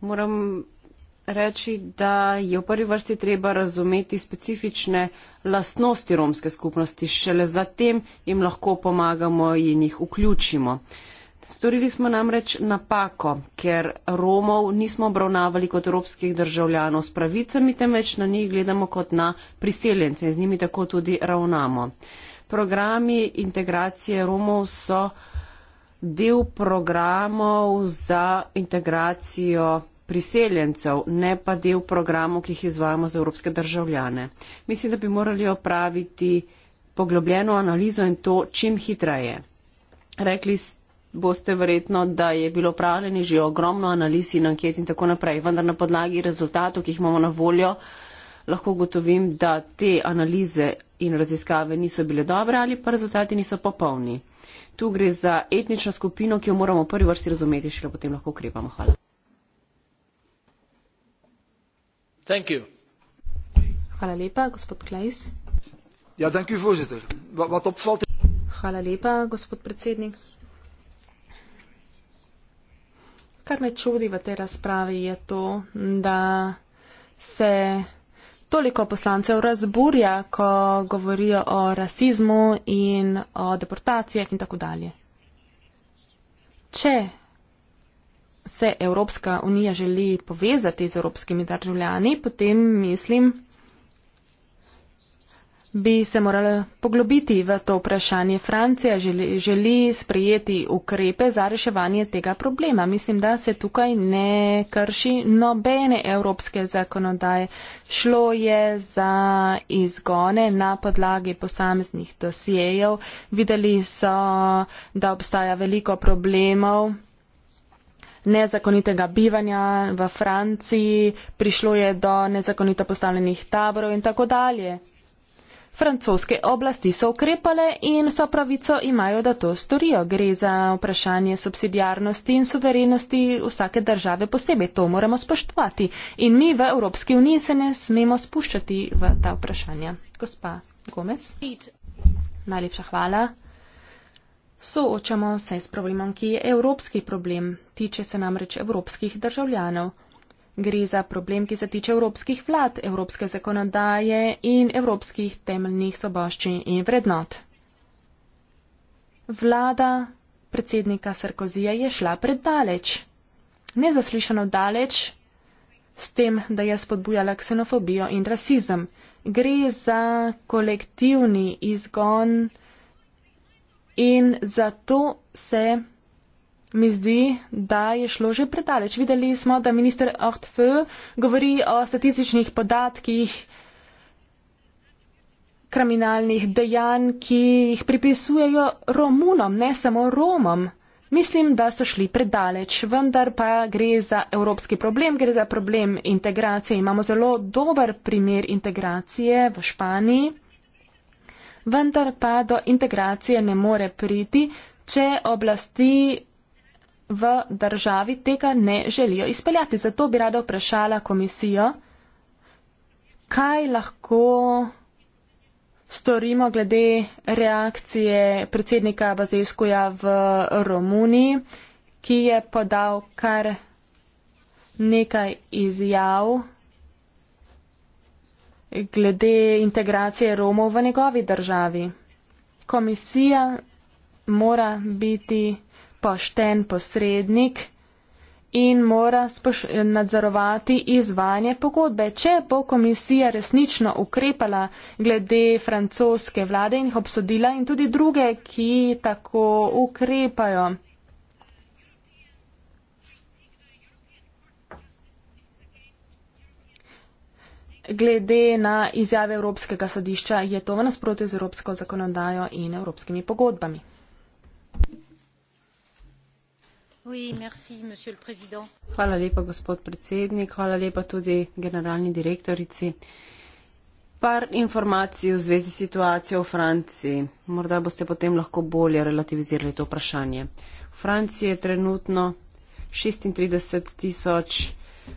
moram reči, da je v prvi vrsti treba razumeti specifične lastnosti romske skupnosti, šele zatem jim lahko pomagamo in jih vključimo. Uh, Storili smo namreč napako, ker Romov nismo obravnavali kot evropskih državljanov s pravicami, temveč na njih gledamo kot na priseljence in z njimi tako tudi ravnamo. Programi integracije Romov so del programov za integracijo priseljencev, ne pa del programov, ki jih izvajamo za evropske državljane. Mislim, da bi morali opraviti poglobljeno analizo in to čim hitreje. Rekli ste, boste verjetno, da je bilo pravljeni že ogromno analiz in anket in tako naprej. Vendar na podlagi rezultatov, ki jih imamo na voljo, lahko gotovim, da te analize in raziskave niso bile dobre ali pa rezultati niso popolni. Tu gre za etnično skupino, ki jo moramo v prvi vrsti razumeti, šele potem lahko ukrepamo. Hvala. Thank you. Hvala lepa, gospod Klajs. Ja, thank you, voorzitter. Hvala lepa, gospod predsednik. kar me čudi v tej razpravi, je to, da se toliko poslancev razburja, ko govorijo o rasizmu in o deportacijah in tako dalje. Če se Evropska unija želi povezati z evropskimi državljani, potem mislim, bi se morala poglobiti v to vprašanje. Francija želi, želi sprejeti ukrepe za reševanje tega problema. Mislim, da se tukaj ne krši nobene evropske zakonodaje. Šlo je za izgone na podlagi posameznih dosijejev. Videli so, da obstaja veliko problemov nezakonitega bivanja v Franciji, prišlo je do nezakonito postavljenih taborov in tako dalje francoske oblasti so ukrepale in so pravico imajo, da to storijo. Gre za vprašanje subsidijarnosti in suverenosti vsake države posebej. To moramo spoštovati. In mi v Evropski uniji se ne smemo spuščati v ta vprašanja. Gospa Gomez. Najlepša hvala. Soočamo se s problemom, ki je evropski problem, tiče se namreč evropskih državljanov. Gre za problem, ki se tiče evropskih vlad, evropske zakonodaje in evropskih temeljnih soboščin in vrednot. Vlada predsednika Sarkozije je šla preddaleč, nezaslišano daleč, s tem, da je spodbujala ksenofobijo in rasizem. Gre za kolektivni izgon in zato se mi zdi, da je šlo že predaleč. Videli smo, da minister Ortfel govori o statističnih podatkih kriminalnih dejanj, ki jih pripisujejo Romunom, ne samo Romom. Mislim, da so šli predaleč, vendar pa gre za evropski problem, gre za problem integracije. Imamo zelo dober primer integracije v Španiji, vendar pa do integracije ne more priti, če oblasti v državi tega ne želijo izpeljati. Zato bi rada vprašala komisijo, kaj lahko storimo glede reakcije predsednika Bazeskuja v Romuniji, ki je podal kar nekaj izjav glede integracije Romov v njegovi državi. Komisija mora biti pošten posrednik in mora nadzorovati izvanje pogodbe. Če bo komisija resnično ukrepala glede francoske vlade in jih obsodila in tudi druge, ki tako ukrepajo. Glede na izjave Evropskega sodišča je to v nasprotju z evropsko zakonodajo in evropskimi pogodbami. hvala lepa gospod predsednik hvala lepa tudi generalni direktorici par informacij v zvezi s situacijo v franciji morda boste potem lahko bolje relativizirali to vprašanje v franciji je trenutno šestintrideset tisoč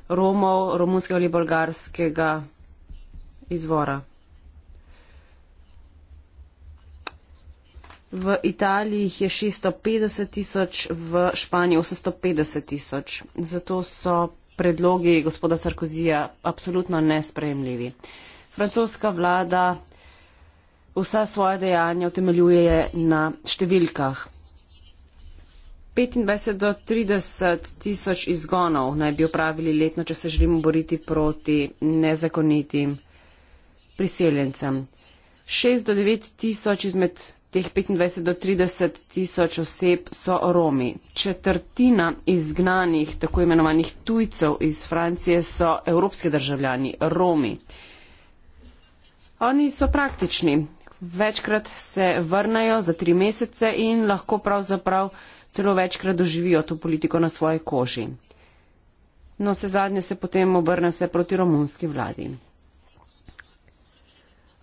romov romunskega ali bolgarskega izvora v Italiji jih je 650 tisoč, v Španiji 850 tisoč. Zato so predlogi gospoda Sarkozija absolutno nesprejemljivi. Francoska vlada vsa svoje dejanja utemeljuje na številkah. 25 do 30 tisoč izgonov naj bi upravili letno, če se želimo boriti proti nezakonitim priseljencem. 6 do 9 tisoč izmed teh 25 do 30 tisoč oseb so Romi. Četrtina izgnanih tako imenovanih tujcev iz Francije so evropski državljani, Romi. Oni so praktični, večkrat se vrnajo za tri mesece in lahko pravzaprav celo večkrat doživijo to politiko na svoji koži. No, se zadnje se potem obrne vse proti romunski vladi.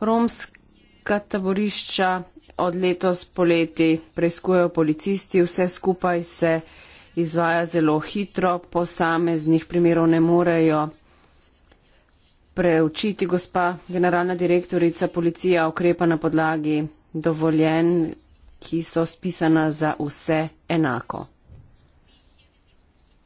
Romsk Velika taborišča od letos poleti preizkujejo policisti, vse skupaj se izvaja zelo hitro, posameznih primerov ne morejo preučiti. Gospa generalna direktorica policija okrepa na podlagi dovoljen, ki so spisana za vse enako.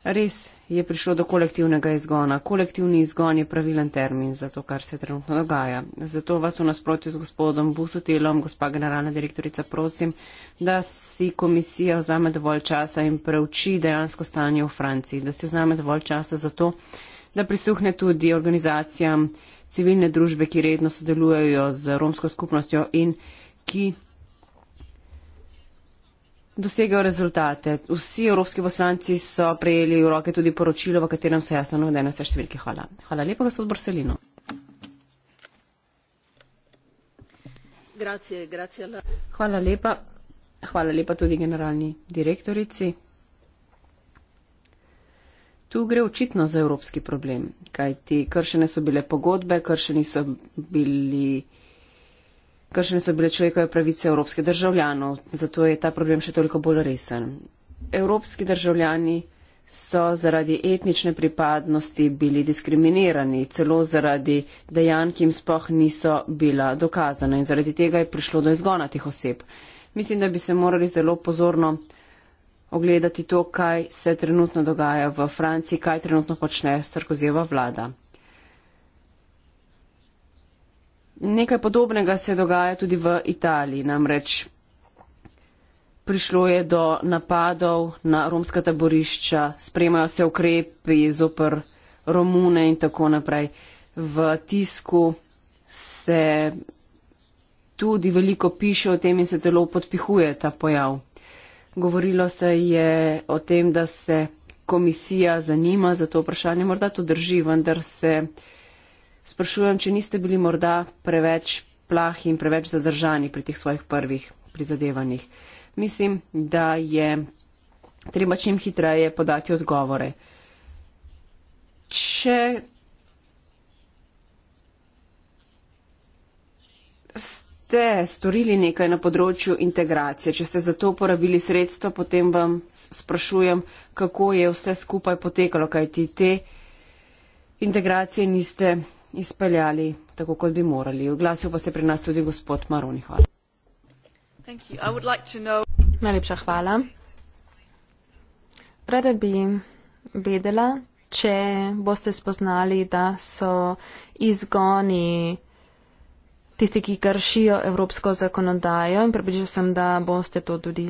Res je prišlo do kolektivnega izgona. Kolektivni izgon je pravilen termin za to, kar se trenutno dogaja. Zato vas v nasprotju z gospodom Busutelom, gospa generalna direktorica, prosim, da si komisija vzame dovolj časa in preuči dejansko stanje v Franciji, da si vzame dovolj časa za to, da prisluhne tudi organizacijam civilne družbe, ki redno sodelujejo z romsko skupnostjo in ki dosegel rezultate. Vsi evropski poslanci so prejeli v roke tudi poročilo, v katerem so jasno navedene vse številke. Hvala. Hvala lepa, gospod Borselino. Grazie, grazie la... Hvala lepa. Hvala lepa tudi generalni direktorici. Tu gre očitno za evropski problem, kajti kršene so bile pogodbe, kršeni so bili kršene so bile človekove pravice evropskih državljanov, zato je ta problem še toliko bolj resen. Evropski državljani so zaradi etnične pripadnosti bili diskriminirani, celo zaradi dejanj, ki jim spoh niso bila dokazana in zaradi tega je prišlo do izgona tih oseb. Mislim, da bi se morali zelo pozorno ogledati to, kaj se trenutno dogaja v Franciji, kaj trenutno počne Sarkozijeva vlada. nekaj podobnega se dogaja tudi v Italiji. Namreč prišlo je do napadov na romska taborišča, spremajo se ukrepi zopr Romune in tako naprej. V tisku se tudi veliko piše o tem in se celo podpihuje ta pojav. Govorilo se je o tem, da se komisija zanima za to vprašanje, morda to drži, vendar se sprašujem, če niste bili morda preveč plahi in preveč zadržani pri teh svojih prvih prizadevanjih. Mislim, da je treba čim hitreje podati odgovore. Če ste storili nekaj na področju integracije, če ste za to uporabili sredstvo, potem vam sprašujem, kako je vse skupaj potekalo, kaj ti te integracije niste izpeljali tako, kot bi morali. Oglasil pa se pri nas tudi gospod Maroni. Hvala. Like know... Najlepša hvala. Rada bi vedela, če boste spoznali, da so izgoni tisti, ki kršijo evropsko zakonodajo in prebiža sem, da boste to tudi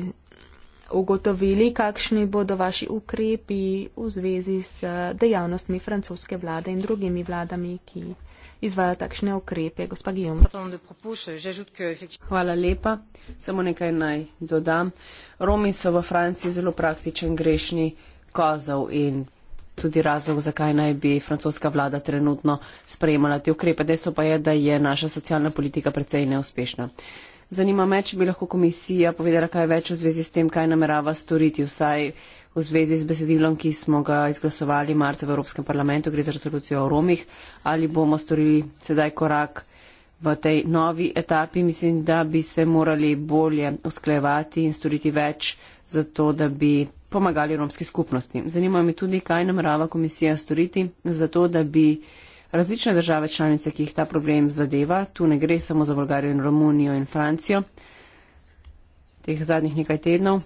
ugotovili, kakšni bodo vaši ukrepi v zvezi s dejavnostmi francoske vlade in drugimi vladami, ki izvaja takšne ukrepe. Gospa Gijom. Hvala lepa. Samo nekaj naj dodam. Romi so v Franciji zelo praktičen grešni kozov in tudi razlog, zakaj naj bi francoska vlada trenutno sprejemala te ukrepe. Dejstvo pa je, da je naša socialna politika precej neuspešna. Zanima me, če bi lahko komisija povedala kaj več v zvezi s tem, kaj namerava storiti vsaj v zvezi z besedilom, ki smo ga izglasovali marca v Evropskem parlamentu, gre za resolucijo o Romih, ali bomo storili sedaj korak v tej novi etapi. Mislim, da bi se morali bolje usklejevati in storiti več za to, da bi pomagali romski skupnosti. Zanima me tudi, kaj namerava komisija storiti za to, da bi različne države članice, ki jih ta problem zadeva. Tu ne gre samo za Bolgarijo in Romunijo in Francijo teh zadnjih nekaj tednov,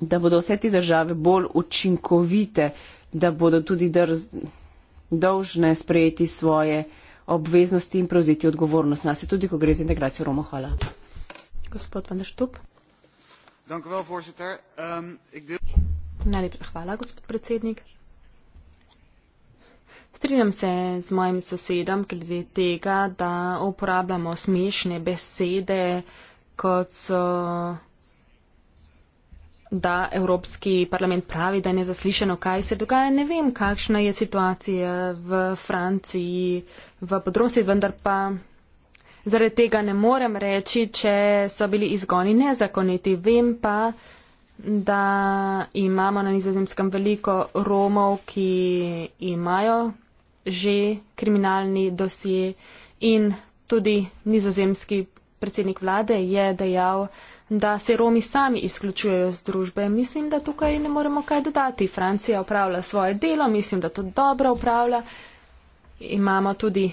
da bodo vse te države bolj učinkovite, da bodo tudi drz, dolžne sprejeti svoje obveznosti in prevzeti odgovornost nas, tudi ko gre za integracijo Romov. Hvala. Gospod Van der Štup. Um, del... Najlepša hvala, gospod predsednik. Strinjam se z mojim sosedom glede tega, da uporabljamo smešne besede, kot so, da Evropski parlament pravi, da je nezaslišeno, kaj se dogaja. Ne vem, kakšna je situacija v Franciji, v podrosti, vendar pa. Zaradi tega ne morem reči, če so bili izgoni nezakoniti. Vem pa, da imamo na nizozemskem veliko Romov, ki imajo že kriminalni dosje in tudi nizozemski predsednik vlade je dejal, da se Romi sami izključujejo z družbe. Mislim, da tukaj ne moremo kaj dodati. Francija upravlja svoje delo, mislim, da to dobro upravlja. Imamo tudi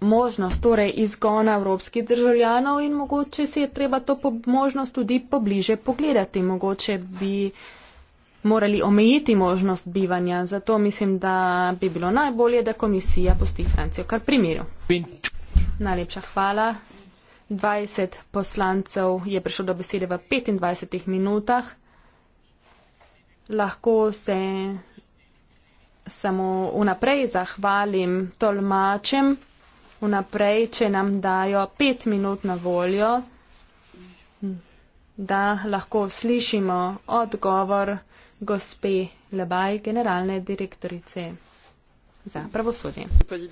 možnost torej izgona evropskih državljanov in mogoče si je treba to možnost tudi pobliže pogledati. Mogoče bi morali omejiti možnost bivanja. Zato mislim, da bi bilo najbolje, da komisija posti Francijo kar primiru. Najlepša hvala. 20 poslancev je prišlo do besede v 25 minutah. Lahko se samo vnaprej zahvalim tolmačem, vnaprej, če nam dajo pet minut na voljo, da lahko slišimo odgovor gospe Lebaj, generalne direktorice za pravosodje. Euh,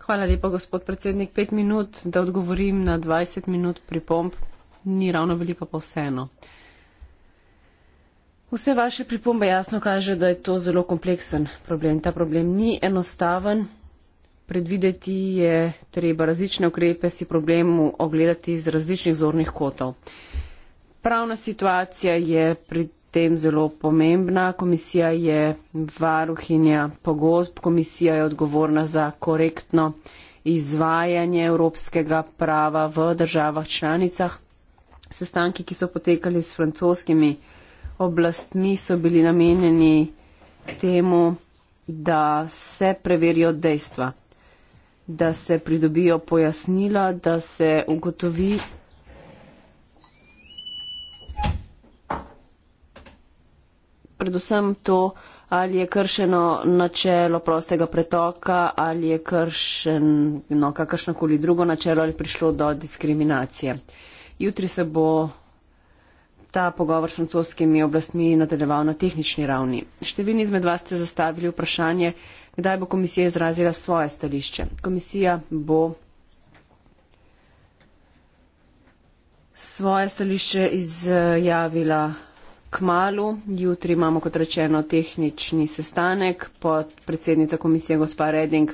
Hvala lepa, gospod predsednik. Pet minut, da odgovorim na 20 minut pripomb, ni ravno veliko pa vseeno. Vse vaše pripombe jasno kaže, da je to zelo kompleksen problem. Ta problem ni enostaven. Predvideti je treba različne ukrepe, si problem ogledati iz različnih zornih kotov. Uh, Pravna situacija je pri tem zelo pomembna. Komisija je varuhinja pogodb, komisija je odgovorna za korektno izvajanje evropskega prava v državah članicah. Sestanki, ki so potekali s francoskimi oblastmi, so bili namenjeni temu, da se preverijo dejstva, da se pridobijo pojasnila, da se ugotovi, predvsem to, ali je kršeno načelo prostega pretoka, ali je kršeno kakršnokoli drugo načelo, ali prišlo do diskriminacije. Jutri se bo ta pogovor s francoskimi oblastmi nadaljeval na tehnični ravni. Številni izmed vas ste zastavili vprašanje, kdaj bo komisija izrazila svoje stališče. Komisija bo svoje stališče izjavila k malu. Jutri imamo, kot rečeno, tehnični sestanek. Podpredsednica komisije gospa Reding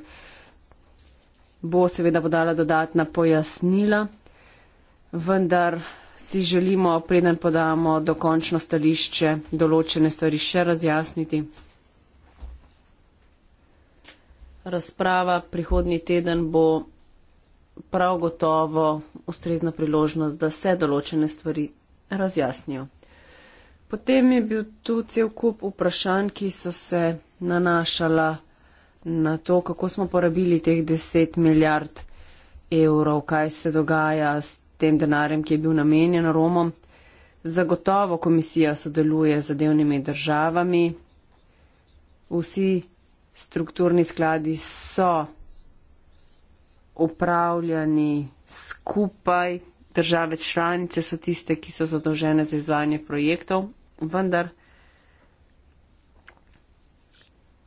bo seveda podala dodatna pojasnila, vendar si želimo, preden podamo dokončno stališče, določene stvari še razjasniti. Razprava prihodnji teden bo prav gotovo ustrezna priložnost, da se določene stvari razjasnijo. Potem je bil tu cel kup vprašanj, ki so se nanašala na to, kako smo porabili teh 10 milijard evrov, kaj se dogaja s tem denarjem, ki je bil namenjen Romom. Zagotovo komisija sodeluje z delnimi državami. Vsi strukturni skladi so upravljani skupaj države članice so tiste, ki so zadolžene za izvajanje projektov, vendar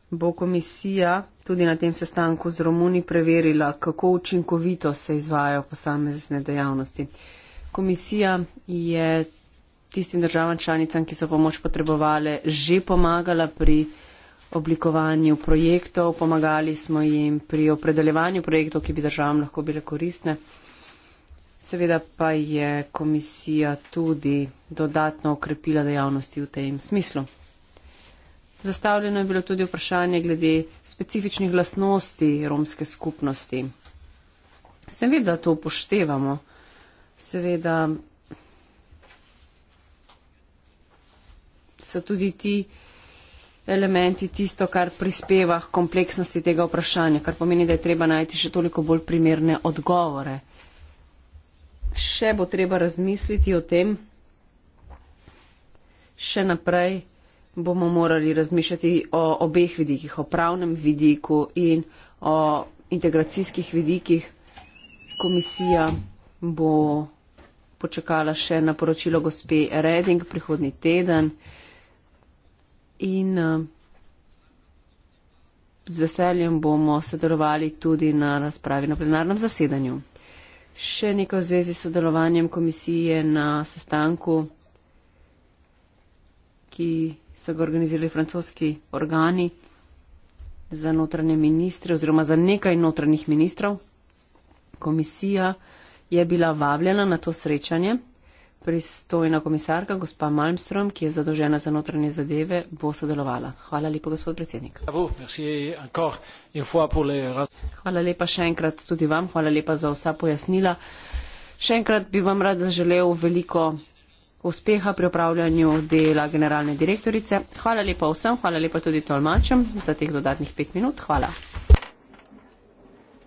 bo komisija tudi na tem sestanku z Romuni preverila, kako učinkovito se izvajajo posamezne dejavnosti. Komisija je tistim državam članicam, ki so pomoč potrebovali, že pomagala pri oblikovanju projektov, pomagali smo jim pri opredeljevanju projektov, ki bi državam lahko bile koristne. Seveda pa je komisija tudi dodatno okrepila dejavnosti v tem smislu. Zastavljeno je bilo tudi vprašanje glede specifičnih lastnosti romske skupnosti. Seveda to upoštevamo. Seveda so tudi ti elementi tisto, kar prispeva kompleksnosti tega vprašanja, kar pomeni, da je treba najti še toliko bolj primerne odgovore še bo treba razmisliti o tem, še naprej bomo morali razmišljati o obeh vidikih, o pravnem vidiku in o integracijskih vidikih. Komisija bo počakala še na poročilo gospe Reding prihodni teden in eh, z veseljem bomo sodelovali tudi na razpravi na plenarnem zasedanju. Še nekaj v zvezi s sodelovanjem komisije na sestanku, ki so ga organizirali francoski organi za notranje ministre oziroma za nekaj notranjih ministrov. Komisija je bila vabljena na to srečanje pristojna komisarka, gospa Malmström, ki je zadolžena za notranje zadeve, bo sodelovala. Hvala lepa, gospod predsednik. Hvala lepa še enkrat tudi vam, hvala lepa za vsa pojasnila. Še enkrat bi vam rad zaželel veliko uspeha pri upravljanju dela generalne direktorice. Hvala lepa vsem, hvala lepa tudi tolmačem za teh dodatnih pet minut. Hvala.